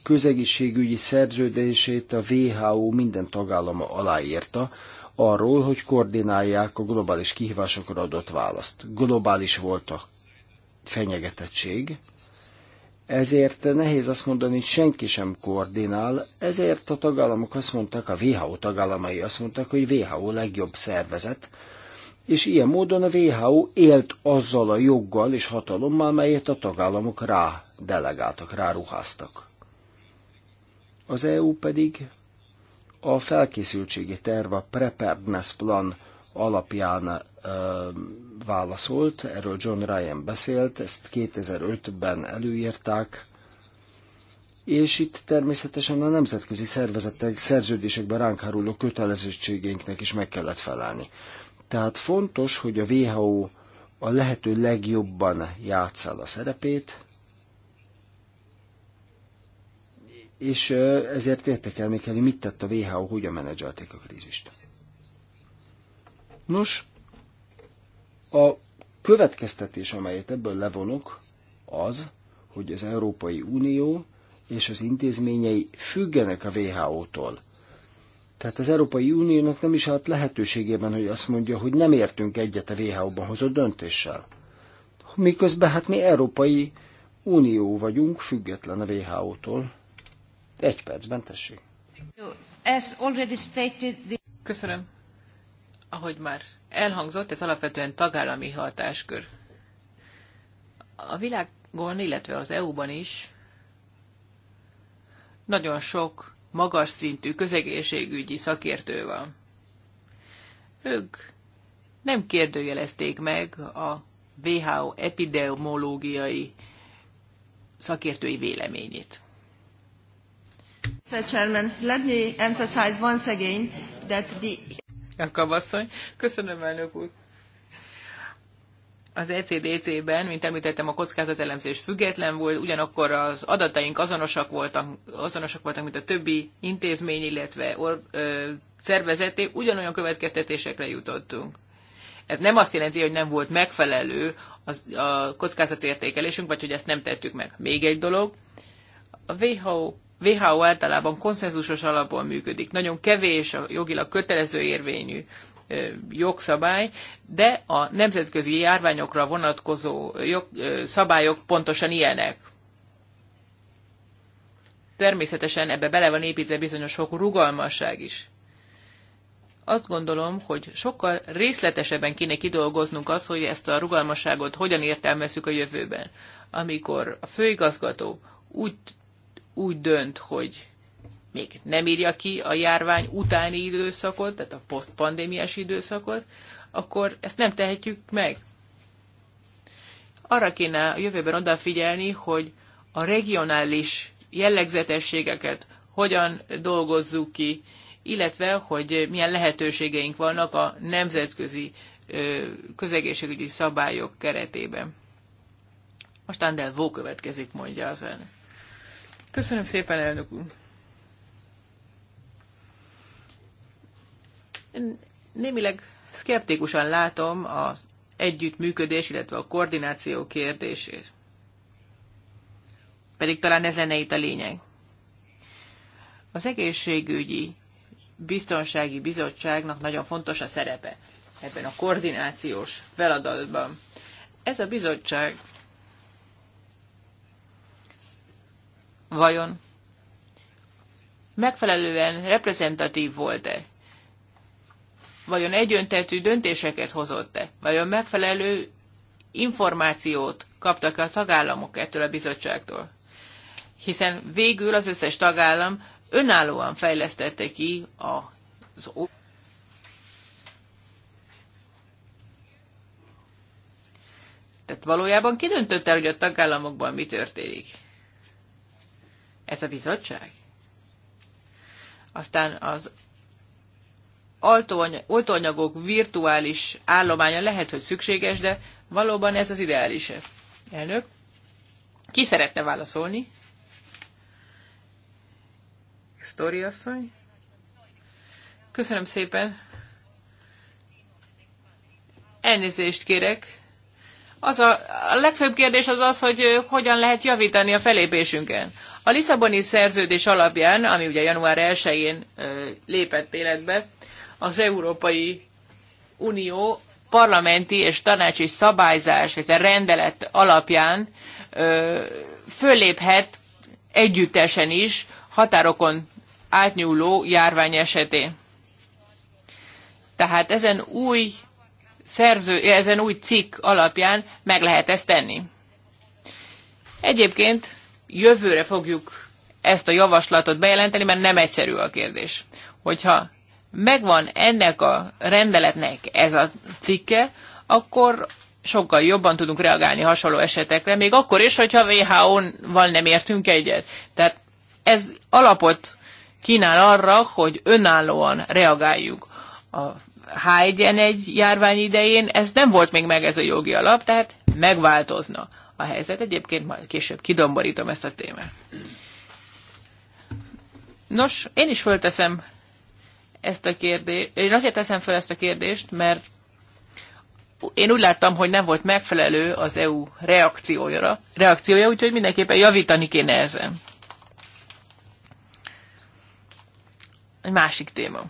közegészségügyi szerződését a WHO minden tagállama aláírta, arról, hogy koordinálják a globális kihívásokra adott választ. Globális volt a fenyegetettség, ezért nehéz azt mondani, hogy senki sem koordinál, ezért a tagállamok azt mondták, a WHO tagállamai azt mondták, hogy WHO legjobb szervezet, és ilyen módon a WHO élt azzal a joggal és hatalommal, melyet a tagállamok rá delegáltak, ráruháztak. Az EU pedig a felkészültségi terv, a Preparedness Plan alapján ö, válaszolt, erről John Ryan beszélt, ezt 2005-ben előírták, és itt természetesen a nemzetközi szervezetek szerződésekben ránk háruló kötelezettségénknek is meg kellett felelni. Tehát fontos, hogy a WHO a lehető legjobban játszál a szerepét, és ezért értekelni kell, hogy mit tett a WHO, hogyan menedzselték a krízist. Nos, a következtetés, amelyet ebből levonok, az, hogy az Európai Unió és az intézményei függenek a WHO-tól. Tehát az Európai Uniónak nem is állt lehetőségében, hogy azt mondja, hogy nem értünk egyet a WHO-ban hozott döntéssel. Miközben hát mi Európai Unió vagyunk, független a WHO-tól. Egy percben, tessék. Köszönöm. Ahogy már elhangzott, ez alapvetően tagállami hatáskör. A világon, illetve az EU-ban is nagyon sok magas szintű közegészségügyi szakértő van. Ők nem kérdőjelezték meg a WHO epidemiológiai szakértői véleményét. Mr. Chairman, let me emphasize once again that the Jakab asszony. Köszönöm, elnök úr. Az ECDC-ben, mint említettem, a kockázatelemzés független volt, ugyanakkor az adataink azonosak voltak, azonosak voltak mint a többi intézmény, illetve or, ö, szervezeté, ugyanolyan következtetésekre jutottunk. Ez nem azt jelenti, hogy nem volt megfelelő az, a kockázatértékelésünk, vagy hogy ezt nem tettük meg. Még egy dolog, a WHO WHO általában konszenzusos alapon működik. Nagyon kevés a jogilag kötelező érvényű jogszabály, de a nemzetközi járványokra vonatkozó jog, szabályok pontosan ilyenek. Természetesen ebbe bele van építve bizonyos sok rugalmasság is. Azt gondolom, hogy sokkal részletesebben kéne kidolgoznunk azt, hogy ezt a rugalmasságot hogyan értelmezzük a jövőben. Amikor a főigazgató úgy úgy dönt, hogy még nem írja ki a járvány utáni időszakot, tehát a posztpandémiás időszakot, akkor ezt nem tehetjük meg. Arra kéne a jövőben odafigyelni, hogy a regionális jellegzetességeket hogyan dolgozzuk ki, illetve hogy milyen lehetőségeink vannak a nemzetközi közegészségügyi szabályok keretében. Most Andel Vó következik, mondja az elnök. Köszönöm szépen, elnök úr. Némileg szkeptikusan látom az együttműködés, illetve a koordináció kérdését. Pedig talán ez lenne itt a lényeg. Az egészségügyi biztonsági bizottságnak nagyon fontos a szerepe ebben a koordinációs feladatban. Ez a bizottság vajon megfelelően reprezentatív volt-e? Vajon egyöntetű döntéseket hozott-e? Vajon megfelelő információt kaptak -e a tagállamok ettől a bizottságtól? Hiszen végül az összes tagállam önállóan fejlesztette ki az Tehát valójában ki el, hogy a tagállamokban mi történik? Ez a bizottság? Aztán az oltóanyagok virtuális állománya lehet, hogy szükséges, de valóban ez az ideális. -e. Elnök, ki szeretne válaszolni? Sztori asszony? Köszönöm szépen. Elnézést kérek. Az a, a legfőbb kérdés az az, hogy hogyan lehet javítani a felépésünket? A Lisszaboni szerződés alapján, ami ugye január 1-én lépett életbe, az Európai Unió parlamenti és tanácsi szabályzás, illetve rendelet alapján ö, föléphet együttesen is határokon átnyúló járvány esetén. Tehát ezen új szerző, ezen új cikk alapján meg lehet ezt tenni. Egyébként jövőre fogjuk ezt a javaslatot bejelenteni, mert nem egyszerű a kérdés. Hogyha megvan ennek a rendeletnek ez a cikke, akkor sokkal jobban tudunk reagálni hasonló esetekre, még akkor is, hogyha WHO-val nem értünk egyet. Tehát ez alapot kínál arra, hogy önállóan reagáljuk. A H1N1 járvány idején ez nem volt még meg ez a jogi alap, tehát megváltozna a helyzet. Egyébként majd később kidomborítom ezt a témát. Nos, én is fölteszem ezt a kérdést. Én azért teszem fel ezt a kérdést, mert én úgy láttam, hogy nem volt megfelelő az EU reakciója, reakciója úgyhogy mindenképpen javítani kéne ezen. Egy másik téma.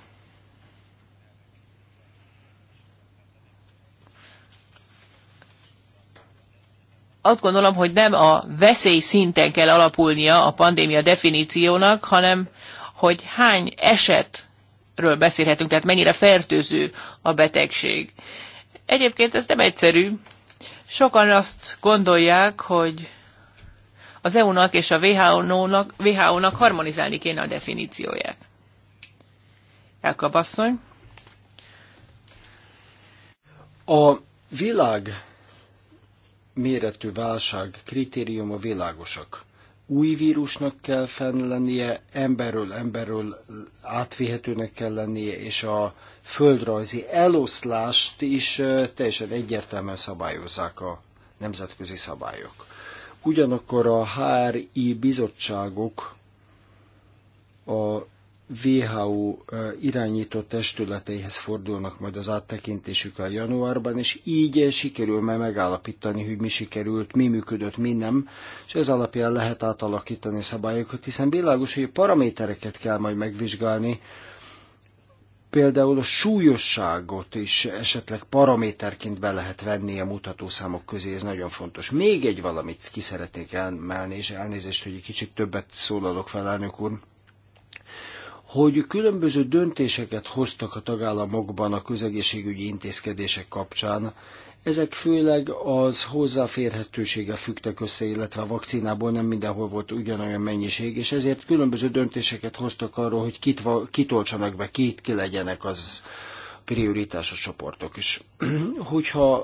azt gondolom, hogy nem a veszély szinten kell alapulnia a pandémia definíciónak, hanem hogy hány esetről beszélhetünk, tehát mennyire fertőző a betegség. Egyébként ez nem egyszerű. Sokan azt gondolják, hogy az EU-nak és a WHO-nak, WHO-nak harmonizálni kéne a definícióját. Jakob A világ méretű válság kritériuma világosak. Új vírusnak kell fenn lennie, emberről emberről átvihetőnek kell lennie, és a földrajzi eloszlást is teljesen egyértelműen szabályozzák a nemzetközi szabályok. Ugyanakkor a HRI bizottságok a WHO irányító testületeihez fordulnak majd az áttekintésük a januárban, és így sikerül meg megállapítani, hogy mi sikerült, mi működött, mi nem, és ez alapján lehet átalakítani szabályokat, hiszen világos, hogy a paramétereket kell majd megvizsgálni, például a súlyosságot is esetleg paraméterként be lehet venni a mutatószámok közé, ez nagyon fontos. Még egy valamit ki szeretnék emelni, és elnézést, hogy egy kicsit többet szólalok fel, elnök úr hogy különböző döntéseket hoztak a tagállamokban a közegészségügyi intézkedések kapcsán. Ezek főleg az hozzáférhetősége fügtek össze, illetve a vakcinából nem mindenhol volt ugyanolyan mennyiség, és ezért különböző döntéseket hoztak arról, hogy kit, kitoltsanak be, kit ki legyenek az prioritásos csoportok is. Hogyha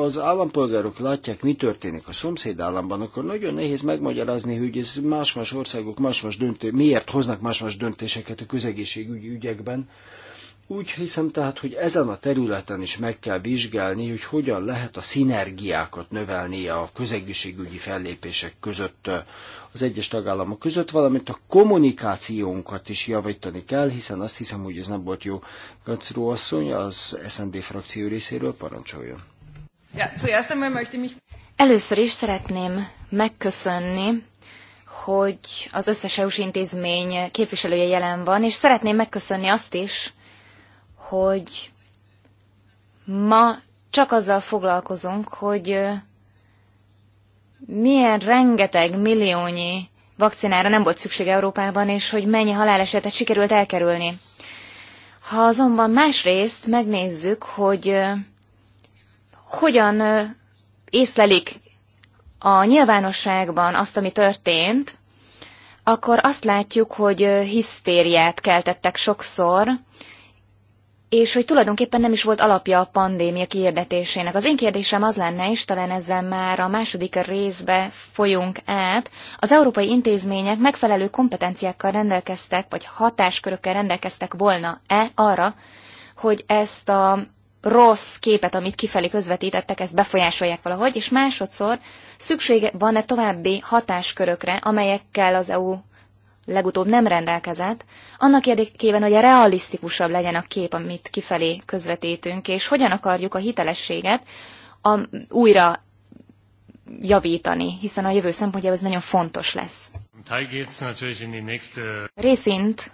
az állampolgárok látják, mi történik a szomszéd államban, akkor nagyon nehéz megmagyarázni, hogy ez más-más országok más-más döntő, miért hoznak más-más döntéseket a közegészségügyi ügyekben. Úgy hiszem tehát, hogy ezen a területen is meg kell vizsgálni, hogy hogyan lehet a szinergiákat növelni a közegészségügyi fellépések között az egyes tagállamok között, valamint a kommunikációnkat is javítani kell, hiszen azt hiszem, hogy ez nem volt jó. Gacró asszony az SND frakció részéről parancsoljon. Először is szeretném megköszönni, hogy az összes EU-s intézmény képviselője jelen van, és szeretném megköszönni azt is, hogy ma csak azzal foglalkozunk, hogy milyen rengeteg milliónyi vakcinára nem volt szükség Európában, és hogy mennyi halálesetet sikerült elkerülni. Ha azonban másrészt megnézzük, hogy hogyan észlelik a nyilvánosságban azt, ami történt, akkor azt látjuk, hogy hisztériát keltettek sokszor, és hogy tulajdonképpen nem is volt alapja a pandémia kiirdetésének. Az én kérdésem az lenne, és talán ezzel már a második részbe folyunk át, az európai intézmények megfelelő kompetenciákkal rendelkeztek, vagy hatáskörökkel rendelkeztek volna-e arra, hogy ezt a rossz képet, amit kifelé közvetítettek, ezt befolyásolják valahogy, és másodszor szüksége van-e további hatáskörökre, amelyekkel az EU legutóbb nem rendelkezett, annak érdekében, hogy a realisztikusabb legyen a kép, amit kifelé közvetítünk, és hogyan akarjuk a hitelességet a, újra javítani, hiszen a jövő szempontjából ez nagyon fontos lesz. Részint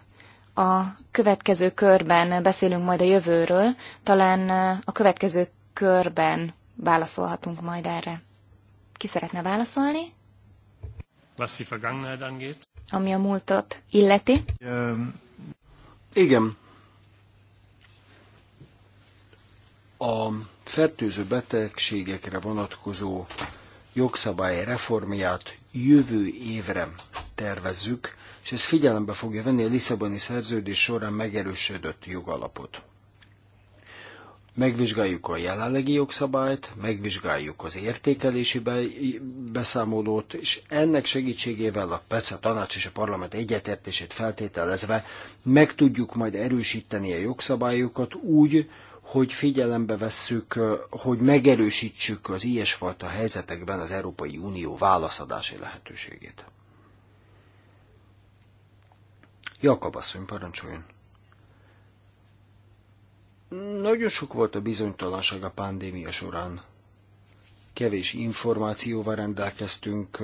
a következő körben beszélünk majd a jövőről, talán a következő körben válaszolhatunk majd erre. Ki szeretne válaszolni? Was die Vergangenheit angeht? ami a múltat illeti. Igen. A fertőző betegségekre vonatkozó jogszabály reformját jövő évre tervezzük, és ez figyelembe fogja venni a Lisszaboni szerződés során megerősödött jogalapot. Megvizsgáljuk a jelenlegi jogszabályt, megvizsgáljuk az értékelési be beszámolót, és ennek segítségével a PECA tanács és a parlament egyetértését feltételezve meg tudjuk majd erősíteni a jogszabályokat úgy, hogy figyelembe vesszük, hogy megerősítsük az ilyesfajta helyzetekben az Európai Unió válaszadási lehetőségét. Jakab asszony, parancsoljon! Nagyon sok volt a bizonytalanság a pandémia során. Kevés információval rendelkeztünk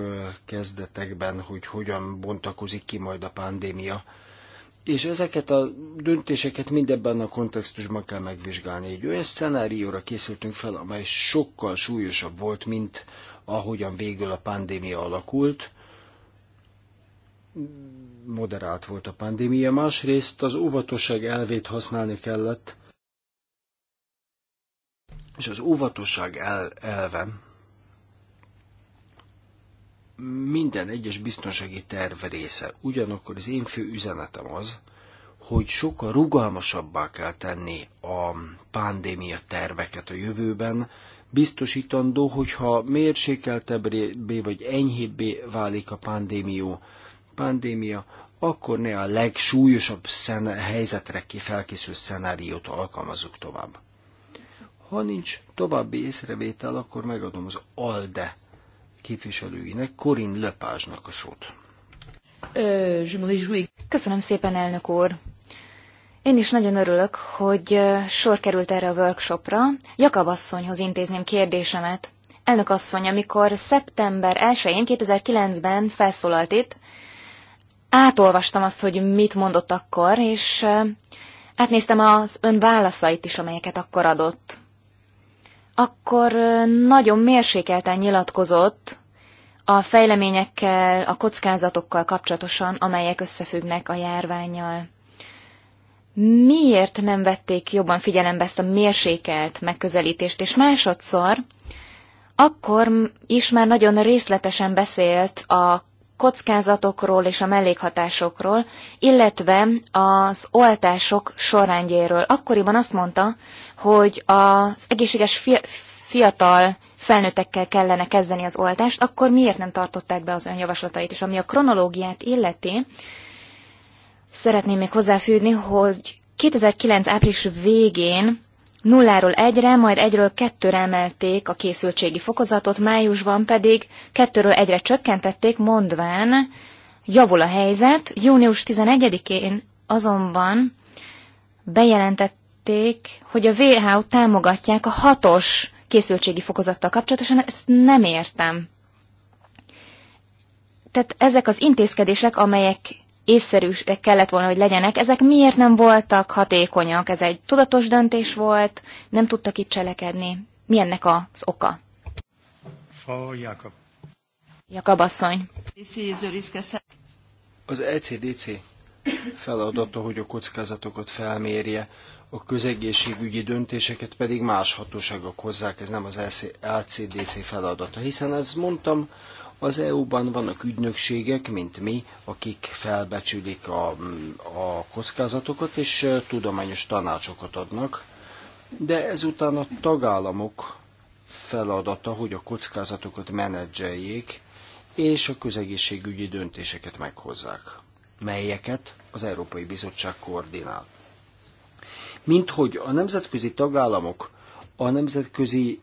kezdetekben, hogy hogyan bontakozik ki majd a pandémia. És ezeket a döntéseket mindebben a kontextusban kell megvizsgálni. Egy olyan szenárióra készültünk fel, amely sokkal súlyosabb volt, mint ahogyan végül a pandémia alakult. Moderált volt a pandémia. Másrészt az óvatosság elvét használni kellett, és az óvatosság el, elve minden egyes biztonsági terv része. Ugyanakkor az én fő üzenetem az, hogy sokkal rugalmasabbá kell tenni a pandémia terveket a jövőben, biztosítandó, hogyha mérsékeltebbé vagy enyhébbé válik a pandémió, pandémia, akkor ne a legsúlyosabb szene, helyzetre ki felkészült szenáriót alkalmazzuk tovább. Ha nincs további észrevétel, akkor megadom az ALDE képviselőinek, Corinne Lepázsnak a szót. Köszönöm szépen, elnök úr! Én is nagyon örülök, hogy sor került erre a workshopra. Jakab asszonyhoz intézném kérdésemet. Elnök asszony, amikor szeptember 1-én 2009-ben felszólalt itt, átolvastam azt, hogy mit mondott akkor, és átnéztem az ön válaszait is, amelyeket akkor adott akkor nagyon mérsékelten nyilatkozott a fejleményekkel, a kockázatokkal kapcsolatosan, amelyek összefüggnek a járványjal. Miért nem vették jobban figyelembe ezt a mérsékelt megközelítést? És másodszor, akkor is már nagyon részletesen beszélt a kockázatokról és a mellékhatásokról, illetve az oltások sorrendjéről. Akkoriban azt mondta, hogy az egészséges fiatal felnőttekkel kellene kezdeni az oltást, akkor miért nem tartották be az önjavaslatait? És ami a kronológiát illeti, szeretném még hozzáfűzni, hogy 2009. április végén nulláról egyre, majd egyről kettőre emelték a készültségi fokozatot, májusban pedig kettőről egyre csökkentették, mondván javul a helyzet. Június 11-én azonban bejelentették, hogy a WHO támogatják a hatos készültségi fokozattal kapcsolatosan, ezt nem értem. Tehát ezek az intézkedések, amelyek észszerűek kellett volna, hogy legyenek, ezek miért nem voltak hatékonyak? Ez egy tudatos döntés volt, nem tudtak itt cselekedni. Mi ennek az oka? Frau Jakab. Jakab asszony. Az ECDC feladata, hogy a kockázatokat felmérje, a közegészségügyi döntéseket pedig más hatóságok hozzák, ez nem az LCDC e feladata, hiszen ez mondtam, az EU-ban vannak ügynökségek, mint mi, akik felbecsülik a, a kockázatokat, és tudományos tanácsokat adnak, de ezután a tagállamok feladata, hogy a kockázatokat menedzseljék, és a közegészségügyi döntéseket meghozzák, melyeket az Európai Bizottság koordinál. Mint hogy a nemzetközi tagállamok a nemzetközi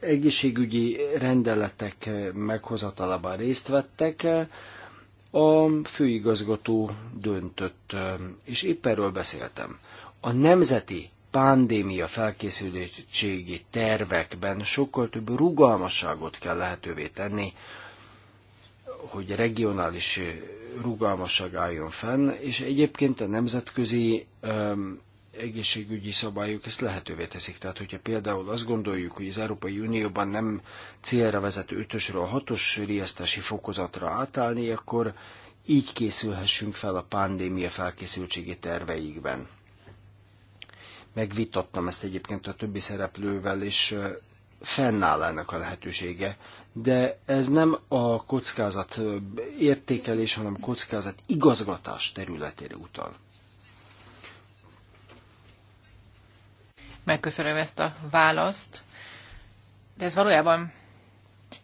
egészségügyi rendeletek meghozatalában részt vettek, a főigazgató döntött, és épp erről beszéltem. A nemzeti pandémia felkészültségi tervekben sokkal több rugalmasságot kell lehetővé tenni, hogy regionális rugalmasság álljon fenn, és egyébként a nemzetközi egészségügyi szabályok ezt lehetővé teszik. Tehát, hogyha például azt gondoljuk, hogy az Európai Unióban nem célra vezető ötösről a hatos riasztási fokozatra átállni, akkor így készülhessünk fel a pandémia felkészültségi terveikben. Megvitattam ezt egyébként a többi szereplővel, és fennáll ennek a lehetősége, de ez nem a kockázat értékelés, hanem kockázat igazgatás területére utal. Megköszönöm ezt a választ. De ez valójában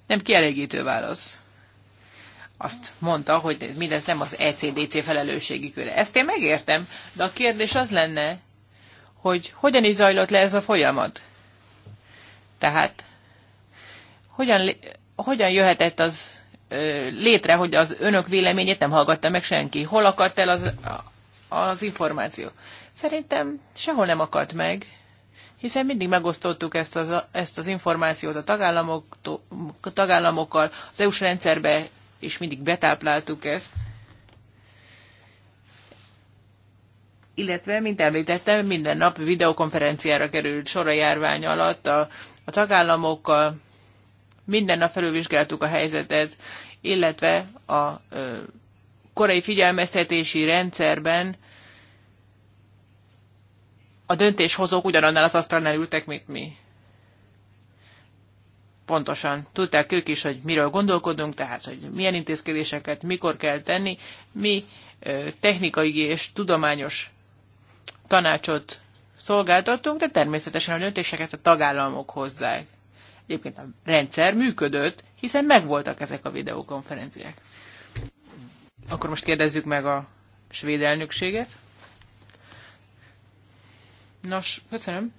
nem kielégítő válasz. Azt mondta, hogy mindez nem az ECDC felelősségi köre. Ezt én megértem, de a kérdés az lenne, hogy hogyan is zajlott le ez a folyamat. Tehát hogyan, hogyan jöhetett az ö, létre, hogy az önök véleményét nem hallgatta meg senki? Hol akadt el az, az információ? Szerintem sehol nem akadt meg hiszen mindig megosztottuk ezt az, ezt az információt a tagállamok, tagállamokkal, az EU-s rendszerbe, és mindig betápláltuk ezt. Illetve, mint említettem, minden nap videokonferenciára került sor a járvány alatt a, a tagállamokkal, minden nap felülvizsgáltuk a helyzetet, illetve a ö, korai figyelmeztetési rendszerben a döntéshozók ugyanannál az asztalnál ültek, mint mi. Pontosan. Tudták ők is, hogy miről gondolkodunk, tehát, hogy milyen intézkedéseket, mikor kell tenni. Mi technikai és tudományos tanácsot szolgáltattunk, de természetesen a döntéseket a tagállamok hozzák. Egyébként a rendszer működött, hiszen megvoltak ezek a videokonferenciák. Akkor most kérdezzük meg a svéd elnökséget. Nos, köszönöm.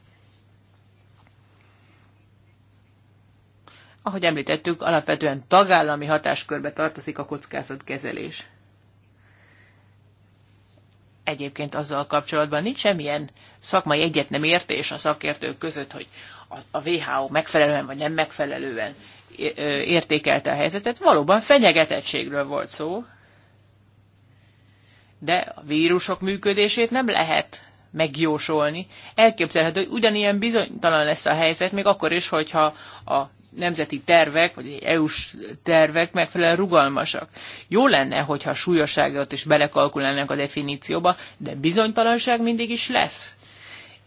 Ahogy említettük, alapvetően tagállami hatáskörbe tartozik a kockázatkezelés. Egyébként azzal kapcsolatban nincs semmilyen szakmai egyet nem értés a szakértők között, hogy a WHO megfelelően vagy nem megfelelően értékelte a helyzetet. Valóban fenyegetettségről volt szó, de a vírusok működését nem lehet megjósolni. Elképzelhető, hogy ugyanilyen bizonytalan lesz a helyzet, még akkor is, hogyha a nemzeti tervek, vagy EU-s tervek megfelelően rugalmasak. Jó lenne, hogyha súlyosságot is belekalkulálnánk a definícióba, de bizonytalanság mindig is lesz.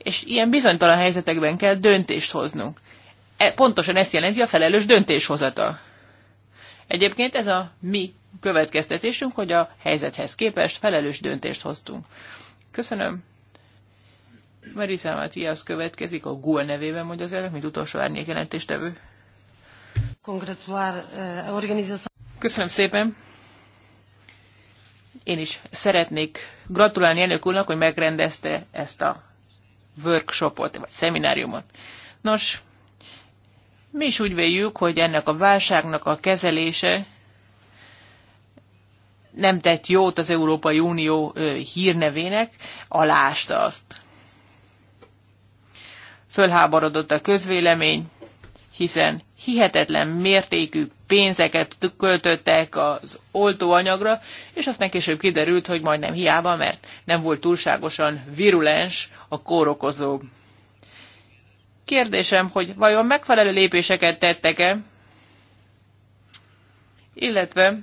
És ilyen bizonytalan helyzetekben kell döntést hoznunk. E, pontosan ezt jelenti a felelős döntéshozata. Egyébként ez a mi következtetésünk, hogy a helyzethez képest felelős döntést hoztunk. Köszönöm. Marisa Matias következik a GUL nevében, mondja az elnök, mint utolsó árnyék jelentéstevő. Eh, Köszönöm szépen. Én is szeretnék gratulálni elnök úrnak, hogy megrendezte ezt a workshopot, vagy szemináriumot. Nos, mi is úgy véljük, hogy ennek a válságnak a kezelése nem tett jót az Európai Unió hírnevének, alásta azt fölháborodott a közvélemény, hiszen hihetetlen mértékű pénzeket költöttek az oltóanyagra, és aztán később kiderült, hogy majdnem hiába, mert nem volt túlságosan virulens a kórokozó. Kérdésem, hogy vajon megfelelő lépéseket tettek-e, illetve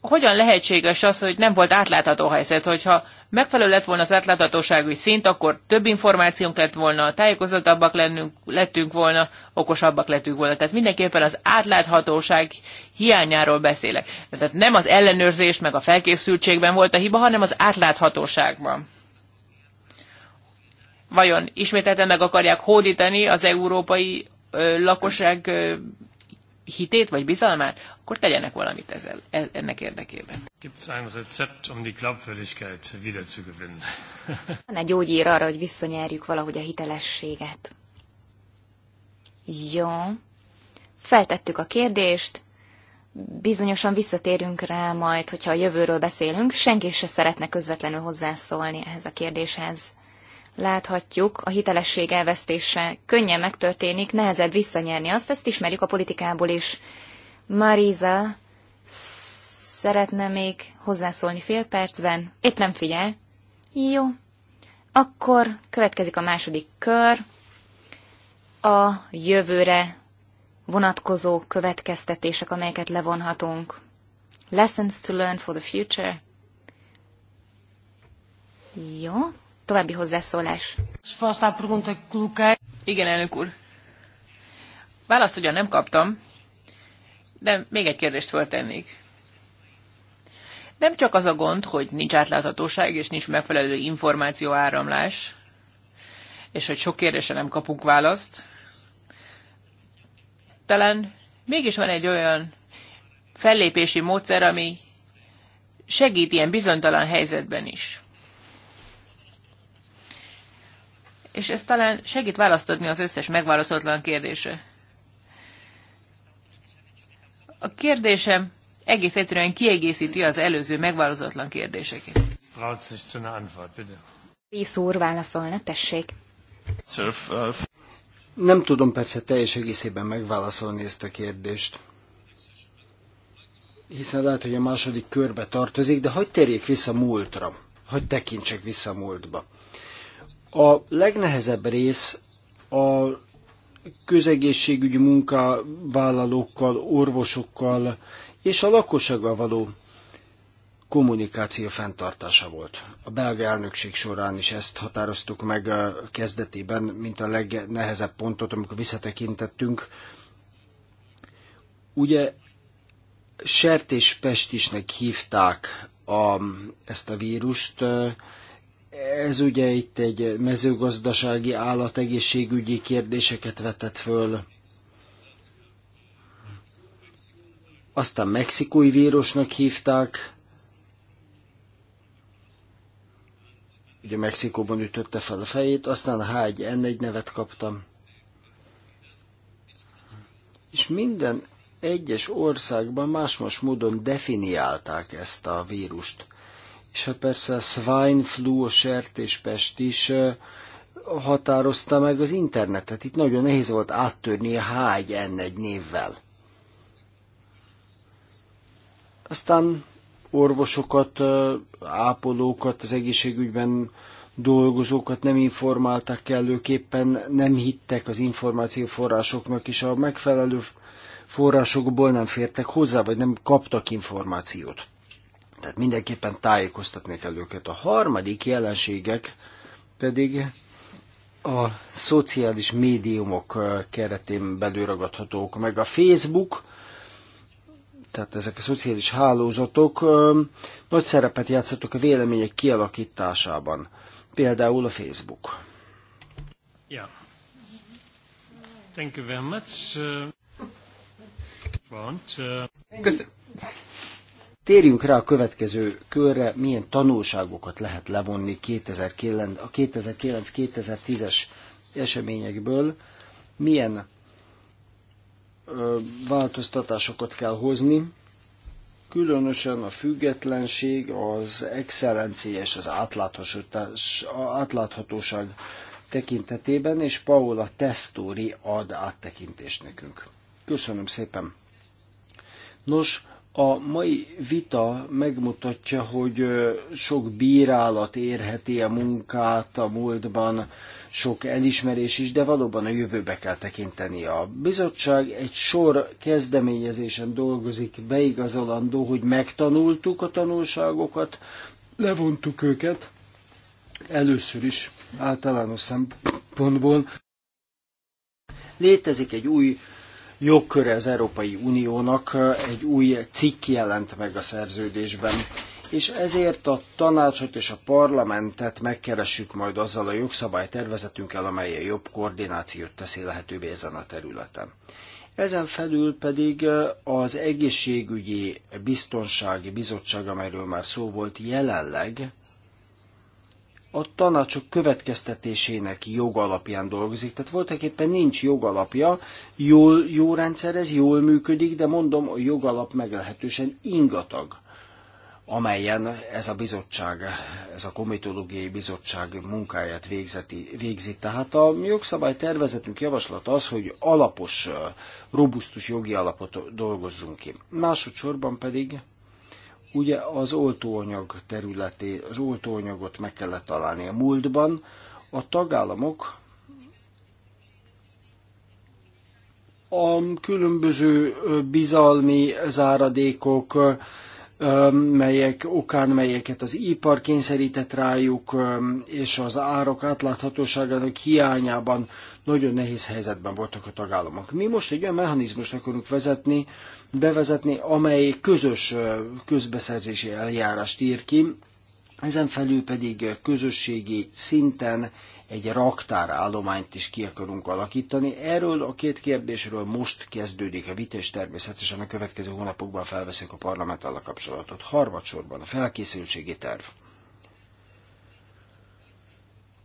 hogyan lehetséges az, hogy nem volt átlátható helyzet, hogyha megfelelő lett volna az átláthatósági szint, akkor több információnk lett volna, tájékozottabbak lennünk, lettünk volna, okosabbak lettünk volna. Tehát mindenképpen az átláthatóság hiányáról beszélek. Tehát nem az ellenőrzés meg a felkészültségben volt a hiba, hanem az átláthatóságban. Vajon ismételten meg akarják hódítani az európai ö, lakosság ö, hitét vagy bizalmát, akkor tegyenek valamit ezzel, e, ennek érdekében. Gibt's ein Rezept, um die Glaubwürdigkeit wiederzugewinnen? Van egy gyógyír arra, hogy visszanyerjük valahogy a hitelességet. Jó. Feltettük a kérdést, bizonyosan visszatérünk rá majd, hogyha a jövőről beszélünk, senki se szeretne közvetlenül hozzászólni ehhez a kérdéshez láthatjuk, a hitelesség elvesztése könnyen megtörténik, nehezebb visszanyerni azt, ezt ismerjük a politikából is. Mariza szeretne még hozzászólni fél percben, épp nem figyel. Jó. Akkor következik a második kör, a jövőre vonatkozó következtetések, amelyeket levonhatunk. Lessons to learn for the future. Jó, további hozzászólás. Igen, elnök úr. Választ ugyan nem kaptam, de még egy kérdést föltennék. Nem csak az a gond, hogy nincs átláthatóság és nincs megfelelő információ áramlás, és hogy sok kérdésre nem kapunk választ, talán mégis van egy olyan fellépési módszer, ami segít ilyen bizonytalan helyzetben is. és ez talán segít választodni az összes megválaszolatlan kérdésre. A kérdésem egész egyszerűen kiegészíti az előző megválaszolatlan kérdéseket. Rész úr válaszolna, tessék. Uh, Nem tudom persze teljes egészében megválaszolni ezt a kérdést, hiszen lehet, hogy a második körbe tartozik, de hogy térjék vissza múltra, hogy tekintsek vissza múltba. A legnehezebb rész a közegészségügyi munkavállalókkal, orvosokkal és a lakossággal való kommunikáció fenntartása volt. A belga elnökség során is ezt határoztuk meg a kezdetében, mint a legnehezebb pontot, amikor visszatekintettünk. Ugye sertéspestisnek hívták a, ezt a vírust, ez ugye itt egy mezőgazdasági állategészségügyi kérdéseket vetett föl. Aztán mexikói vírusnak hívták. Ugye Mexikóban ütötte fel a fejét, aztán a H1N1 nevet kaptam. És minden egyes országban más-más módon definiálták ezt a vírust és hát persze a swine flu, a sertéspest is határozta meg az internetet. Itt nagyon nehéz volt áttörni a H1N1 névvel. Aztán orvosokat, ápolókat, az egészségügyben dolgozókat nem informáltak kellőképpen, nem hittek az információforrásoknak, és a megfelelő forrásokból nem fértek hozzá, vagy nem kaptak információt. Tehát mindenképpen tájékoztatni kell őket. A harmadik jelenségek pedig a szociális médiumok keretén belül ragadhatók meg. A Facebook, tehát ezek a szociális hálózatok nagy szerepet játszottak a vélemények kialakításában. Például a Facebook. Yeah. Thank you very much. Uh, front, uh... Köszönöm. Térjünk rá a következő körre, milyen tanulságokat lehet levonni 2009, a 2009-2010-es eseményekből, milyen ö, változtatásokat kell hozni, különösen a függetlenség, az excellencia és az átláthatóság tekintetében, és Paula Testori ad áttekintést nekünk. Köszönöm szépen! Nos, a mai vita megmutatja, hogy sok bírálat érheti a munkát a múltban, sok elismerés is, de valóban a jövőbe kell tekinteni. A bizottság egy sor kezdeményezésen dolgozik, beigazolandó, hogy megtanultuk a tanulságokat, levontuk őket, először is általános szempontból. Létezik egy új jogköre az Európai Uniónak egy új cikk jelent meg a szerződésben, és ezért a tanácsot és a parlamentet megkeressük majd azzal a jogszabálytervezetünkkel, amely a jobb koordinációt teszi lehetővé ezen a területen. Ezen felül pedig az egészségügyi biztonsági bizottság, amelyről már szó volt, jelenleg a tanácsok következtetésének jogalapján dolgozik. Tehát voltak éppen nincs jogalapja, jól, jó rendszer ez, jól működik, de mondom, a jogalap meglehetősen ingatag amelyen ez a bizottság, ez a komitológiai bizottság munkáját végzeti, végzi. Tehát a jogszabály tervezetünk javaslat az, hogy alapos, robusztus jogi alapot dolgozzunk ki. Másodszorban pedig ugye az oltóanyag területé, az oltóanyagot meg kellett találni a múltban. A tagállamok a különböző bizalmi záradékok, melyek okán, melyeket az ipar kényszerített rájuk, és az árok átláthatóságának hiányában nagyon nehéz helyzetben voltak a tagállamok. Mi most egy olyan mechanizmust akarunk vezetni, bevezetni, amely közös közbeszerzési eljárást ír ki, ezen felül pedig közösségi szinten egy raktárállományt is ki akarunk alakítani. Erről a két kérdésről most kezdődik a vita, és természetesen a következő hónapokban felveszik a parlamenttel a kapcsolatot. Harmadsorban a felkészültségi terv.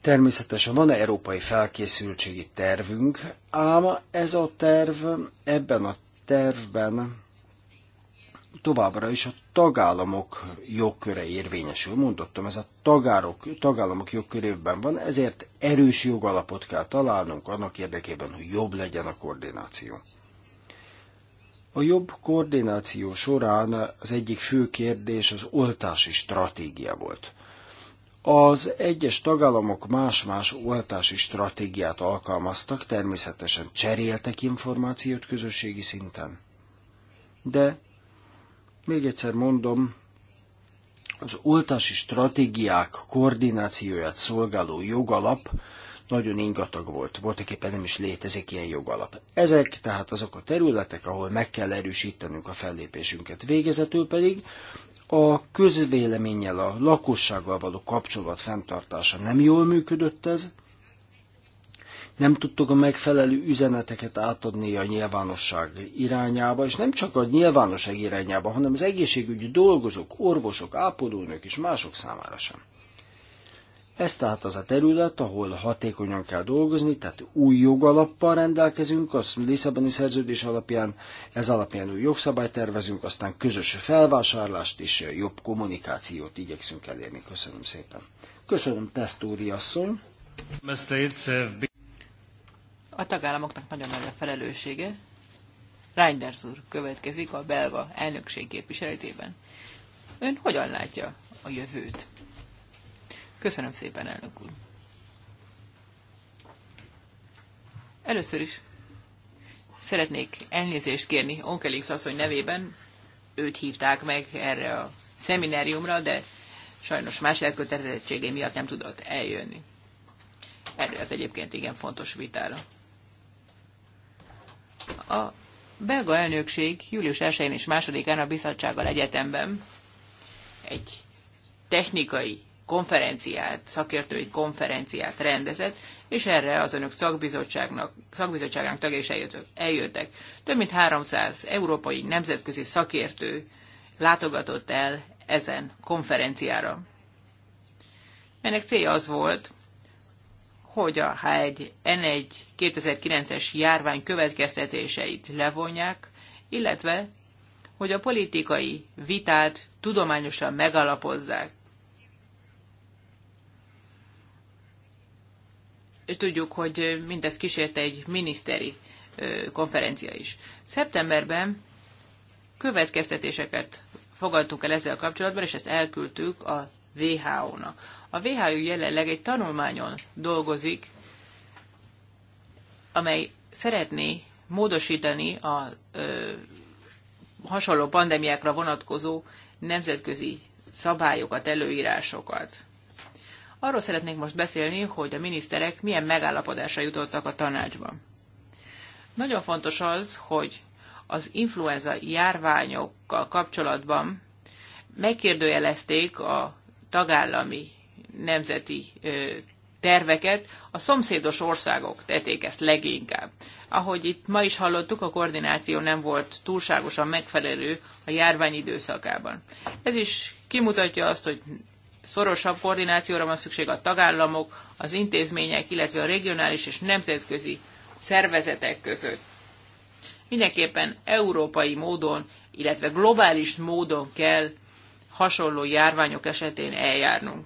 Természetesen van európai felkészültségi tervünk, ám ez a terv ebben a tervben továbbra is a tagállamok jogköre érvényesül. Mondottam, ez a tagárok, tagállamok jogkörében van, ezért erős jogalapot kell találnunk annak érdekében, hogy jobb legyen a koordináció. A jobb koordináció során az egyik fő kérdés az oltási stratégia volt. Az egyes tagállamok más-más oltási stratégiát alkalmaztak, természetesen cseréltek információt közösségi szinten. De még egyszer mondom, az oltási stratégiák koordinációját szolgáló jogalap nagyon ingatag volt, voltak éppen nem is létezik ilyen jogalap. Ezek tehát azok a területek, ahol meg kell erősítenünk a fellépésünket. Végezetül pedig a közvéleménnyel, a lakossággal való kapcsolat fenntartása. Nem jól működött ez, nem tudtuk a megfelelő üzeneteket átadni a nyilvánosság irányába, és nem csak a nyilvánosság irányába, hanem az egészségügyi dolgozók, orvosok, ápolónők és mások számára sem. Ez tehát az a terület, ahol hatékonyan kell dolgozni, tehát új jogalappal rendelkezünk, az Lisszaboni szerződés alapján, ez alapján új jogszabályt tervezünk, aztán közös felvásárlást és jobb kommunikációt igyekszünk elérni. Köszönöm szépen. Köszönöm, Tesztúri asszony. A tagállamoknak nagyon nagy a felelőssége. Reinders úr következik a belga elnökség képviseletében. Ön hogyan látja a jövőt? Köszönöm szépen, elnök úr. Először is szeretnék elnézést kérni Onkelix asszony nevében. Őt hívták meg erre a szemináriumra, de sajnos más elkötelezettségé miatt nem tudott eljönni. Erre az egyébként igen fontos vitára. A belga elnökség július 1-én és 2-án a bizottsággal egyetemben egy technikai konferenciát, szakértői konferenciát rendezett, és erre az önök szakbizottságnak, szakbizottságának tagja is eljöttek. Több mint 300 európai nemzetközi szakértő látogatott el ezen konferenciára. Ennek célja az volt, hogy a H1N1 2009-es járvány következtetéseit levonják, illetve hogy a politikai vitát tudományosan megalapozzák. tudjuk, hogy mindez kísérte egy miniszteri konferencia is. Szeptemberben következtetéseket fogadtuk el ezzel kapcsolatban, és ezt elküldtük a WHO-nak. A WHO jelenleg egy tanulmányon dolgozik, amely szeretné módosítani a ö, hasonló pandémiákra vonatkozó nemzetközi szabályokat, előírásokat. Arról szeretnék most beszélni, hogy a miniszterek milyen megállapodásra jutottak a tanácsban. Nagyon fontos az, hogy az influenza járványokkal kapcsolatban megkérdőjelezték a tagállami nemzeti terveket, a szomszédos országok tették ezt leginkább. Ahogy itt ma is hallottuk, a koordináció nem volt túlságosan megfelelő a járvány időszakában. Ez is kimutatja azt, hogy szorosabb koordinációra van szükség a tagállamok, az intézmények, illetve a regionális és nemzetközi szervezetek között. Mindenképpen európai módon, illetve globális módon kell hasonló járványok esetén eljárnunk.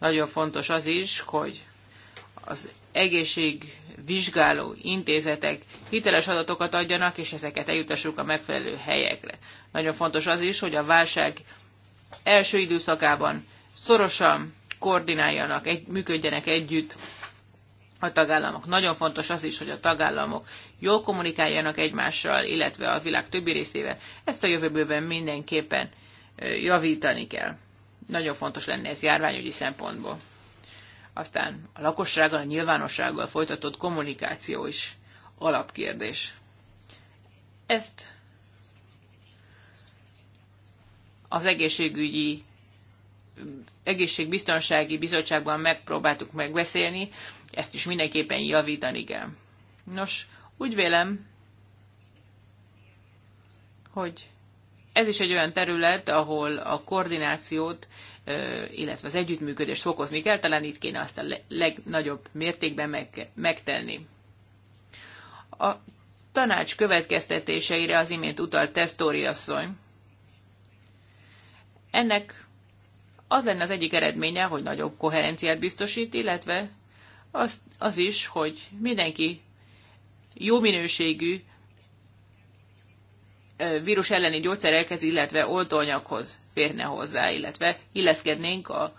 Nagyon fontos az is, hogy az egészségvizsgáló intézetek hiteles adatokat adjanak, és ezeket eljutassuk a megfelelő helyekre. Nagyon fontos az is, hogy a válság első időszakában szorosan koordináljanak, egy, működjenek együtt a tagállamok. Nagyon fontos az is, hogy a tagállamok jól kommunikáljanak egymással, illetve a világ többi részével. Ezt a jövőben mindenképpen javítani kell. Nagyon fontos lenne ez járványügyi szempontból. Aztán a lakossággal, a nyilvánossággal folytatott kommunikáció is alapkérdés. Ezt az egészségügyi egészségbiztonsági bizottságban megpróbáltuk megbeszélni, ezt is mindenképpen javítani kell. Nos, úgy vélem, hogy ez is egy olyan terület, ahol a koordinációt, illetve az együttműködést fokozni kell, talán itt kéne azt a legnagyobb mértékben meg, megtenni. A tanács következtetéseire az imént utalt Tesztori asszony, ennek az lenne az egyik eredménye, hogy nagyobb koherenciát biztosít, illetve az, az is, hogy mindenki jó minőségű vírus elleni gyógyszerekhez, illetve oltóanyaghoz férne hozzá, illetve illeszkednénk a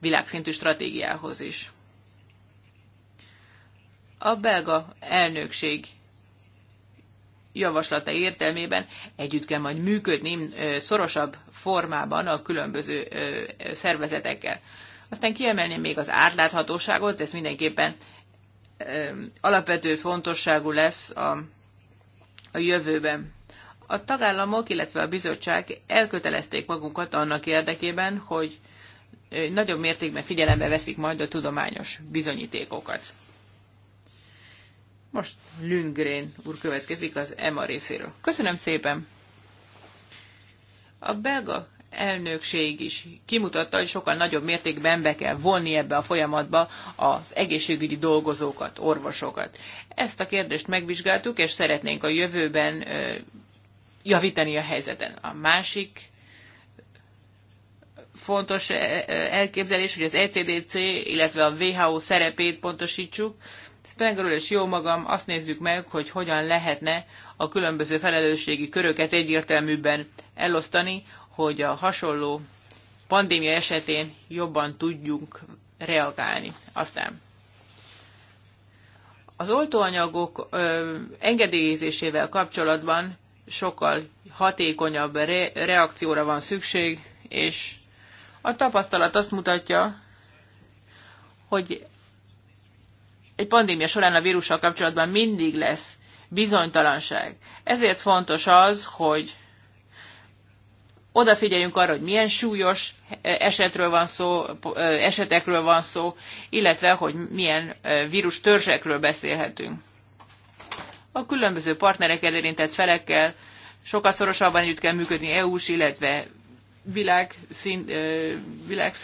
világszintű stratégiához is. A belga elnökség javaslata értelmében együtt kell majd működni szorosabb formában a különböző szervezetekkel. Aztán kiemelném még az átláthatóságot, ez mindenképpen alapvető fontosságú lesz a, a jövőben. A tagállamok, illetve a bizottság elkötelezték magunkat annak érdekében, hogy nagyobb mértékben figyelembe veszik majd a tudományos bizonyítékokat. Most Lundgren úr következik az EMA részéről. Köszönöm szépen! A belga elnökség is kimutatta, hogy sokkal nagyobb mértékben be kell vonni ebbe a folyamatba az egészségügyi dolgozókat, orvosokat. Ezt a kérdést megvizsgáltuk, és szeretnénk a jövőben javítani a helyzeten. A másik fontos elképzelés, hogy az ECDC, illetve a WHO szerepét pontosítsuk, Spengler és jó magam azt nézzük meg, hogy hogyan lehetne a különböző felelősségi köröket egyértelműbben elosztani, hogy a hasonló pandémia esetén jobban tudjunk reagálni. Aztán az oltóanyagok ö, engedélyezésével kapcsolatban sokkal hatékonyabb re- reakcióra van szükség, és a tapasztalat azt mutatja, hogy egy pandémia során a vírussal kapcsolatban mindig lesz bizonytalanság. Ezért fontos az, hogy odafigyeljünk arra, hogy milyen súlyos e, esetről van szó, e, esetekről van szó, illetve hogy milyen e, vírus törzsekről beszélhetünk. A különböző partnerekkel érintett felekkel sokkal szorosabban együtt kell működni EU-s, illetve világszint, világ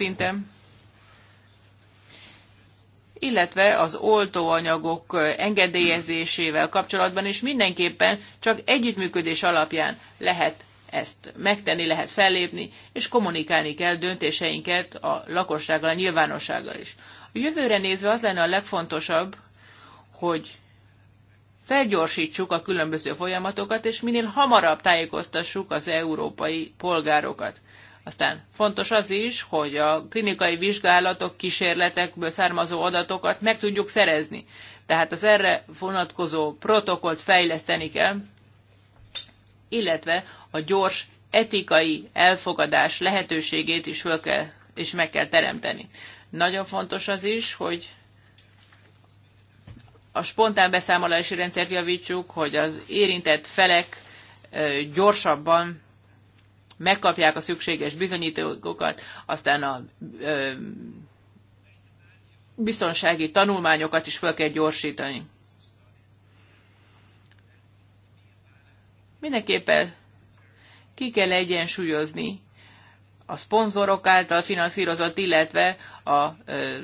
illetve az oltóanyagok engedélyezésével kapcsolatban is mindenképpen csak együttműködés alapján lehet ezt megtenni, lehet fellépni, és kommunikálni kell döntéseinket a lakossággal, a nyilvánossággal is. A jövőre nézve az lenne a legfontosabb, hogy felgyorsítsuk a különböző folyamatokat, és minél hamarabb tájékoztassuk az európai polgárokat. Aztán fontos az is, hogy a klinikai vizsgálatok, kísérletekből származó adatokat meg tudjuk szerezni. Tehát az erre vonatkozó protokollt fejleszteni kell, illetve a gyors etikai elfogadás lehetőségét is föl kell, és meg kell teremteni. Nagyon fontos az is, hogy a spontán beszámolási rendszert javítsuk, hogy az érintett felek gyorsabban megkapják a szükséges bizonyítékokat, aztán a ö, biztonsági tanulmányokat is fel kell gyorsítani. Mindenképpen ki kell egyensúlyozni a szponzorok által finanszírozott, illetve a ö,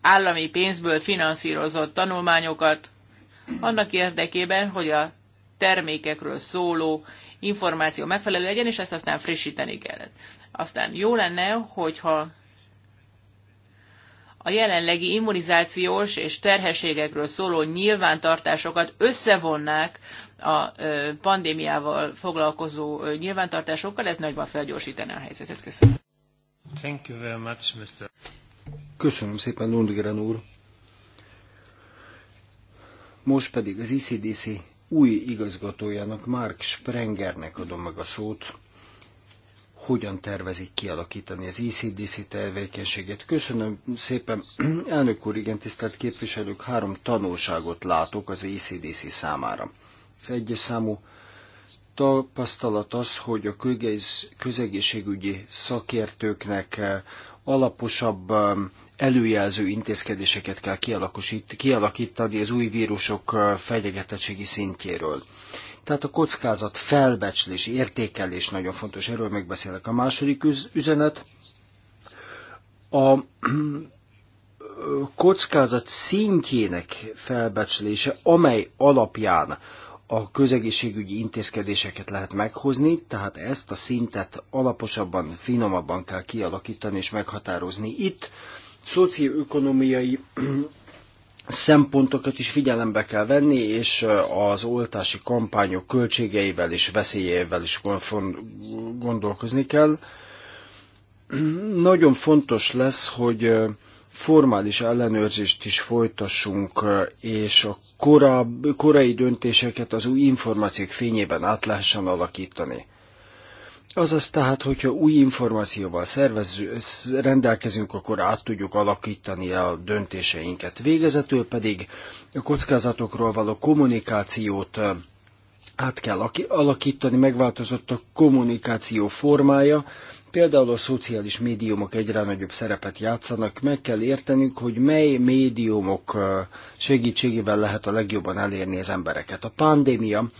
állami pénzből finanszírozott tanulmányokat, annak érdekében, hogy a termékekről szóló információ megfelelő legyen, és ezt aztán frissíteni kellett. Aztán jó lenne, hogyha a jelenlegi immunizációs és terhességekről szóló nyilvántartásokat összevonnák a pandémiával foglalkozó nyilvántartásokkal, ez nagyban felgyorsítaná a helyzetet. Köszönöm. Thank you very much, Mr. Köszönöm szépen, Lundgren úr. Most pedig az ICDC új igazgatójának, Mark Sprengernek adom meg a szót, hogyan tervezik kialakítani az ECDC tevékenységét. Köszönöm szépen, elnök úr, igen, tisztelt képviselők, három tanulságot látok az ECDC számára. Az egyes számú tapasztalat az, hogy a közegészségügyi szakértőknek eh, alaposabb um, előjelző intézkedéseket kell kialakítani az új vírusok uh, fenyegetettségi szintjéről. Tehát a kockázat felbecslés, értékelés nagyon fontos, erről megbeszélek. A második üzenet, a kockázat szintjének felbecslése, amely alapján a közegészségügyi intézkedéseket lehet meghozni, tehát ezt a szintet alaposabban, finomabban kell kialakítani és meghatározni. Itt szocioökonomiai szempontokat is figyelembe kell venni, és az oltási kampányok költségeivel és veszélyeivel is gondolkozni kell. Nagyon fontos lesz, hogy formális ellenőrzést is folytassunk, és a korab, korai döntéseket az új információk fényében át lehessen alakítani. Azaz tehát, hogyha új információval szervez, rendelkezünk, akkor át tudjuk alakítani a döntéseinket. Végezetül pedig a kockázatokról való kommunikációt át kell alakítani, megváltozott a kommunikáció formája, Például a szociális médiumok egyre nagyobb szerepet játszanak, meg kell értenünk, hogy mely médiumok segítségével lehet a legjobban elérni az embereket. A pandémia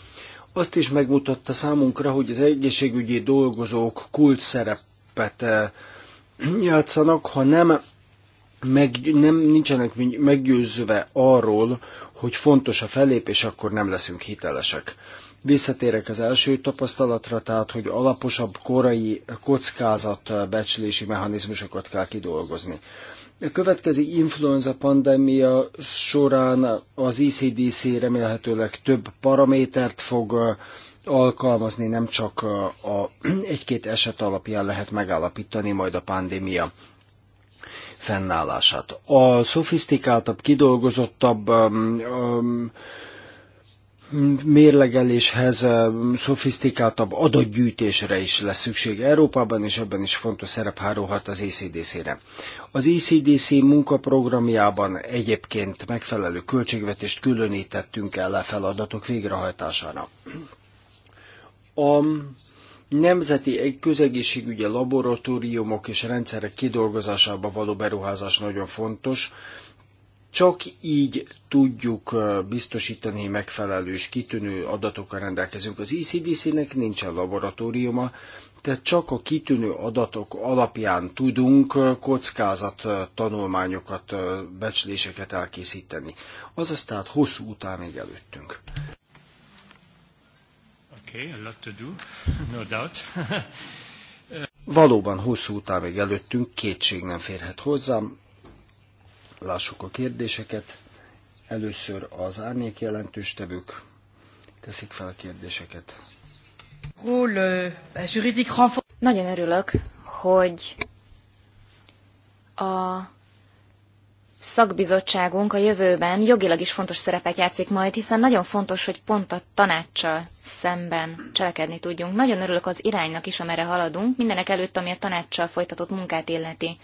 azt is megmutatta számunkra, hogy az egészségügyi dolgozók kult szerepet játszanak, ha nem, meg, nem nincsenek meggyőzve arról, hogy fontos a fellépés, akkor nem leszünk hitelesek. Visszatérek az első tapasztalatra, tehát, hogy alaposabb korai kockázatbecslési mechanizmusokat kell kidolgozni. A következő influenza pandémia során az ECDC remélhetőleg több paramétert fog alkalmazni, nem csak a, a egy-két eset alapján lehet megállapítani majd a pandémia fennállását. A szofisztikáltabb, kidolgozottabb um, um, mérlegeléshez szofisztikáltabb adatgyűjtésre is lesz szükség Európában, és ebben is fontos szerep hárulhat az ECDC-re. Az ECDC munkaprogramjában egyébként megfelelő költségvetést különítettünk el a feladatok végrehajtására. A nemzeti közegészségügyi laboratóriumok és rendszerek kidolgozásába való beruházás nagyon fontos, csak így tudjuk biztosítani megfelelő és kitűnő adatokkal rendelkezünk. Az ECDC-nek nincsen laboratóriuma, tehát csak a kitűnő adatok alapján tudunk kockázat tanulmányokat, becsléseket elkészíteni. Azaz tehát hosszú után még előttünk. Okay, a lot to do, no doubt. Valóban hosszú után még előttünk, kétség nem férhet hozzám. Lássuk a kérdéseket. Először az árnyék tevők teszik fel a kérdéseket. Nagyon örülök, hogy a szakbizottságunk a jövőben jogilag is fontos szerepet játszik majd, hiszen nagyon fontos, hogy pont a tanácssal szemben cselekedni tudjunk. Nagyon örülök az iránynak is, amerre haladunk, mindenek előtt, ami a tanácssal folytatott munkát illeti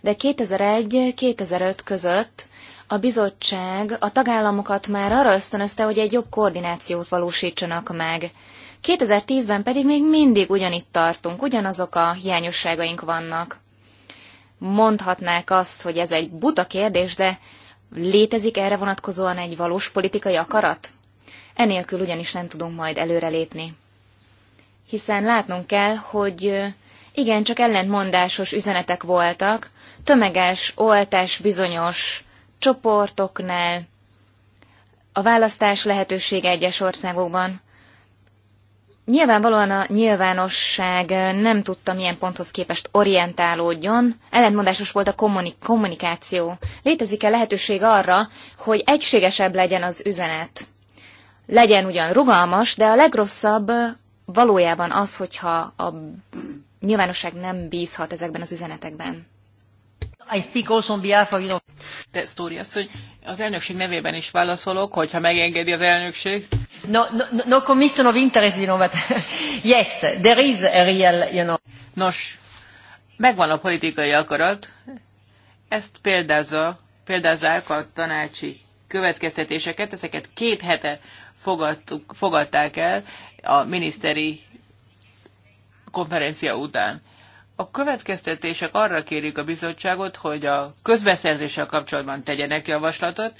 de 2001-2005 között a bizottság a tagállamokat már arra ösztönözte, hogy egy jobb koordinációt valósítsanak meg. 2010-ben pedig még mindig ugyanitt tartunk, ugyanazok a hiányosságaink vannak. Mondhatnák azt, hogy ez egy buta kérdés, de létezik erre vonatkozóan egy valós politikai akarat? Enélkül ugyanis nem tudunk majd előrelépni. Hiszen látnunk kell, hogy igen, csak ellentmondásos üzenetek voltak, tömeges oltás bizonyos csoportoknál, a választás lehetősége egyes országokban. Nyilvánvalóan a nyilvánosság nem tudta, milyen ponthoz képest orientálódjon. Ellentmondásos volt a kommunik- kommunikáció. Létezik-e lehetőség arra, hogy egységesebb legyen az üzenet? Legyen ugyan rugalmas, de a legrosszabb valójában az, hogyha a nyilvánosság nem bízhat ezekben az üzenetekben. I speak also on behalf of, you know... De story, az, hogy az elnökség nevében is válaszolok, hogyha megengedi az elnökség. No, no, no commission of interest, you know, but yes, there is a real, you know... Nos, megvan a politikai akarat, ezt példázza, példázzák a tanácsi következtetéseket, ezeket két hete fogadtuk, fogadták el a miniszteri konferencia után. A következtetések arra kérik a bizottságot, hogy a közbeszerzéssel kapcsolatban tegyenek javaslatot.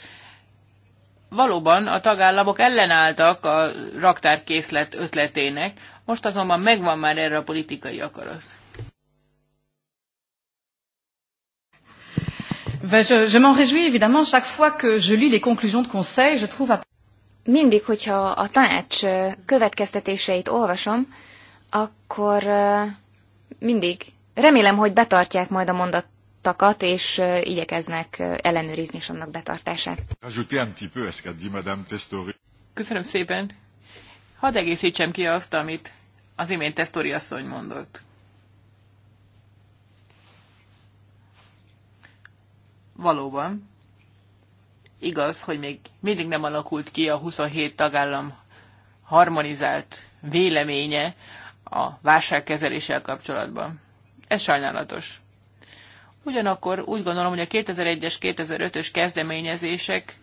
Valóban a tagállamok ellenálltak a raktárkészlet ötletének, most azonban megvan már erre a politikai akarat. mindig, hogyha a tanács következtetéseit olvasom, akkor mindig remélem, hogy betartják majd a mondatakat, és igyekeznek ellenőrizni is annak betartását. Köszönöm szépen. Hadd egészítsem ki azt, amit az imént Tesztori asszony mondott. Valóban. Igaz, hogy még mindig nem alakult ki a 27 tagállam harmonizált véleménye a válságkezeléssel kapcsolatban. Ez sajnálatos. Ugyanakkor úgy gondolom, hogy a 2001-es, 2005-ös kezdeményezések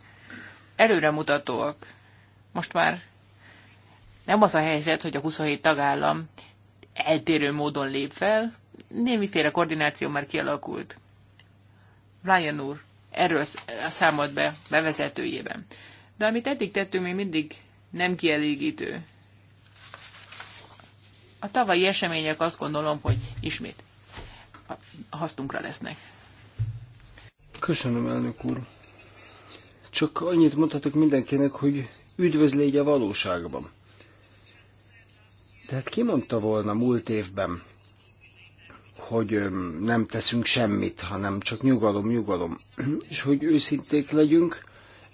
előremutatóak. Most már nem az a helyzet, hogy a 27 tagállam eltérő módon lép fel, némiféle koordináció már kialakult. Ryan úr erről számolt be bevezetőjében. De amit eddig tettünk, még mindig nem kielégítő a tavalyi események azt gondolom, hogy ismét a lesznek. Köszönöm, elnök úr. Csak annyit mondhatok mindenkinek, hogy üdvözlégy a valóságban. Tehát ki mondta volna múlt évben, hogy nem teszünk semmit, hanem csak nyugalom, nyugalom. És hogy őszinték legyünk,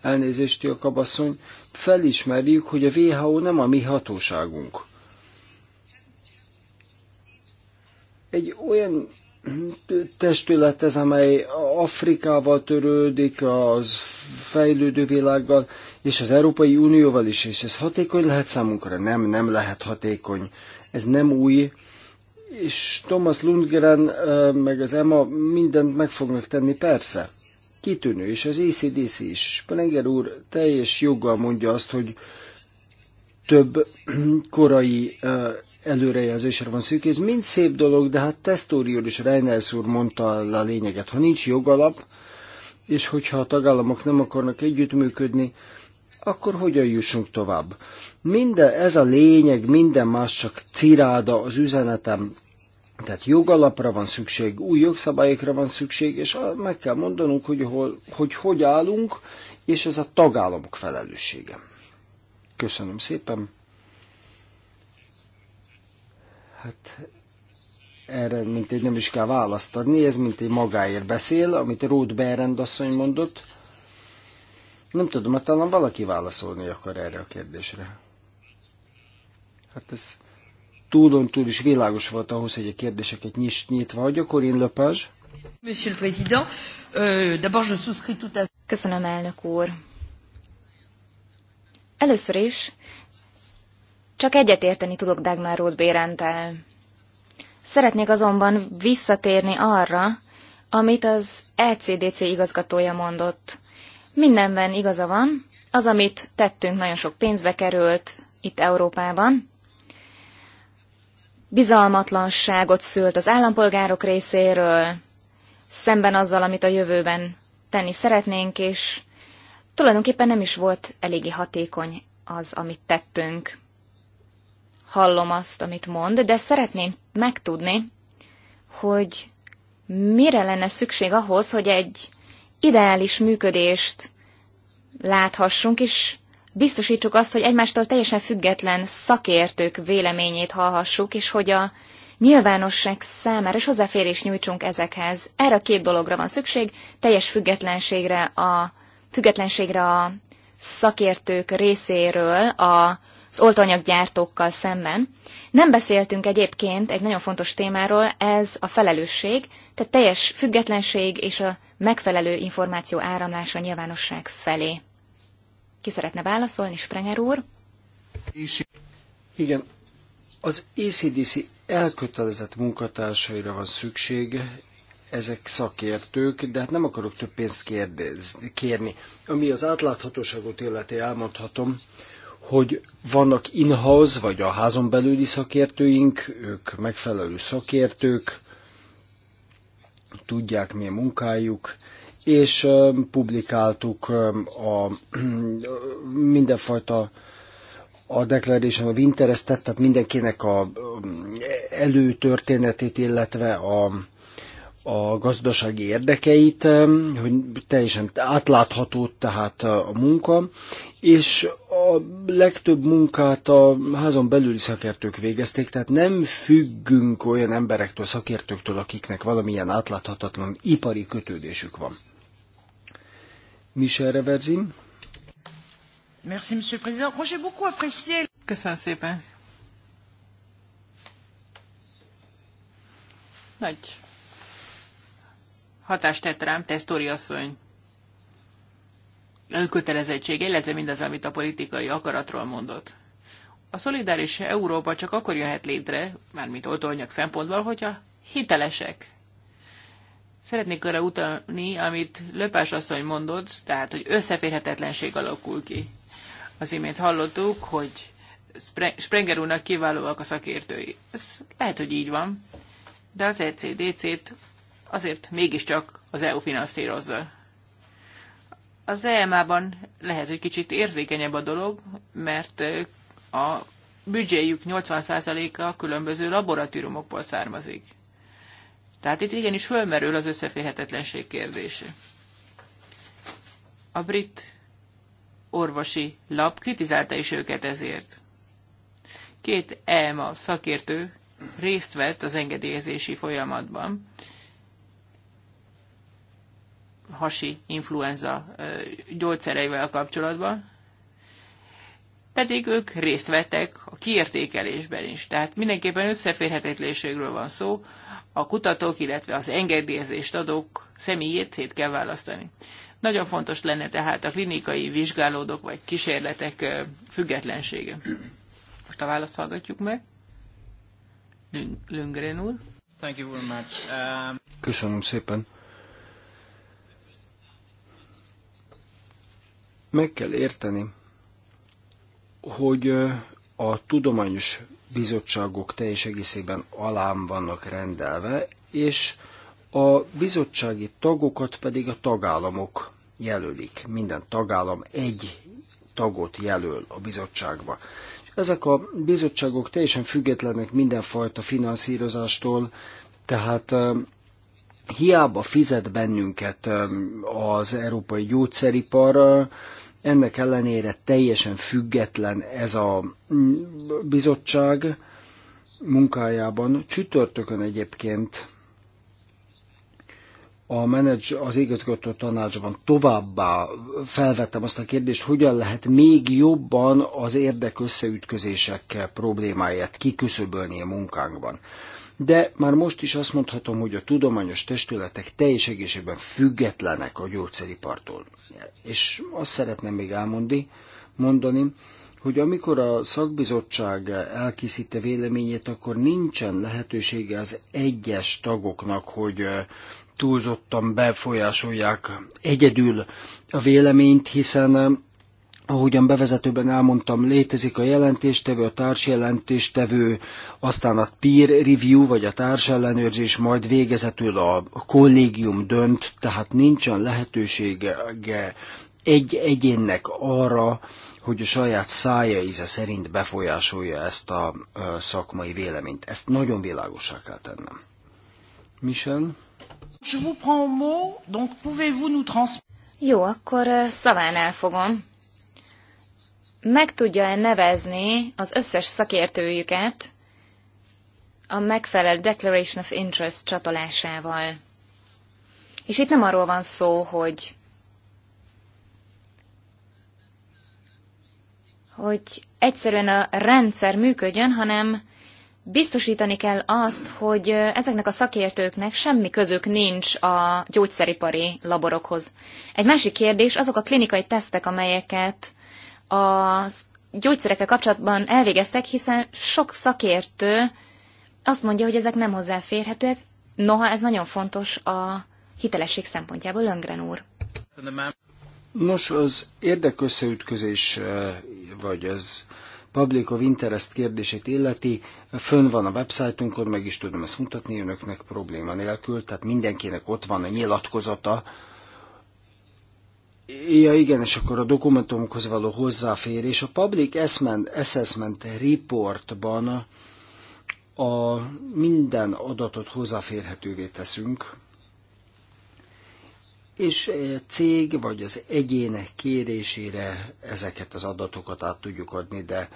elnézést, kabasszony, felismerjük, hogy a WHO nem a mi hatóságunk. Egy olyan testület ez, amely Afrikával törődik, az fejlődő világgal, és az Európai Unióval is, és ez hatékony lehet számunkra? Nem, nem lehet hatékony. Ez nem új, és Thomas Lundgren meg az EMA mindent meg fognak tenni, persze. Kitűnő, és az ACDC is. Sprenger úr teljes joggal mondja azt, hogy több korai előrejelzésre van szükség. Ez mind szép dolog, de hát Tesztóri úr és Reiners úr mondta a lényeget. Ha nincs jogalap, és hogyha a tagállamok nem akarnak együttműködni, akkor hogyan jussunk tovább? Minden, ez a lényeg, minden más csak ciráda az üzenetem. Tehát jogalapra van szükség, új jogszabályokra van szükség, és meg kell mondanunk, hogy hol, hogy, hogy állunk, és ez a tagállamok felelőssége. Köszönöm szépen! Hát erre mint egy nem is kell választ adni, ez mint egy magáért beszél, amit Ruth Berend asszony mondott. Nem tudom, hát talán valaki válaszolni akar erre a kérdésre. Hát ez túlon túl is világos volt ahhoz, hogy a kérdéseket nyis, nyitva hagyja. Corinne Lepage. Monsieur le Président, euh, d'abord je souscris tout à Köszönöm, elnök úr. Először is csak egyetérteni tudok Dagmar Ruth Bérentel. Szeretnék azonban visszatérni arra, amit az ECDC igazgatója mondott. Mindenben igaza van, az, amit tettünk, nagyon sok pénzbe került itt Európában. Bizalmatlanságot szült az állampolgárok részéről, szemben azzal, amit a jövőben tenni szeretnénk, és tulajdonképpen nem is volt eléggé hatékony az, amit tettünk hallom azt, amit mond, de szeretném megtudni, hogy mire lenne szükség ahhoz, hogy egy ideális működést láthassunk, és biztosítsuk azt, hogy egymástól teljesen független szakértők véleményét hallhassuk, és hogy a nyilvánosság számára és hozzáférés nyújtsunk ezekhez. Erre a két dologra van szükség, teljes függetlenségre a, függetlenségre a szakértők részéről a az oltóanyaggyártókkal szemben. Nem beszéltünk egyébként egy nagyon fontos témáról, ez a felelősség, tehát teljes függetlenség és a megfelelő információ áramlása a nyilvánosság felé. Ki szeretne válaszolni, Sprenger úr? Igen, az ACDC elkötelezett munkatársaira van szükség, ezek szakértők, de hát nem akarok több pénzt kérdez, kérni. Ami az átláthatóságot illeti, elmondhatom, hogy vannak in-house, vagy a házon belüli szakértőink, ők megfelelő szakértők, tudják mi a munkájuk, és publikáltuk a mindenfajta a Declaration of interest tehát mindenkinek a előtörténetét, illetve a, a gazdasági érdekeit, hogy teljesen átlátható tehát a munka, és a legtöbb munkát a házon belüli szakértők végezték, tehát nem függünk olyan emberektől, szakértőktől, akiknek valamilyen átláthatatlan ipari kötődésük van. Michel Reverzin. Merci, Monsieur le Président. Moi, j'ai beaucoup apprécié... Köszönöm szépen. Nagy hatást tett rám, Tesztori asszony kötelezettsége, illetve mindaz, amit a politikai akaratról mondott. A szolidáris Európa csak akkor jöhet létre, mármint oltóanyag szempontból, hogyha hitelesek. Szeretnék arra utalni, amit Löpás asszony mondott, tehát, hogy összeférhetetlenség alakul ki. Az imént hallottuk, hogy Sprenger úrnak kiválóak a szakértői. Ez lehet, hogy így van, de az ECDC-t azért mégiscsak az EU finanszírozza. Az EMA-ban lehet, hogy kicsit érzékenyebb a dolog, mert a büdzséjük 80%-a különböző laboratóriumokból származik. Tehát itt igenis fölmerül az összeférhetetlenség kérdése. A brit orvosi lap kritizálta is őket ezért. Két EMA szakértő részt vett az engedélyezési folyamatban, hasi influenza gyógyszereivel kapcsolatban, pedig ők részt vettek a kiértékelésben is. Tehát mindenképpen összeférhetetlenségről van szó, a kutatók, illetve az engedélyezést adók személyét szét kell választani. Nagyon fontos lenne tehát a klinikai vizsgálódok vagy kísérletek függetlensége. Most a választ hallgatjuk meg. Lundgren úr. Um, Köszönöm szépen. Meg kell érteni, hogy a tudományos bizottságok teljes egészében alám vannak rendelve, és a bizottsági tagokat pedig a tagállamok jelölik. Minden tagállam egy tagot jelöl a bizottságba. És ezek a bizottságok teljesen függetlenek mindenfajta finanszírozástól, tehát hiába fizet bennünket az európai gyógyszeripar, ennek ellenére teljesen független ez a mm, bizottság munkájában. Csütörtökön egyébként a menedzs, az igazgató tanácsban továbbá felvettem azt a kérdést, hogyan lehet még jobban az érdekösszeütközések problémáját kiküszöbölni a munkánkban de már most is azt mondhatom, hogy a tudományos testületek teljes egészében függetlenek a gyógyszeripartól. És azt szeretném még elmondani, mondani, hogy amikor a szakbizottság elkészíte véleményét, akkor nincsen lehetősége az egyes tagoknak, hogy eh, túlzottan befolyásolják egyedül a véleményt, hiszen eh, ahogyan bevezetőben elmondtam, létezik a jelentéstevő, a társjelentéstevő, aztán a peer review, vagy a társellenőrzés, majd végezetül a kollégium dönt, tehát nincsen lehetősége egy egyénnek arra, hogy a saját szája íze szerint befolyásolja ezt a szakmai véleményt. Ezt nagyon világosá kell tennem. Michel? Je vous prends au mot, donc pouvez-vous nous transmettre? Jó, akkor szaván elfogom meg tudja-e nevezni az összes szakértőjüket a megfelelő Declaration of Interest csatolásával. És itt nem arról van szó, hogy hogy egyszerűen a rendszer működjön, hanem biztosítani kell azt, hogy ezeknek a szakértőknek semmi közük nincs a gyógyszeripari laborokhoz. Egy másik kérdés azok a klinikai tesztek, amelyeket az gyógyszerekkel kapcsolatban elvégeztek, hiszen sok szakértő azt mondja, hogy ezek nem hozzáférhetőek, noha ez nagyon fontos a hitelesség szempontjából, Öngren úr. Nos, az érdekösszeütközés, eh, vagy az Public of Interest kérdését illeti, fönn van a websájtunkon, meg is tudom ezt mutatni önöknek probléma nélkül, tehát mindenkinek ott van a nyilatkozata, Ja igen, és akkor a dokumentumokhoz való hozzáférés. A Public Assessment Reportban a minden adatot hozzáférhetővé teszünk, és cég vagy az egyén kérésére ezeket az adatokat át tudjuk adni, de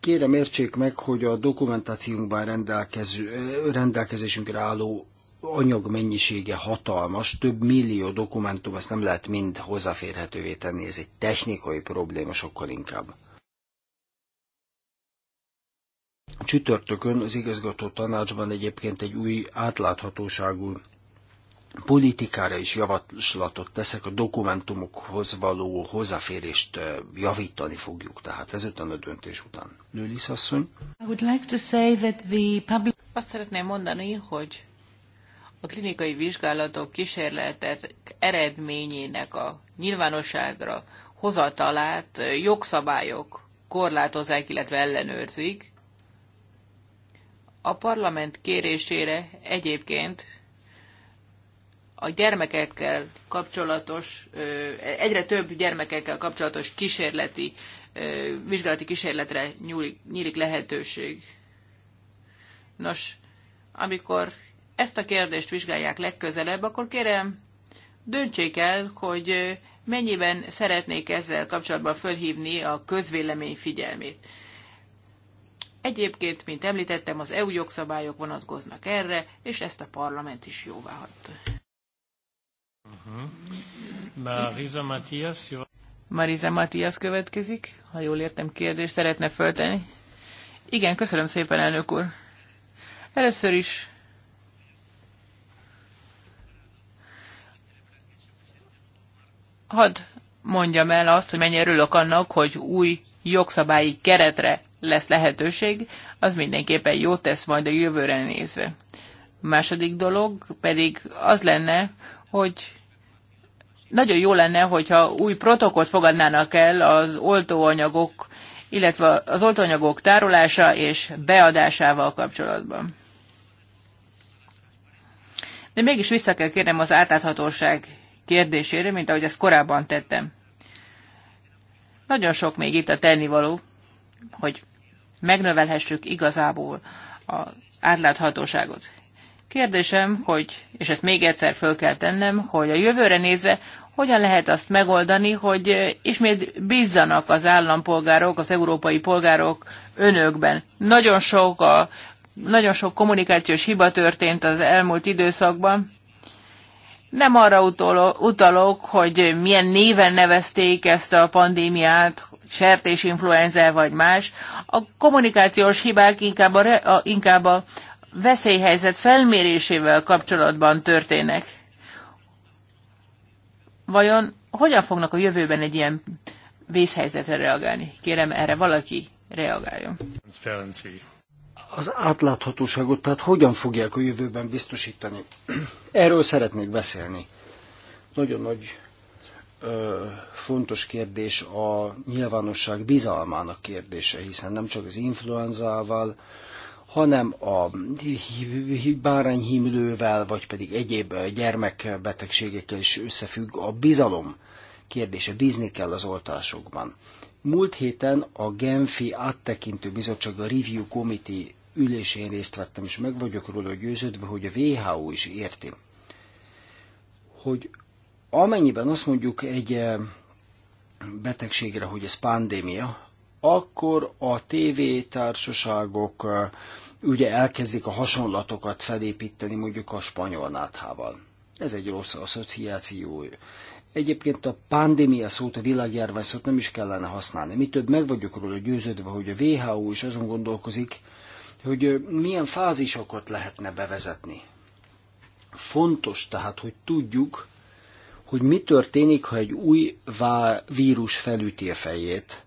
kérem értsék meg, hogy a dokumentációnkban rendelkező, rendelkezésünkre álló anyag mennyisége hatalmas, több millió dokumentum, ezt nem lehet mind hozzáférhetővé tenni, ez egy technikai probléma sokkal inkább. Csütörtökön az igazgató tanácsban egyébként egy új átláthatóságú politikára is javaslatot teszek, a dokumentumokhoz való hozzáférést javítani fogjuk, tehát ezután a döntés után. Lőlisz asszony? Azt szeretném mondani, hogy a klinikai vizsgálatok kísérletek eredményének a nyilvánosságra hozatalát jogszabályok korlátozzák, illetve ellenőrzik. A parlament kérésére egyébként a gyermekekkel kapcsolatos, egyre több gyermekekkel kapcsolatos kísérleti, vizsgálati kísérletre nyúlik, nyílik lehetőség. Nos, amikor ezt a kérdést vizsgálják legközelebb, akkor kérem, döntsék el, hogy mennyiben szeretnék ezzel kapcsolatban fölhívni a közvélemény figyelmét. Egyébként, mint említettem, az EU jogszabályok vonatkoznak erre, és ezt a parlament is jóvá hagyta. Mhm. Marisa Matthias, jó. Marisa következik, ha jól értem, kérdést szeretne föltenni. Igen, köszönöm szépen, elnök úr. Először is Hadd mondjam el azt, hogy mennyire örülök annak, hogy új jogszabályi keretre lesz lehetőség, az mindenképpen jót tesz majd a jövőre nézve. A második dolog pedig az lenne, hogy nagyon jó lenne, hogyha új protokollt fogadnának el az oltóanyagok, illetve az oltóanyagok tárolása és beadásával kapcsolatban. De mégis vissza kell kérnem az átláthatóság kérdésére, mint ahogy ezt korábban tettem. Nagyon sok még itt a tennivaló, hogy megnövelhessük igazából az átláthatóságot. Kérdésem, hogy, és ezt még egyszer föl kell tennem, hogy a jövőre nézve hogyan lehet azt megoldani, hogy ismét bízzanak az állampolgárok, az európai polgárok önökben. Nagyon sok, a, nagyon sok kommunikációs hiba történt az elmúlt időszakban. Nem arra utalok, hogy milyen néven nevezték ezt a pandémiát, sertésinfluenza vagy más. A kommunikációs hibák inkább a, a, inkább a veszélyhelyzet felmérésével kapcsolatban történnek. Vajon hogyan fognak a jövőben egy ilyen vészhelyzetre reagálni? Kérem, erre valaki reagáljon. Transparency az átláthatóságot, tehát hogyan fogják a jövőben biztosítani. Erről szeretnék beszélni. Nagyon nagy ö, fontos kérdés a nyilvánosság bizalmának kérdése, hiszen nem csak az influenzával, hanem a bárányhímlővel, vagy pedig egyéb gyermekbetegségekkel is összefügg a bizalom kérdése. Bízni kell az oltásokban. Múlt héten a Genfi áttekintő bizottság a Review Committee ülésén részt vettem, és meg vagyok róla győződve, hogy a WHO is érti, hogy amennyiben azt mondjuk egy eh, betegségre, hogy ez pandémia, akkor a tévétársaságok eh, ugye elkezdik a hasonlatokat felépíteni mondjuk a spanyol náthával. Ez egy rossz asszociáció. Egyébként a pandémia szót, a világjárvány szót nem is kellene használni. Mi több meg vagyok róla győződve, hogy a WHO is azon gondolkozik, hogy milyen fázisokat lehetne bevezetni. Fontos tehát, hogy tudjuk, hogy mi történik, ha egy új vírus felüti a fejét.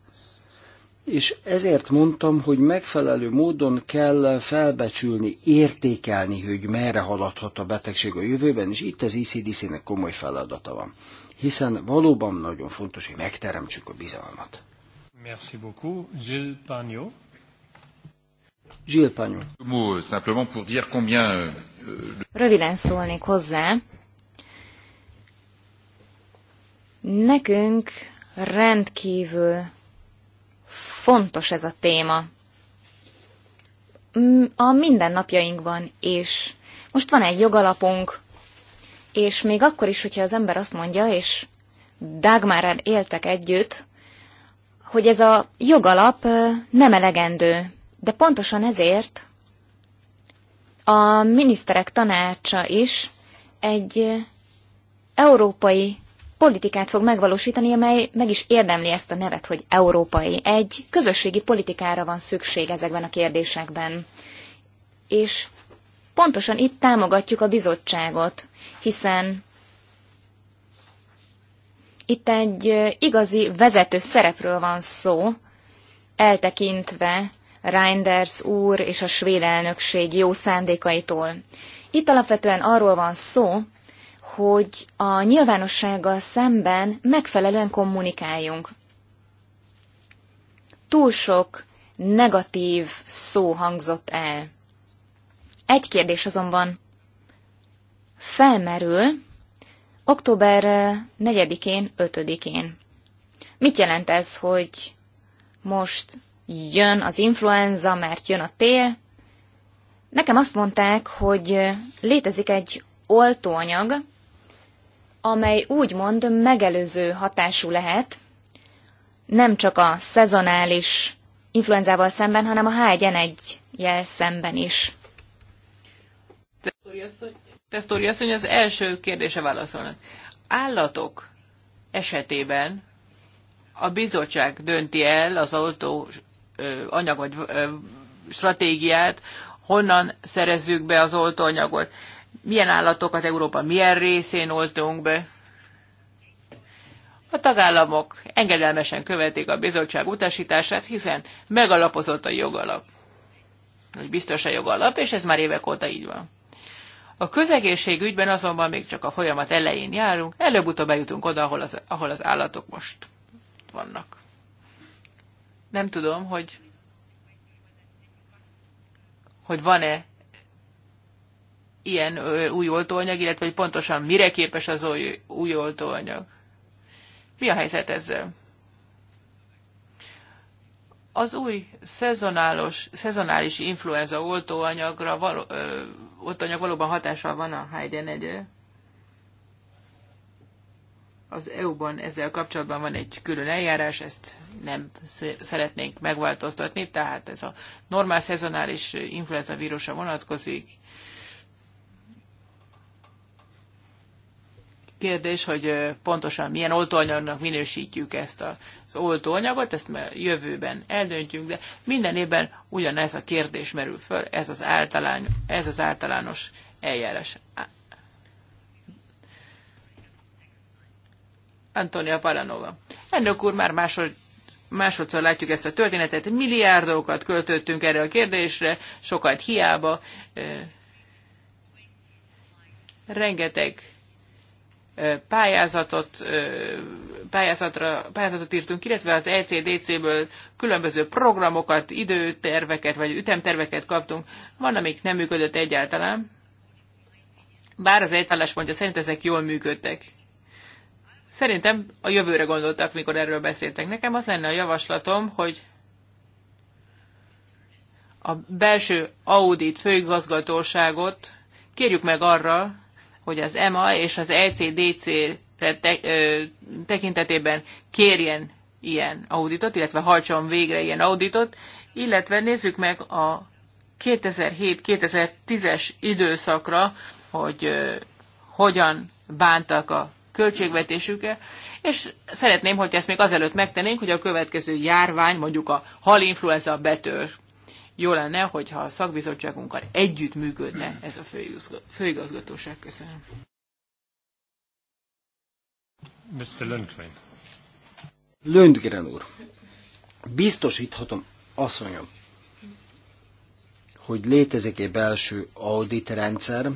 És ezért mondtam, hogy megfelelő módon kell felbecsülni, értékelni, hogy merre haladhat a betegség a jövőben, és itt az icdc e nek komoly feladata van. Hiszen valóban nagyon fontos, hogy megteremtsük a bizalmat. Merci beaucoup. Gilles Pagnot. Gilles euh, euh, euh, Röviden szólnék hozzá. Nekünk rendkívül fontos ez a téma. A mindennapjainkban is. Most van egy jogalapunk, és még akkor is, hogyha az ember azt mondja, és Dagmárral éltek együtt, hogy ez a jogalap nem elegendő. De pontosan ezért a miniszterek tanácsa is egy európai politikát fog megvalósítani, amely meg is érdemli ezt a nevet, hogy európai. Egy közösségi politikára van szükség ezekben a kérdésekben. És pontosan itt támogatjuk a bizottságot, hiszen itt egy igazi vezető szerepről van szó, eltekintve Reinders úr és a svéd elnökség jó szándékaitól. Itt alapvetően arról van szó, hogy a nyilvánossággal szemben megfelelően kommunikáljunk. Túl sok negatív szó hangzott el. Egy kérdés azonban felmerül október 4-én, 5-én. Mit jelent ez, hogy most jön az influenza, mert jön a tél. Nekem azt mondták, hogy létezik egy oltóanyag, amely úgymond megelőző hatású lehet, nem csak a szezonális influenzával szemben, hanem a H1N1 jel szemben is. Tesztori mondja, az első kérdése válaszolnak. Állatok esetében a bizottság dönti el az oltó anyag vagy stratégiát, honnan szerezzük be az oltóanyagot, milyen állatokat Európa milyen részén oltunk be. A tagállamok engedelmesen követik a bizottság utasítását, hiszen megalapozott a jogalap. Hogy biztos a jogalap, és ez már évek óta így van. A közegészség ügyben azonban még csak a folyamat elején járunk, előbb-utóbb eljutunk oda, ahol az, ahol az állatok most vannak. Nem tudom, hogy, hogy van-e ilyen új oltóanyag, illetve hogy pontosan mire képes az új, új oltóanyag. Mi a helyzet ezzel? Az új szezonálos, szezonális influenza oltóanyagra való, ö, oltóanyag valóban hatással van a H1N1-re, az EU-ban ezzel kapcsolatban van egy külön eljárás, ezt nem szeretnénk megváltoztatni, tehát ez a normál szezonális influenza vírusa vonatkozik. Kérdés, hogy pontosan milyen oltóanyagnak minősítjük ezt az oltóanyagot, ezt már jövőben eldöntjük, de minden évben ugyanez a kérdés merül föl, ez az, általány, ez az általános eljárás. Antonia Paranova. Elnök úr, már másod, másodszor látjuk ezt a történetet. Milliárdokat költöttünk erre a kérdésre, sokat hiába. Rengeteg pályázatot, pályázatra, pályázatot írtunk, illetve az LCDC-ből e különböző programokat, időterveket vagy ütemterveket kaptunk. Van, amik nem működött egyáltalán, bár az pontja szerint ezek jól működtek. Szerintem a jövőre gondoltak, mikor erről beszéltek. Nekem az lenne a javaslatom, hogy a belső audit főigazgatóságot kérjük meg arra, hogy az EMA és az ECDC te, tekintetében kérjen ilyen auditot, illetve hajtson végre ilyen auditot, illetve nézzük meg a 2007-2010-es időszakra, hogy ö, hogyan bántak a költségvetésükre, és szeretném, hogy ezt még azelőtt megtennénk, hogy a következő járvány, mondjuk a halinfluenza betör. Jó lenne, hogyha a szakbizottságunkkal együtt működne ez a főigazgatóság. Köszönöm. Mr. Lundgren. Lundgren úr, biztosíthatom, asszonyom, hogy létezik egy belső auditrendszer,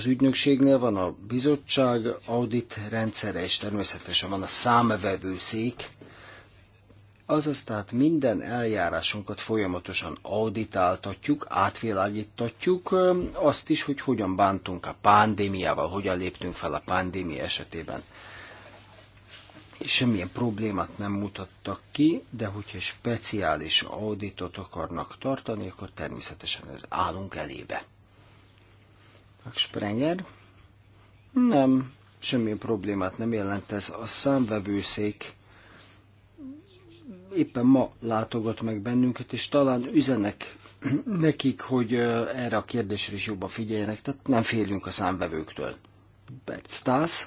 az ügynökségnél van a bizottság audit rendszere, és természetesen van a számvevőszék, azaz tehát minden eljárásunkat folyamatosan auditáltatjuk, átvilágítatjuk, azt is, hogy hogyan bántunk a pandémiával, hogyan léptünk fel a pandémia esetében. És semmilyen problémát nem mutattak ki, de hogyha speciális auditot akarnak tartani, akkor természetesen ez állunk elébe. Sprenger. Nem, semmi problémát nem jelent ez. A számvevőszék éppen ma látogat meg bennünket, és talán üzenek nekik, hogy erre a kérdésre is jobban figyeljenek, tehát nem félünk a számvevőktől. Bert Stas.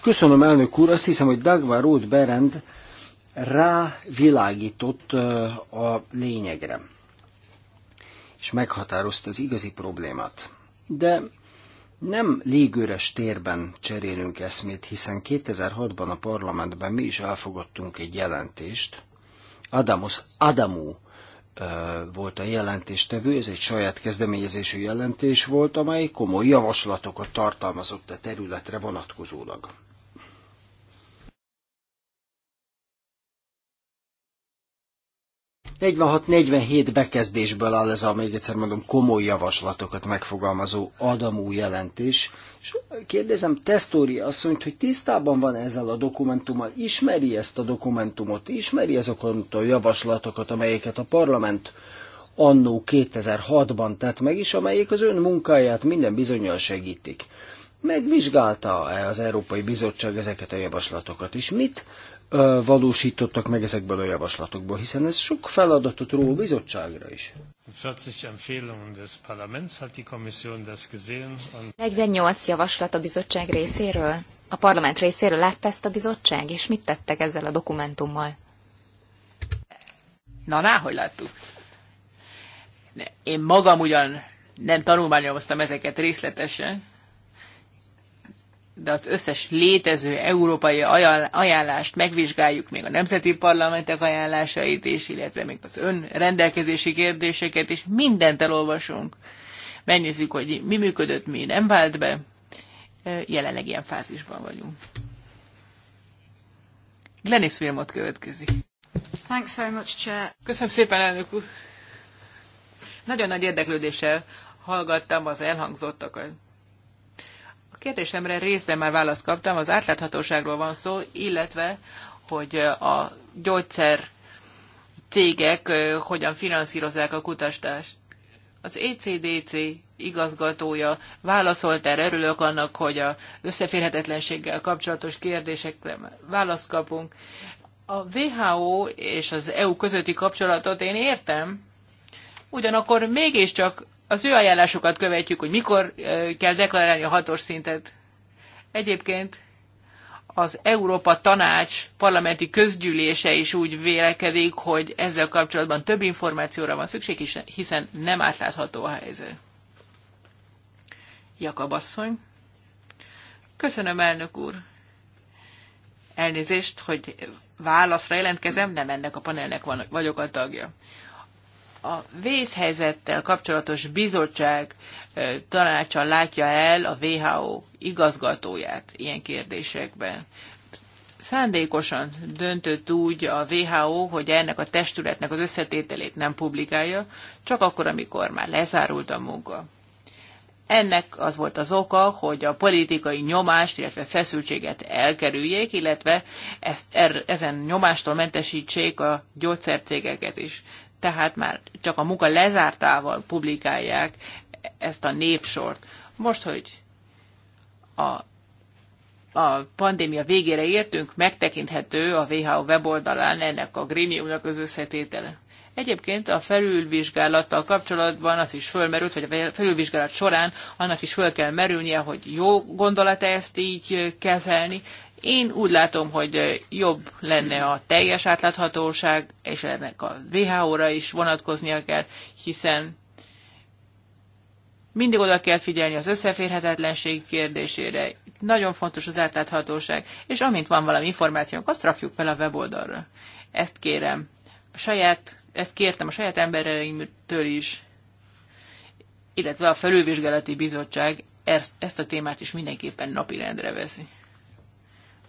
Köszönöm, elnök úr. Azt hiszem, hogy Dagmar Roth Berend rávilágított a lényegre, és meghatározta az igazi problémát. De nem légőres térben cserélünk eszmét, hiszen 2006-ban a parlamentben mi is elfogadtunk egy jelentést. Adamus Adamu volt a jelentéstevő, ez egy saját kezdeményezésű jelentés volt, amely komoly javaslatokat tartalmazott a területre vonatkozólag. 46-47 bekezdésből áll ez a, még egyszer mondom, komoly javaslatokat megfogalmazó Adamú jelentés, és kérdezem azt asszonyt, hogy tisztában van ezzel a dokumentummal, ismeri ezt a dokumentumot, ismeri azokat a javaslatokat, amelyeket a parlament annó 2006-ban tett meg, és amelyek az ön munkáját minden bizonyal segítik. Megvizsgálta -e az Európai Bizottság ezeket a javaslatokat, és mit valósítottak meg ezekből a javaslatokból, hiszen ez sok feladatot ró a bizottságra is. 48 javaslat a bizottság részéről? A parlament részéről látta ezt a bizottság, és mit tettek ezzel a dokumentummal? Na, náhogy láttuk. Én magam ugyan nem tanulmányoztam ezeket részletesen, de az összes létező európai ajánlást megvizsgáljuk, még a nemzeti parlamentek ajánlásait is, illetve még az ön rendelkezési kérdéseket is, mindent elolvasunk. Megnézzük, hogy mi működött, mi nem vált be. Jelenleg ilyen fázisban vagyunk. Glenis Wilmot következik. Thanks very much, Chair. Köszönöm szépen, elnök úr. Nagyon nagy érdeklődéssel hallgattam az elhangzottakat kérdésemre részben már választ kaptam, az átláthatóságról van szó, illetve, hogy a gyógyszer cégek hogyan finanszírozzák a kutatást. Az ECDC igazgatója válaszolt erre, örülök annak, hogy a összeférhetetlenséggel kapcsolatos kérdésekre választ kapunk. A WHO és az EU közötti kapcsolatot én értem, ugyanakkor mégiscsak az ő ajánlásokat követjük, hogy mikor kell deklarálni a hatos szintet. Egyébként az Európa Tanács parlamenti közgyűlése is úgy vélekedik, hogy ezzel kapcsolatban több információra van szükség, hiszen nem átlátható a helyzet. Jakab asszony. Köszönöm, elnök úr. Elnézést, hogy válaszra jelentkezem, nem ennek a panelnek van, vagyok a tagja a vészhelyzettel kapcsolatos bizottság tanácsa látja el a WHO igazgatóját ilyen kérdésekben. Szándékosan döntött úgy a WHO, hogy ennek a testületnek az összetételét nem publikálja, csak akkor, amikor már lezárult a munka. Ennek az volt az oka, hogy a politikai nyomást, illetve feszültséget elkerüljék, illetve ezt, er, ezen nyomástól mentesítsék a gyógyszercégeket is tehát már csak a munka lezártával publikálják ezt a népsort. Most, hogy a, a pandémia végére értünk, megtekinthető a WHO weboldalán ennek a grémiumnak az összetétele. Egyébként a felülvizsgálattal kapcsolatban az is fölmerült, hogy a felülvizsgálat során annak is föl kell merülnie, hogy jó gondolata ezt így kezelni, én úgy látom, hogy jobb lenne a teljes átláthatóság, és ennek a WHO-ra is vonatkoznia kell, hiszen mindig oda kell figyelni az összeférhetetlenség kérdésére. Nagyon fontos az átláthatóság, és amint van valami információnk, azt rakjuk fel a weboldalra. Ezt kérem. A saját, ezt kértem a saját embereimtől is, illetve a felülvizsgálati bizottság ezt, ezt a témát is mindenképpen napirendre veszi.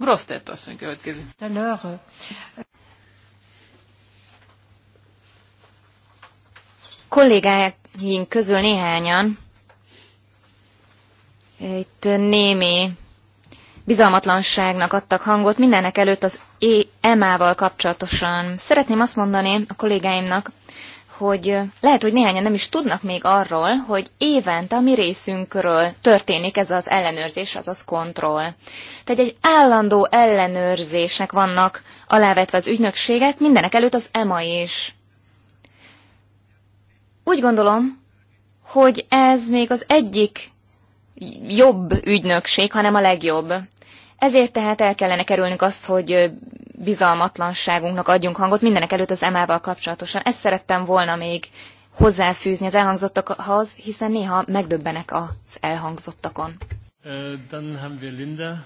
Grosztett asszony következik. Kollégáink közül néhányan itt némi bizalmatlanságnak adtak hangot mindenek előtt az EMA-val kapcsolatosan. Szeretném azt mondani a kollégáimnak, hogy lehet, hogy néhányan nem is tudnak még arról, hogy évente a mi részünkről történik ez az ellenőrzés, azaz kontroll. Tehát egy állandó ellenőrzésnek vannak alávetve az ügynökségek, mindenek előtt az EMA is. Úgy gondolom, hogy ez még az egyik jobb ügynökség, hanem a legjobb. Ezért tehát el kellene kerülnünk azt, hogy bizalmatlanságunknak adjunk hangot, mindenek előtt az emával kapcsolatosan. Ezt szerettem volna még hozzáfűzni az elhangzottakhoz, hiszen néha megdöbbenek az elhangzottakon. Uh, dann haben wir Linda.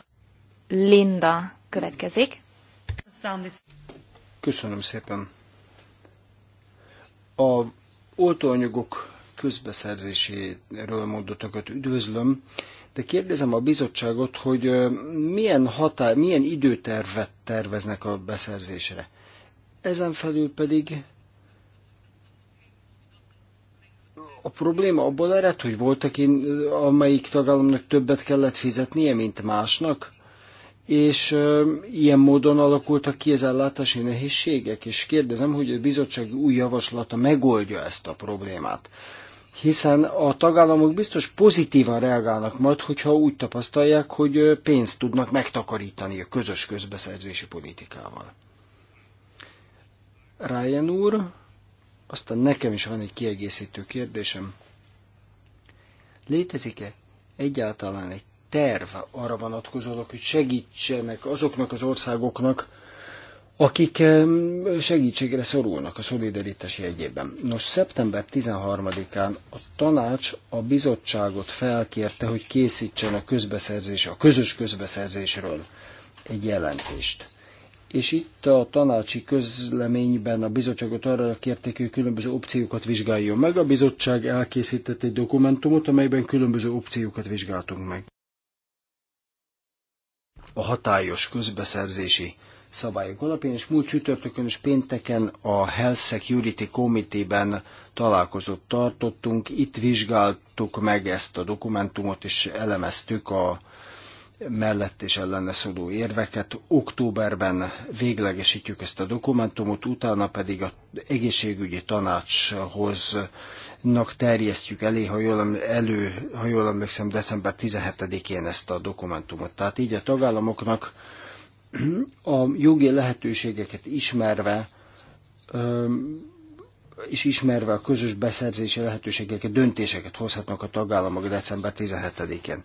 Linda következik. Köszönöm szépen. A oltóanyagok közbeszerzéséről mondottakat üdvözlöm, de kérdezem a bizottságot, hogy milyen, határ, milyen időtervet terveznek a beszerzésre. Ezen felül pedig a probléma abból ered, hogy voltak, amelyik tagállamnak többet kellett fizetnie, mint másnak, és ilyen módon alakultak ki az ellátási nehézségek, és kérdezem, hogy a bizottság új javaslata megoldja ezt a problémát hiszen a tagállamok biztos pozitívan reagálnak majd, hogyha úgy tapasztalják, hogy pénzt tudnak megtakarítani a közös közbeszerzési politikával. Ryan úr, aztán nekem is van egy kiegészítő kérdésem. Létezik-e egyáltalán egy terv arra vonatkozólag, hogy segítsenek azoknak az országoknak, akik segítségre szorulnak a szolidaritási jegyében. Nos, szeptember 13-án a tanács a bizottságot felkérte, hogy készítsen a közbeszerzés, a közös közbeszerzésről egy jelentést. És itt a tanácsi közleményben a bizottságot arra kérték, hogy különböző opciókat vizsgáljon meg. A bizottság elkészített egy dokumentumot, amelyben különböző opciókat vizsgáltunk meg. A hatályos közbeszerzési szabályok alapján, és múlt csütörtökön és pénteken a Health Security Committee-ben találkozott tartottunk. Itt vizsgáltuk meg ezt a dokumentumot, és elemeztük a mellett és ellene szóló érveket. Októberben véglegesítjük ezt a dokumentumot, utána pedig az egészségügyi tanácshoz terjesztjük elé, ha jól, elő, ha jól emlékszem, december 17-én ezt a dokumentumot. Tehát így a tagállamoknak a jogi lehetőségeket ismerve és ismerve a közös beszerzési lehetőségeket, döntéseket hozhatnak a tagállamok december 17-én.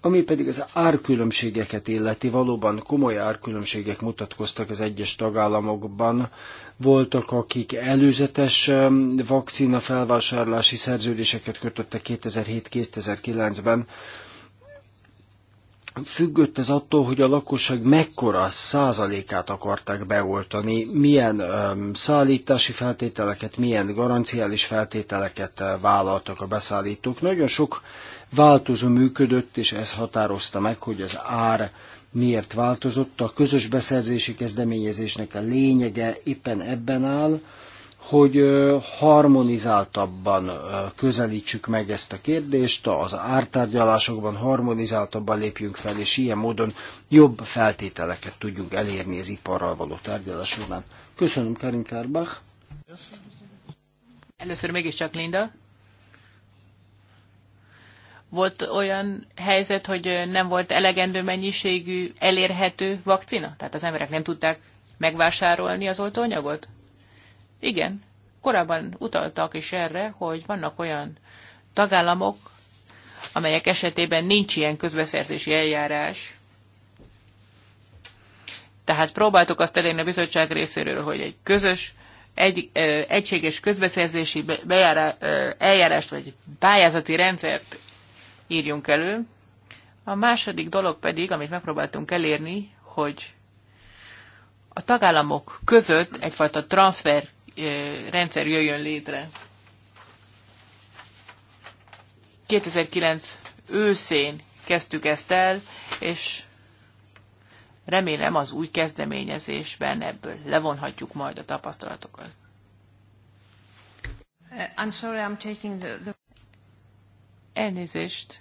Ami pedig az árkülönbségeket illeti, valóban komoly árkülönbségek mutatkoztak az egyes tagállamokban. Voltak, akik előzetes vakcina felvásárlási szerződéseket kötöttek 2007-2009-ben, függött ez attól, hogy a lakosság mekkora százalékát akarták beoltani, milyen um, szállítási feltételeket, milyen garanciális feltételeket vállaltak a beszállítók. Nagyon sok változó működött, és ez határozta meg, hogy az ár miért változott. A közös beszerzési kezdeményezésnek a lényege éppen ebben áll, hogy harmonizáltabban közelítsük meg ezt a kérdést, az ártárgyalásokban harmonizáltabban lépjünk fel, és ilyen módon jobb feltételeket tudjunk elérni az iparral való tárgyalás során. Köszönöm, Karin Kárbach. Először mégiscsak Linda. Volt olyan helyzet, hogy nem volt elegendő mennyiségű elérhető vakcina? Tehát az emberek nem tudták megvásárolni az oltóanyagot? Igen, korábban utaltak is erre, hogy vannak olyan tagállamok, amelyek esetében nincs ilyen közbeszerzési eljárás. Tehát próbáltuk azt elérni a bizottság részéről, hogy egy közös, egy, egységes közbeszerzési bejára, eljárást vagy pályázati rendszert írjunk elő. A második dolog pedig, amit megpróbáltunk elérni, hogy a tagállamok között egyfajta transfer rendszer jöjjön létre. 2009 őszén kezdtük ezt el, és remélem az új kezdeményezésben ebből levonhatjuk majd a tapasztalatokat. Uh, I'm sorry, I'm taking the, the... Elnézést,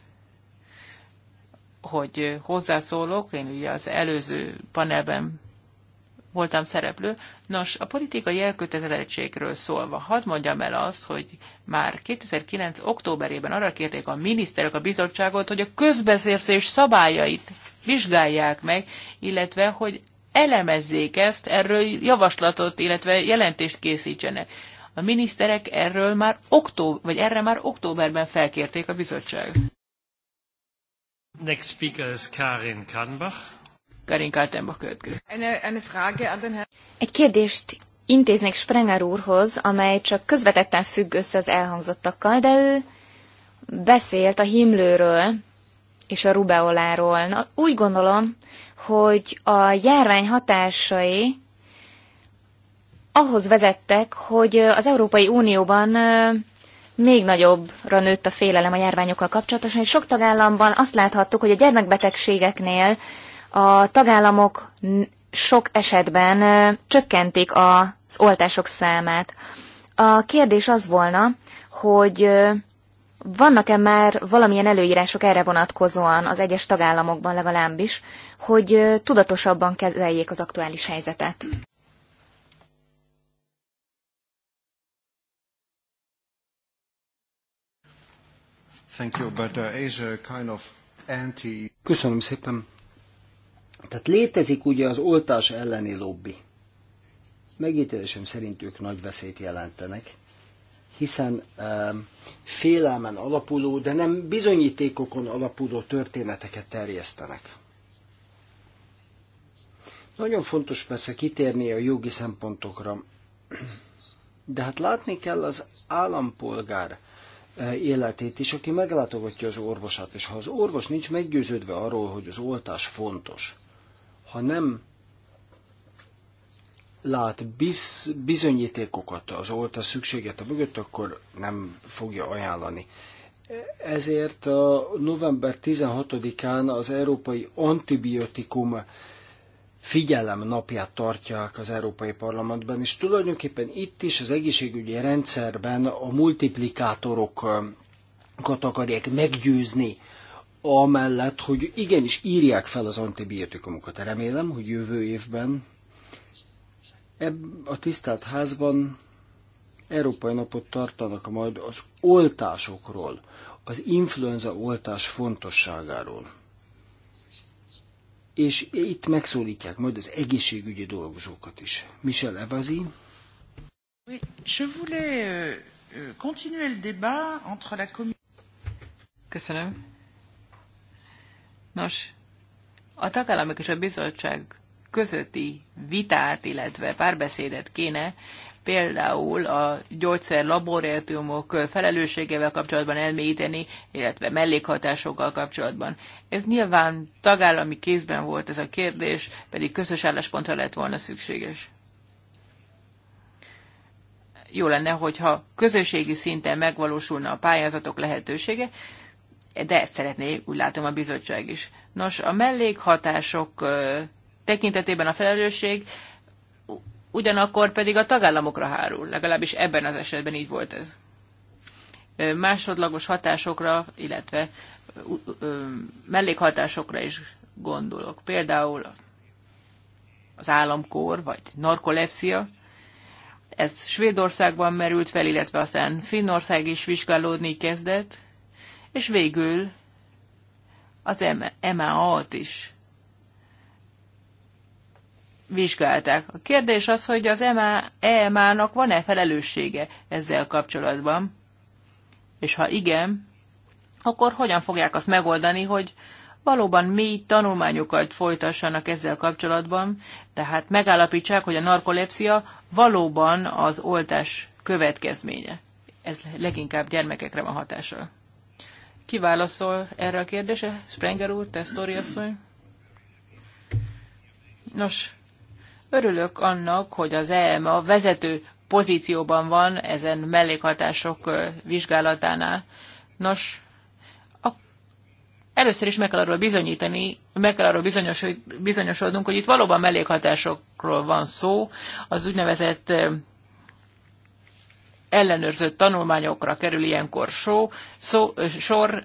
hogy hozzászólok, én ugye az előző panelben voltam szereplő. Nos, a politikai elkötelezettségről szólva, hadd mondjam el azt, hogy már 2009. októberében arra kérték a miniszterek a bizottságot, hogy a közbeszélés szabályait vizsgálják meg, illetve hogy elemezzék ezt, erről javaslatot, illetve jelentést készítsenek. A miniszterek erről már október, vagy erre már októberben felkérték a bizottságot. Next speaker is Karin Kanbach következik. Egy kérdést intéznék Sprenger úrhoz, amely csak közvetetten függ össze az elhangzottakkal, de ő beszélt a himlőről és a rubeoláról. Na, úgy gondolom, hogy a járvány hatásai ahhoz vezettek, hogy az Európai Unióban még nagyobbra nőtt a félelem a járványokkal kapcsolatosan, és sok tagállamban azt láthattuk, hogy a gyermekbetegségeknél a tagállamok sok esetben csökkentik az oltások számát. A kérdés az volna, hogy vannak-e már valamilyen előírások erre vonatkozóan az egyes tagállamokban legalábbis, hogy tudatosabban kezeljék az aktuális helyzetet? Thank you, but, uh, kind of anti... Köszönöm szépen. Tehát létezik ugye az oltás elleni lobby. Megítélésem szerint ők nagy veszélyt jelentenek, hiszen e, félelmen alapuló, de nem bizonyítékokon alapuló történeteket terjesztenek. Nagyon fontos persze kitérni a jogi szempontokra, de hát látni kell az állampolgár e, életét is, aki meglátogatja az orvosát, és ha az orvos nincs meggyőződve arról, hogy az oltás fontos, ha nem lát biz, bizonyítékokat az oltás szükséget a mögött, akkor nem fogja ajánlani. Ezért a november 16-án az Európai Antibiotikum figyelem napját tartják az Európai Parlamentben, és tulajdonképpen itt is az egészségügyi rendszerben a multiplikátorokat akarják meggyőzni amellett, hogy igenis írják fel az antibiotikumokat. Remélem, hogy jövő évben ebb a tisztelt házban Európai napot tartanak majd az oltásokról, az influenza oltás fontosságáról. És itt megszólítják majd az egészségügyi dolgozókat is. Michel Evazi. Euh, euh, Köszönöm. Nos, a tagállamok és a bizottság közötti vitát, illetve párbeszédet kéne például a gyógyszer laboratóriumok felelősségével kapcsolatban elmélyíteni, illetve mellékhatásokkal kapcsolatban. Ez nyilván tagállami kézben volt ez a kérdés, pedig közös álláspontra lett volna szükséges. Jó lenne, hogyha közösségi szinten megvalósulna a pályázatok lehetősége, de ezt szeretné, úgy látom, a bizottság is. Nos, a mellékhatások tekintetében a felelősség ugyanakkor pedig a tagállamokra hárul, legalábbis ebben az esetben így volt ez. Másodlagos hatásokra, illetve mellékhatásokra is gondolok. Például az államkor, vagy narkolepszia. Ez Svédországban merült fel, illetve aztán Finnország is vizsgálódni kezdett és végül az EMA t is vizsgálták. A kérdés az, hogy az EMA-nak van-e felelőssége ezzel kapcsolatban, és ha igen, akkor hogyan fogják azt megoldani, hogy valóban mély tanulmányokat folytassanak ezzel kapcsolatban, tehát megállapítsák, hogy a narkolepsia valóban az oltás következménye. Ez leginkább gyermekekre van hatással kiválaszol erre a kérdése? Sprenger úr, Tesztori asszony? Nos, örülök annak, hogy az EMA vezető pozícióban van ezen mellékhatások vizsgálatánál. Nos, a, először is meg kell arról bizonyítani, meg kell arról bizonyos, bizonyosodnunk, hogy itt valóban mellékhatásokról van szó, az úgynevezett ellenőrzött tanulmányokra kerül ilyenkor só, szó, sor.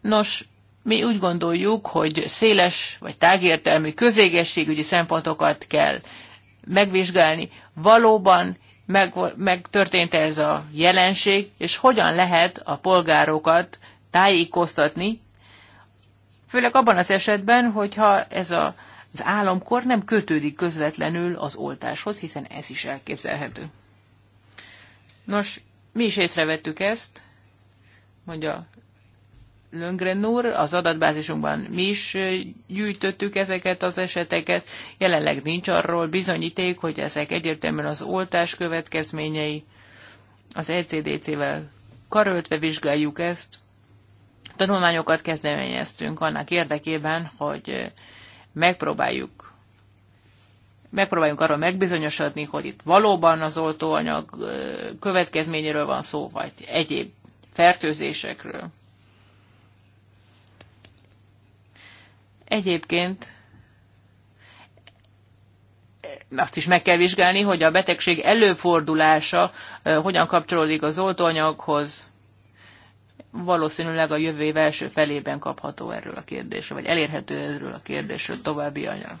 Nos, mi úgy gondoljuk, hogy széles vagy tágértelmű közégességügyi szempontokat kell megvizsgálni. Valóban meg, megtörtént ez a jelenség, és hogyan lehet a polgárokat tájékoztatni, főleg abban az esetben, hogyha ez a az államkor nem kötődik közvetlenül az oltáshoz, hiszen ez is elképzelhető. Nos, mi is észrevettük ezt, mondja Löngren úr, az adatbázisunkban mi is gyűjtöttük ezeket az eseteket, jelenleg nincs arról bizonyíték, hogy ezek egyértelműen az oltás következményei, az ECDC-vel karöltve vizsgáljuk ezt, tanulmányokat kezdeményeztünk annak érdekében, hogy megpróbáljuk megpróbáljunk arról megbizonyosodni, hogy itt valóban az oltóanyag következményéről van szó, vagy egyéb fertőzésekről. Egyébként azt is meg kell vizsgálni, hogy a betegség előfordulása hogyan kapcsolódik az oltóanyaghoz valószínűleg a jövő év első felében kapható erről a kérdésről, vagy elérhető erről a kérdésről további anyag.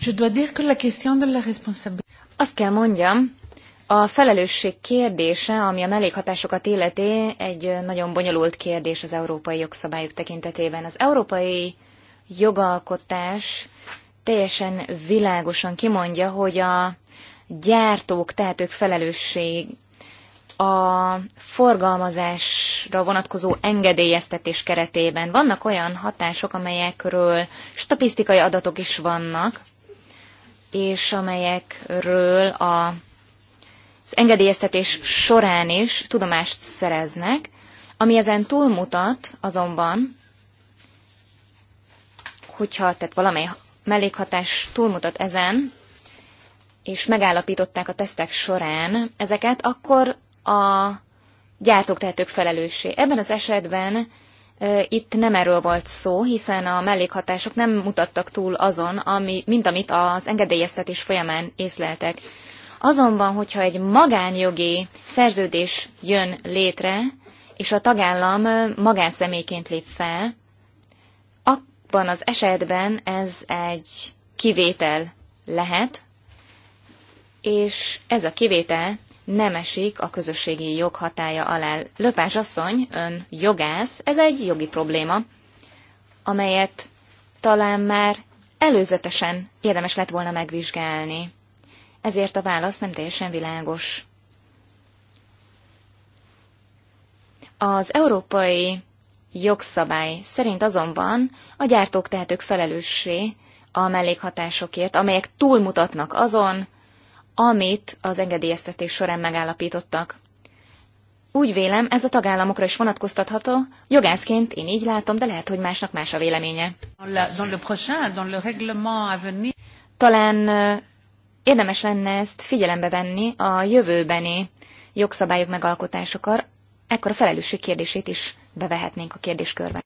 Je dois dire que la question de la responsabilité. Azt kell mondjam, a felelősség kérdése, ami a mellékhatásokat illeti, egy nagyon bonyolult kérdés az európai jogszabályok tekintetében. Az európai jogalkotás teljesen világosan kimondja, hogy a gyártók, tehát ők felelősség, a forgalmazásra vonatkozó engedélyeztetés keretében. Vannak olyan hatások, amelyekről statisztikai adatok is vannak, és amelyekről a, az engedélyeztetés során is tudomást szereznek, ami ezen túlmutat azonban, hogyha tehát valamely mellékhatás túlmutat ezen, és megállapították a tesztek során ezeket, akkor a gyártók tehetők felelőssé. Ebben az esetben itt nem erről volt szó, hiszen a mellékhatások nem mutattak túl azon, ami, mint amit az engedélyeztetés folyamán észleltek. Azonban, hogyha egy magánjogi szerződés jön létre, és a tagállam magánszemélyként lép fel, abban az esetben ez egy kivétel lehet, és ez a kivétel nem esik a közösségi jog hatája alá. Löpás asszony, ön jogász, ez egy jogi probléma, amelyet talán már előzetesen érdemes lett volna megvizsgálni. Ezért a válasz nem teljesen világos. Az európai jogszabály szerint azonban a gyártók tehetők felelőssé a mellékhatásokért, amelyek túlmutatnak azon, amit az engedélyeztetés során megállapítottak. Úgy vélem, ez a tagállamokra is vonatkoztatható. Jogászként én így látom, de lehet, hogy másnak más a véleménye. Talán érdemes lenne ezt figyelembe venni a jövőbeni jogszabályok megalkotásokar. ekkor a felelősség kérdését is bevehetnénk a kérdéskörbe.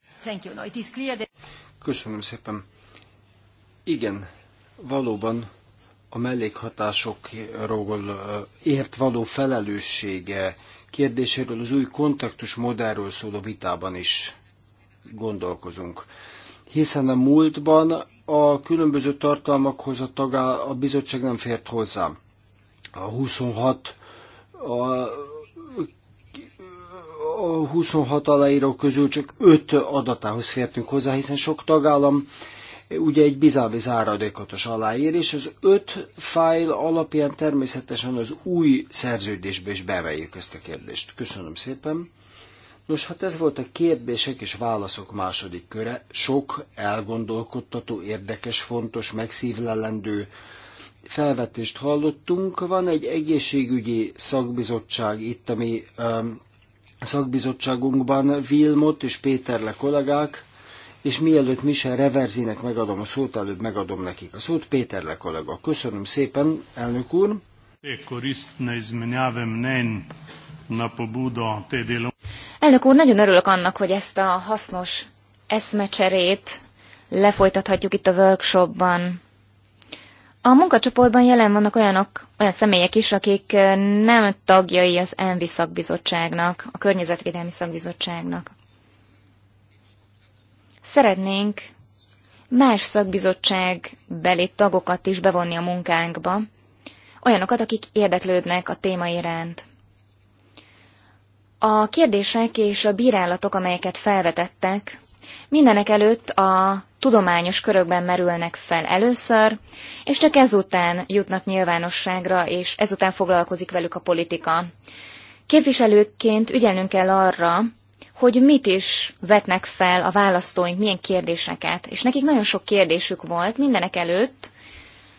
Köszönöm szépen. Igen, valóban a mellékhatásokról ért való felelőssége kérdéséről az új kontaktus modellről szóló vitában is gondolkozunk. Hiszen a múltban a különböző tartalmakhoz a, tagá, a bizottság nem fért hozzá. A 26 a a 26 aláíró közül csak 5 adatához fértünk hozzá, hiszen sok tagállam ugye egy bizalmi záradékot is aláír, és az öt fájl alapján természetesen az új szerződésbe is beveljük ezt a kérdést. Köszönöm szépen. Nos, hát ez volt a kérdések és válaszok második köre. Sok elgondolkodtató, érdekes, fontos, megszívlelendő felvetést hallottunk. Van egy egészségügyi szakbizottság itt, ami um, szakbizottságunkban Vilmot és Péterle kollégák, és mielőtt Michel Reverzinek megadom a szót, előbb megadom nekik a szót. Péter Le kollega, köszönöm szépen, elnök úr. Elnök úr, nagyon örülök annak, hogy ezt a hasznos eszmecserét lefolytathatjuk itt a workshopban. A munkacsoportban jelen vannak olyanok, olyan személyek is, akik nem tagjai az ENVI szakbizottságnak, a Környezetvédelmi Szakbizottságnak. Szeretnénk más szakbizottság beli tagokat is bevonni a munkánkba, olyanokat, akik érdeklődnek a téma iránt. A kérdések és a bírálatok, amelyeket felvetettek, mindenek előtt a tudományos körökben merülnek fel először, és csak ezután jutnak nyilvánosságra, és ezután foglalkozik velük a politika. Képviselőként ügyelnünk kell arra, hogy mit is vetnek fel a választóink, milyen kérdéseket. És nekik nagyon sok kérdésük volt mindenek előtt,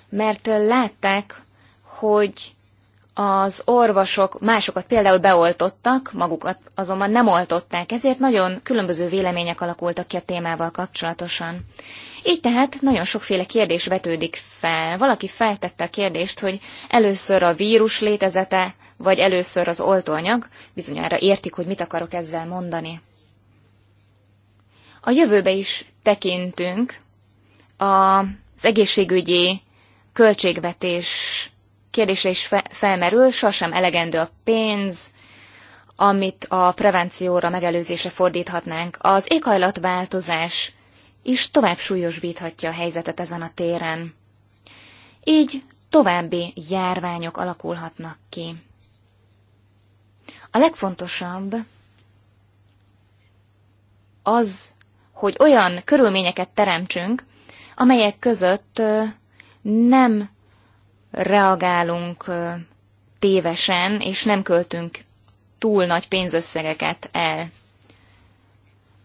mert látták, hogy az orvosok másokat például beoltottak, magukat azonban nem oltották, ezért nagyon különböző vélemények alakultak ki a témával kapcsolatosan. Így tehát nagyon sokféle kérdés vetődik fel. Valaki feltette a kérdést, hogy először a vírus létezete, vagy először az oltóanyag, bizonyára értik, hogy mit akarok ezzel mondani. A jövőbe is tekintünk az egészségügyi költségvetés kérdése is felmerül, sosem elegendő a pénz, amit a prevencióra, megelőzésre fordíthatnánk. Az éghajlatváltozás is tovább súlyosbíthatja a helyzetet ezen a téren. Így további járványok alakulhatnak ki. A legfontosabb az, hogy olyan körülményeket teremtsünk, amelyek között nem reagálunk tévesen, és nem költünk túl nagy pénzösszegeket el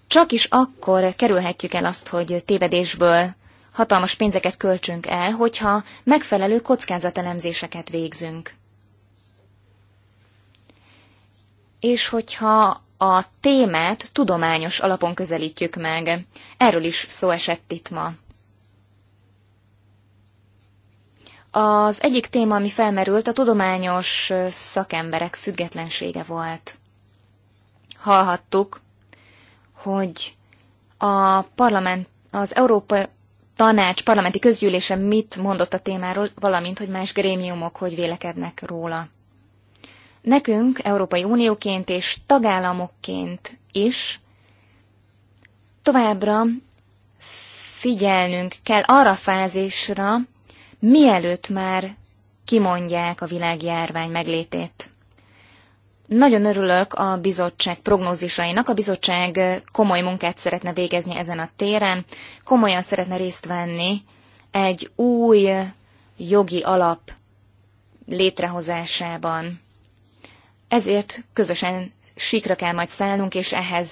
csak is akkor kerülhetjük el azt, hogy tévedésből hatalmas pénzeket költsünk el, hogyha megfelelő kockázatelemzéseket végzünk. És hogyha a témát tudományos alapon közelítjük meg. Erről is szó esett itt ma. Az egyik téma, ami felmerült, a tudományos szakemberek függetlensége volt. Hallhattuk, hogy a parlament, az Európa Tanács parlamenti közgyűlése mit mondott a témáról, valamint, hogy más grémiumok hogy vélekednek róla. Nekünk, Európai Unióként és tagállamokként is továbbra figyelnünk kell arra a fázisra, mielőtt már kimondják a világjárvány meglétét. Nagyon örülök a bizottság prognózisainak. A bizottság komoly munkát szeretne végezni ezen a téren, komolyan szeretne részt venni egy új jogi alap létrehozásában. Ezért közösen sikra kell majd szállnunk, és ehhez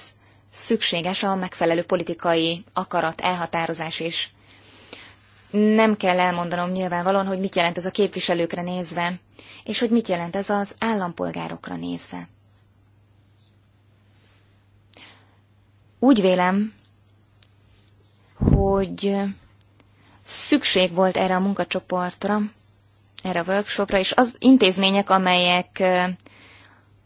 szükséges a megfelelő politikai akarat, elhatározás és nem kell elmondanom nyilvánvalóan, hogy mit jelent ez a képviselőkre nézve, és hogy mit jelent ez az állampolgárokra nézve. Úgy vélem, hogy szükség volt erre a munkacsoportra, erre a workshopra, és az intézmények, amelyek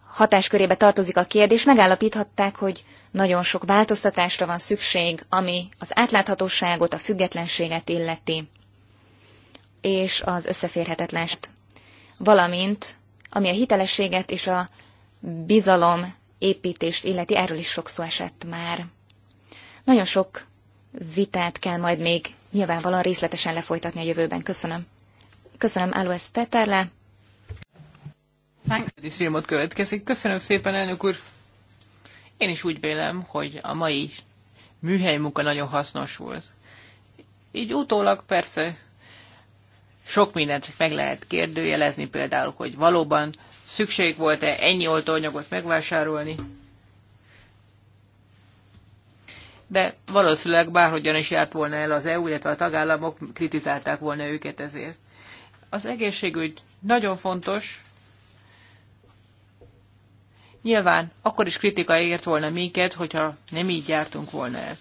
hatáskörébe tartozik a kérdés, megállapíthatták, hogy nagyon sok változtatásra van szükség, ami az átláthatóságot, a függetlenséget illeti, és az összeférhetetlenséget, valamint ami a hitelességet és a bizalom építést illeti, erről is sok szó esett már. Nagyon sok vitát kell majd még nyilvánvalóan részletesen lefolytatni a jövőben. Köszönöm. Köszönöm Alois Peterle. Thanks. következik. Köszönöm szépen, elnök úr. Én is úgy vélem, hogy a mai műhely munka nagyon hasznos volt. Így utólag persze sok mindent meg lehet kérdőjelezni, például, hogy valóban szükség volt-e ennyi oltóanyagot megvásárolni, de valószínűleg bárhogyan is járt volna el az EU, illetve a tagállamok kritizálták volna őket ezért. Az egészségügy nagyon fontos, Nyilván akkor is kritika ért volna minket, hogyha nem így jártunk volna el.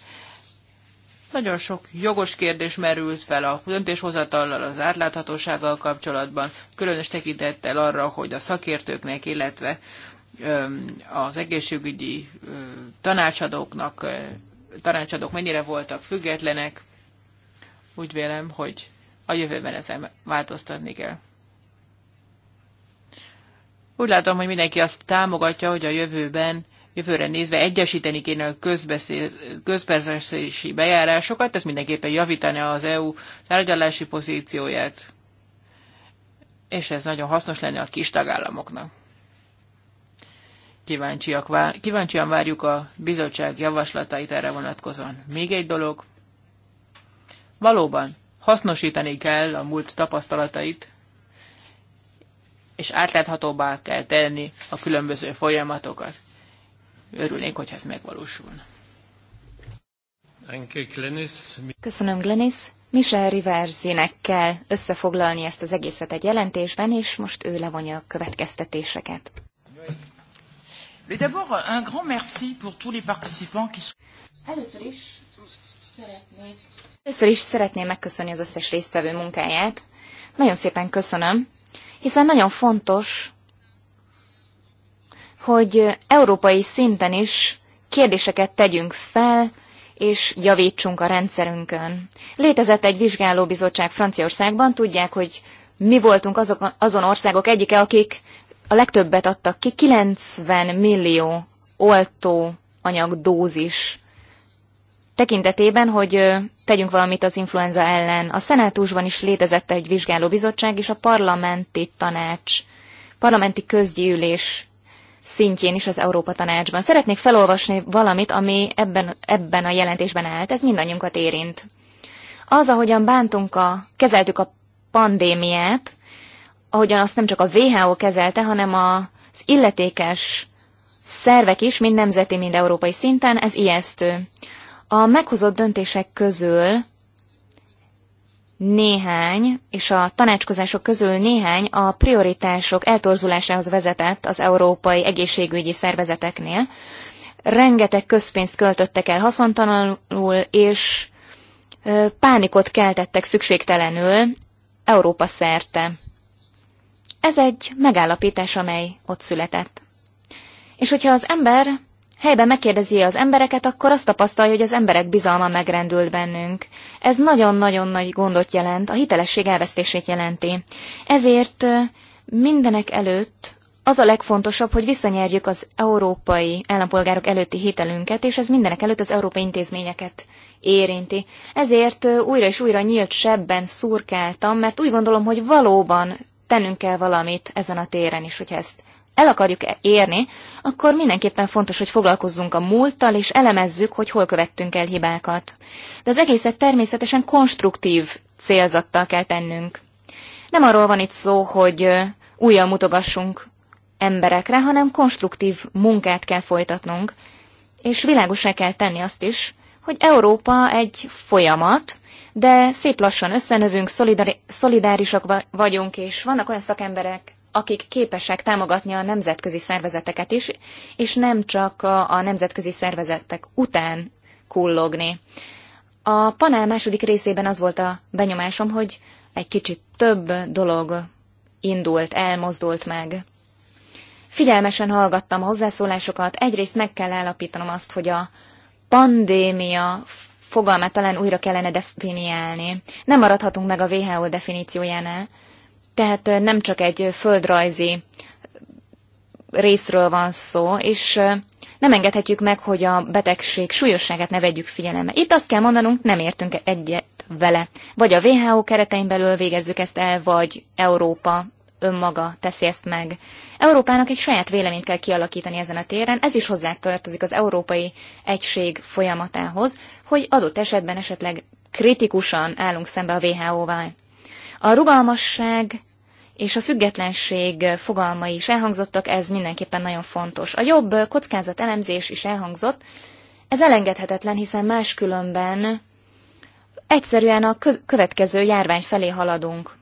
Nagyon sok jogos kérdés merült fel a döntéshozatallal, az átláthatósággal kapcsolatban, különös tekintettel arra, hogy a szakértőknek, illetve az egészségügyi tanácsadóknak, tanácsadók mennyire voltak függetlenek. Úgy vélem, hogy a jövőben ezen változtatni kell. Úgy látom, hogy mindenki azt támogatja, hogy a jövőben, jövőre nézve egyesíteni kéne a közbeszélési bejárásokat, ez mindenképpen javítani az EU tárgyalási pozícióját, és ez nagyon hasznos lenne a kis tagállamoknak. Kíváncsiak, kíváncsian várjuk a bizottság javaslatait erre vonatkozóan. Még egy dolog. Valóban, hasznosítani kell a múlt tapasztalatait és átláthatóbbá kell tenni a különböző folyamatokat. Örülnék, hogy ez megvalósulna. Köszönöm, Glenis. Michel Riverzinek kell összefoglalni ezt az egészet egy jelentésben, és most ő levonja a következtetéseket. Először is szeretnék Először is szeretném megköszönni az összes résztvevő munkáját. Nagyon szépen köszönöm hiszen nagyon fontos, hogy európai szinten is kérdéseket tegyünk fel, és javítsunk a rendszerünkön. Létezett egy vizsgálóbizottság Franciaországban, tudják, hogy mi voltunk azok, azon országok egyike, akik a legtöbbet adtak ki, 90 millió oltóanyagdózis tekintetében, hogy tegyünk valamit az influenza ellen. A szenátusban is létezett egy vizsgálóbizottság, és a parlamenti tanács, parlamenti közgyűlés szintjén is az Európa Tanácsban. Szeretnék felolvasni valamit, ami ebben, ebben a jelentésben állt. Ez mindannyiunkat érint. Az, ahogyan bántunk a, kezeltük a pandémiát, ahogyan azt nem csak a WHO kezelte, hanem az illetékes szervek is, mind nemzeti, mind európai szinten, ez ijesztő. A meghozott döntések közül néhány, és a tanácskozások közül néhány a prioritások eltorzulásához vezetett az európai egészségügyi szervezeteknél. Rengeteg közpénzt költöttek el haszontalanul, és pánikot keltettek szükségtelenül Európa szerte. Ez egy megállapítás, amely ott született. És hogyha az ember helyben megkérdezi az embereket, akkor azt tapasztalja, hogy az emberek bizalma megrendült bennünk. Ez nagyon-nagyon nagy gondot jelent, a hitelesség elvesztését jelenti. Ezért mindenek előtt az a legfontosabb, hogy visszanyerjük az európai állampolgárok előtti hitelünket, és ez mindenek előtt az európai intézményeket érinti. Ezért újra és újra nyílt sebben szurkáltam, mert úgy gondolom, hogy valóban tennünk kell valamit ezen a téren is, hogyha ezt el akarjuk e- érni, akkor mindenképpen fontos, hogy foglalkozzunk a múlttal, és elemezzük, hogy hol követtünk el hibákat. De az egészet természetesen konstruktív célzattal kell tennünk. Nem arról van itt szó, hogy újjal mutogassunk emberekre, hanem konstruktív munkát kell folytatnunk, és világosá kell tenni azt is, hogy Európa egy folyamat, de szép lassan összenövünk, szolidárisak vagyunk, és vannak olyan szakemberek, akik képesek támogatni a nemzetközi szervezeteket is, és nem csak a nemzetközi szervezetek után kullogni. A panel második részében az volt a benyomásom, hogy egy kicsit több dolog indult, elmozdult meg. Figyelmesen hallgattam a hozzászólásokat, egyrészt meg kell állapítanom azt, hogy a pandémia fogalmát talán újra kellene definiálni. Nem maradhatunk meg a WHO definíciójánál, tehát nem csak egy földrajzi részről van szó, és nem engedhetjük meg, hogy a betegség súlyosságát ne vegyük figyelembe. Itt azt kell mondanunk, nem értünk egyet vele. Vagy a WHO keretein belül végezzük ezt el, vagy Európa önmaga teszi ezt meg. Európának egy saját véleményt kell kialakítani ezen a téren, ez is hozzátartozik az európai egység folyamatához, hogy adott esetben esetleg kritikusan állunk szembe a WHO-val. A rugalmasság és a függetlenség fogalmai is elhangzottak, ez mindenképpen nagyon fontos. A jobb kockázat elemzés is elhangzott, ez elengedhetetlen, hiszen máskülönben egyszerűen a következő járvány felé haladunk.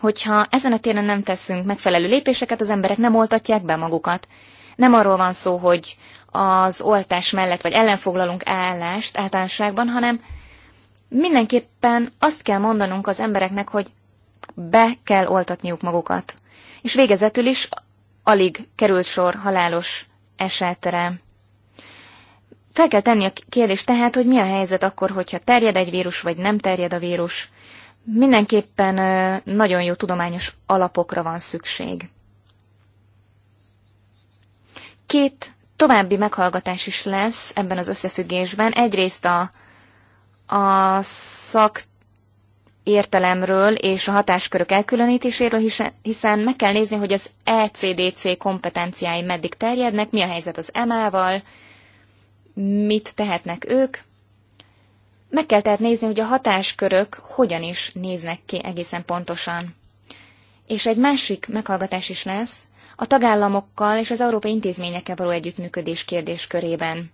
Hogyha ezen a téren nem teszünk megfelelő lépéseket, az emberek nem oltatják be magukat. Nem arról van szó, hogy az oltás mellett vagy ellenfoglalunk állást általánosságban, hanem Mindenképpen azt kell mondanunk az embereknek, hogy be kell oltatniuk magukat. És végezetül is alig került sor halálos esetre. Fel kell tenni a kérdést tehát, hogy mi a helyzet akkor, hogyha terjed egy vírus, vagy nem terjed a vírus. Mindenképpen nagyon jó tudományos alapokra van szükség. Két további meghallgatás is lesz ebben az összefüggésben. Egyrészt a a szak értelemről és a hatáskörök elkülönítéséről, hiszen meg kell nézni, hogy az ECDC kompetenciái meddig terjednek, mi a helyzet az ma val mit tehetnek ők. Meg kell tehát nézni, hogy a hatáskörök hogyan is néznek ki egészen pontosan. És egy másik meghallgatás is lesz a tagállamokkal és az európai intézményekkel való együttműködés kérdéskörében.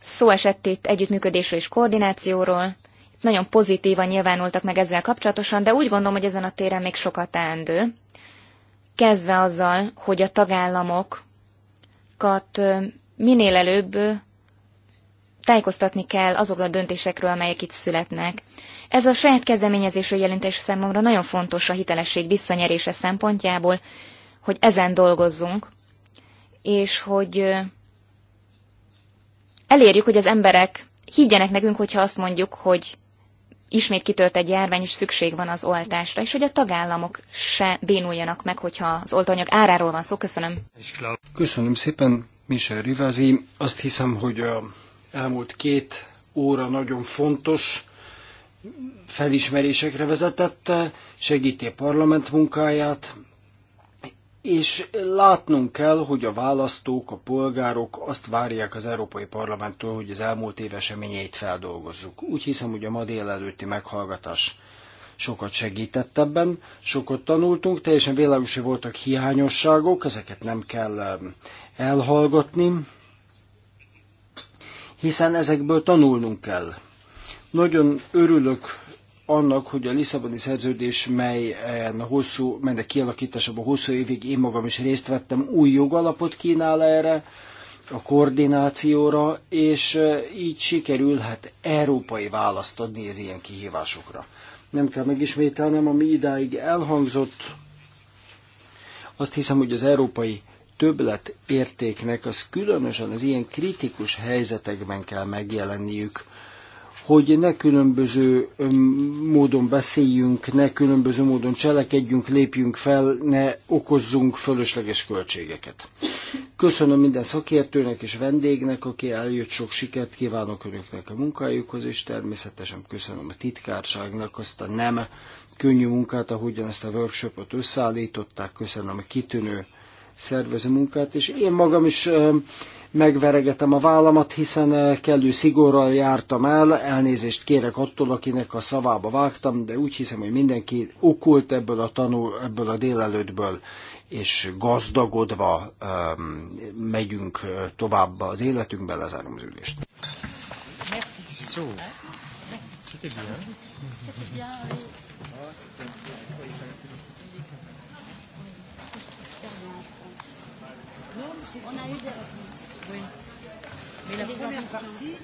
Szó esett itt együttműködésről és koordinációról. Nagyon pozitívan nyilvánultak meg ezzel kapcsolatosan, de úgy gondolom, hogy ezen a téren még sokat teendő. Kezdve azzal, hogy a tagállamokat minél előbb tájékoztatni kell azokról a döntésekről, amelyek itt születnek. Ez a saját kezdeményezésről jelentés számomra nagyon fontos a hitelesség visszanyerése szempontjából, hogy ezen dolgozzunk, és hogy elérjük, hogy az emberek higgyenek nekünk, hogyha azt mondjuk, hogy ismét kitört egy járvány, és szükség van az oltásra, és hogy a tagállamok se bénuljanak meg, hogyha az oltóanyag áráról van szó. Köszönöm. Köszönöm szépen, Michel Rivázi. Azt hiszem, hogy a elmúlt két óra nagyon fontos felismerésekre vezetett, segíti a parlament munkáját, és látnunk kell, hogy a választók, a polgárok azt várják az Európai Parlamenttől, hogy az elmúlt év eseményeit feldolgozzuk. Úgy hiszem, hogy a ma délelőtti meghallgatás sokat segített ebben, sokat tanultunk, teljesen világos, hogy voltak hiányosságok, ezeket nem kell elhallgatni, hiszen ezekből tanulnunk kell. Nagyon örülök annak, hogy a Lisszaboni szerződés, mely a hosszú, melynek kialakításában hosszú évig én magam is részt vettem, új jogalapot kínál erre, a koordinációra, és e, így sikerülhet európai választ adni az ilyen kihívásokra. Nem kell megismételnem, ami idáig elhangzott. Azt hiszem, hogy az európai többlet értéknek az különösen az ilyen kritikus helyzetekben kell megjelenniük hogy ne különböző módon beszéljünk, ne különböző módon cselekedjünk, lépjünk fel, ne okozzunk fölösleges költségeket. Köszönöm minden szakértőnek és vendégnek, aki eljött, sok sikert kívánok önöknek a munkájukhoz, és természetesen köszönöm a titkárságnak azt a nem könnyű munkát, ahogyan ezt a workshopot összeállították, köszönöm a kitűnő szervező munkát, és én magam is megveregetem a vállamat, hiszen eh, kellő szigorral jártam el, elnézést kérek attól, akinek a szavába vágtam, de úgy hiszem, hogy mindenki okult ebből a tanú, ebből a délelőttből, és gazdagodva um, megyünk eh, tovább az életünkbe, lezárom az ülést. Merci. On a eu des réponses. Oui. Mais la première partie.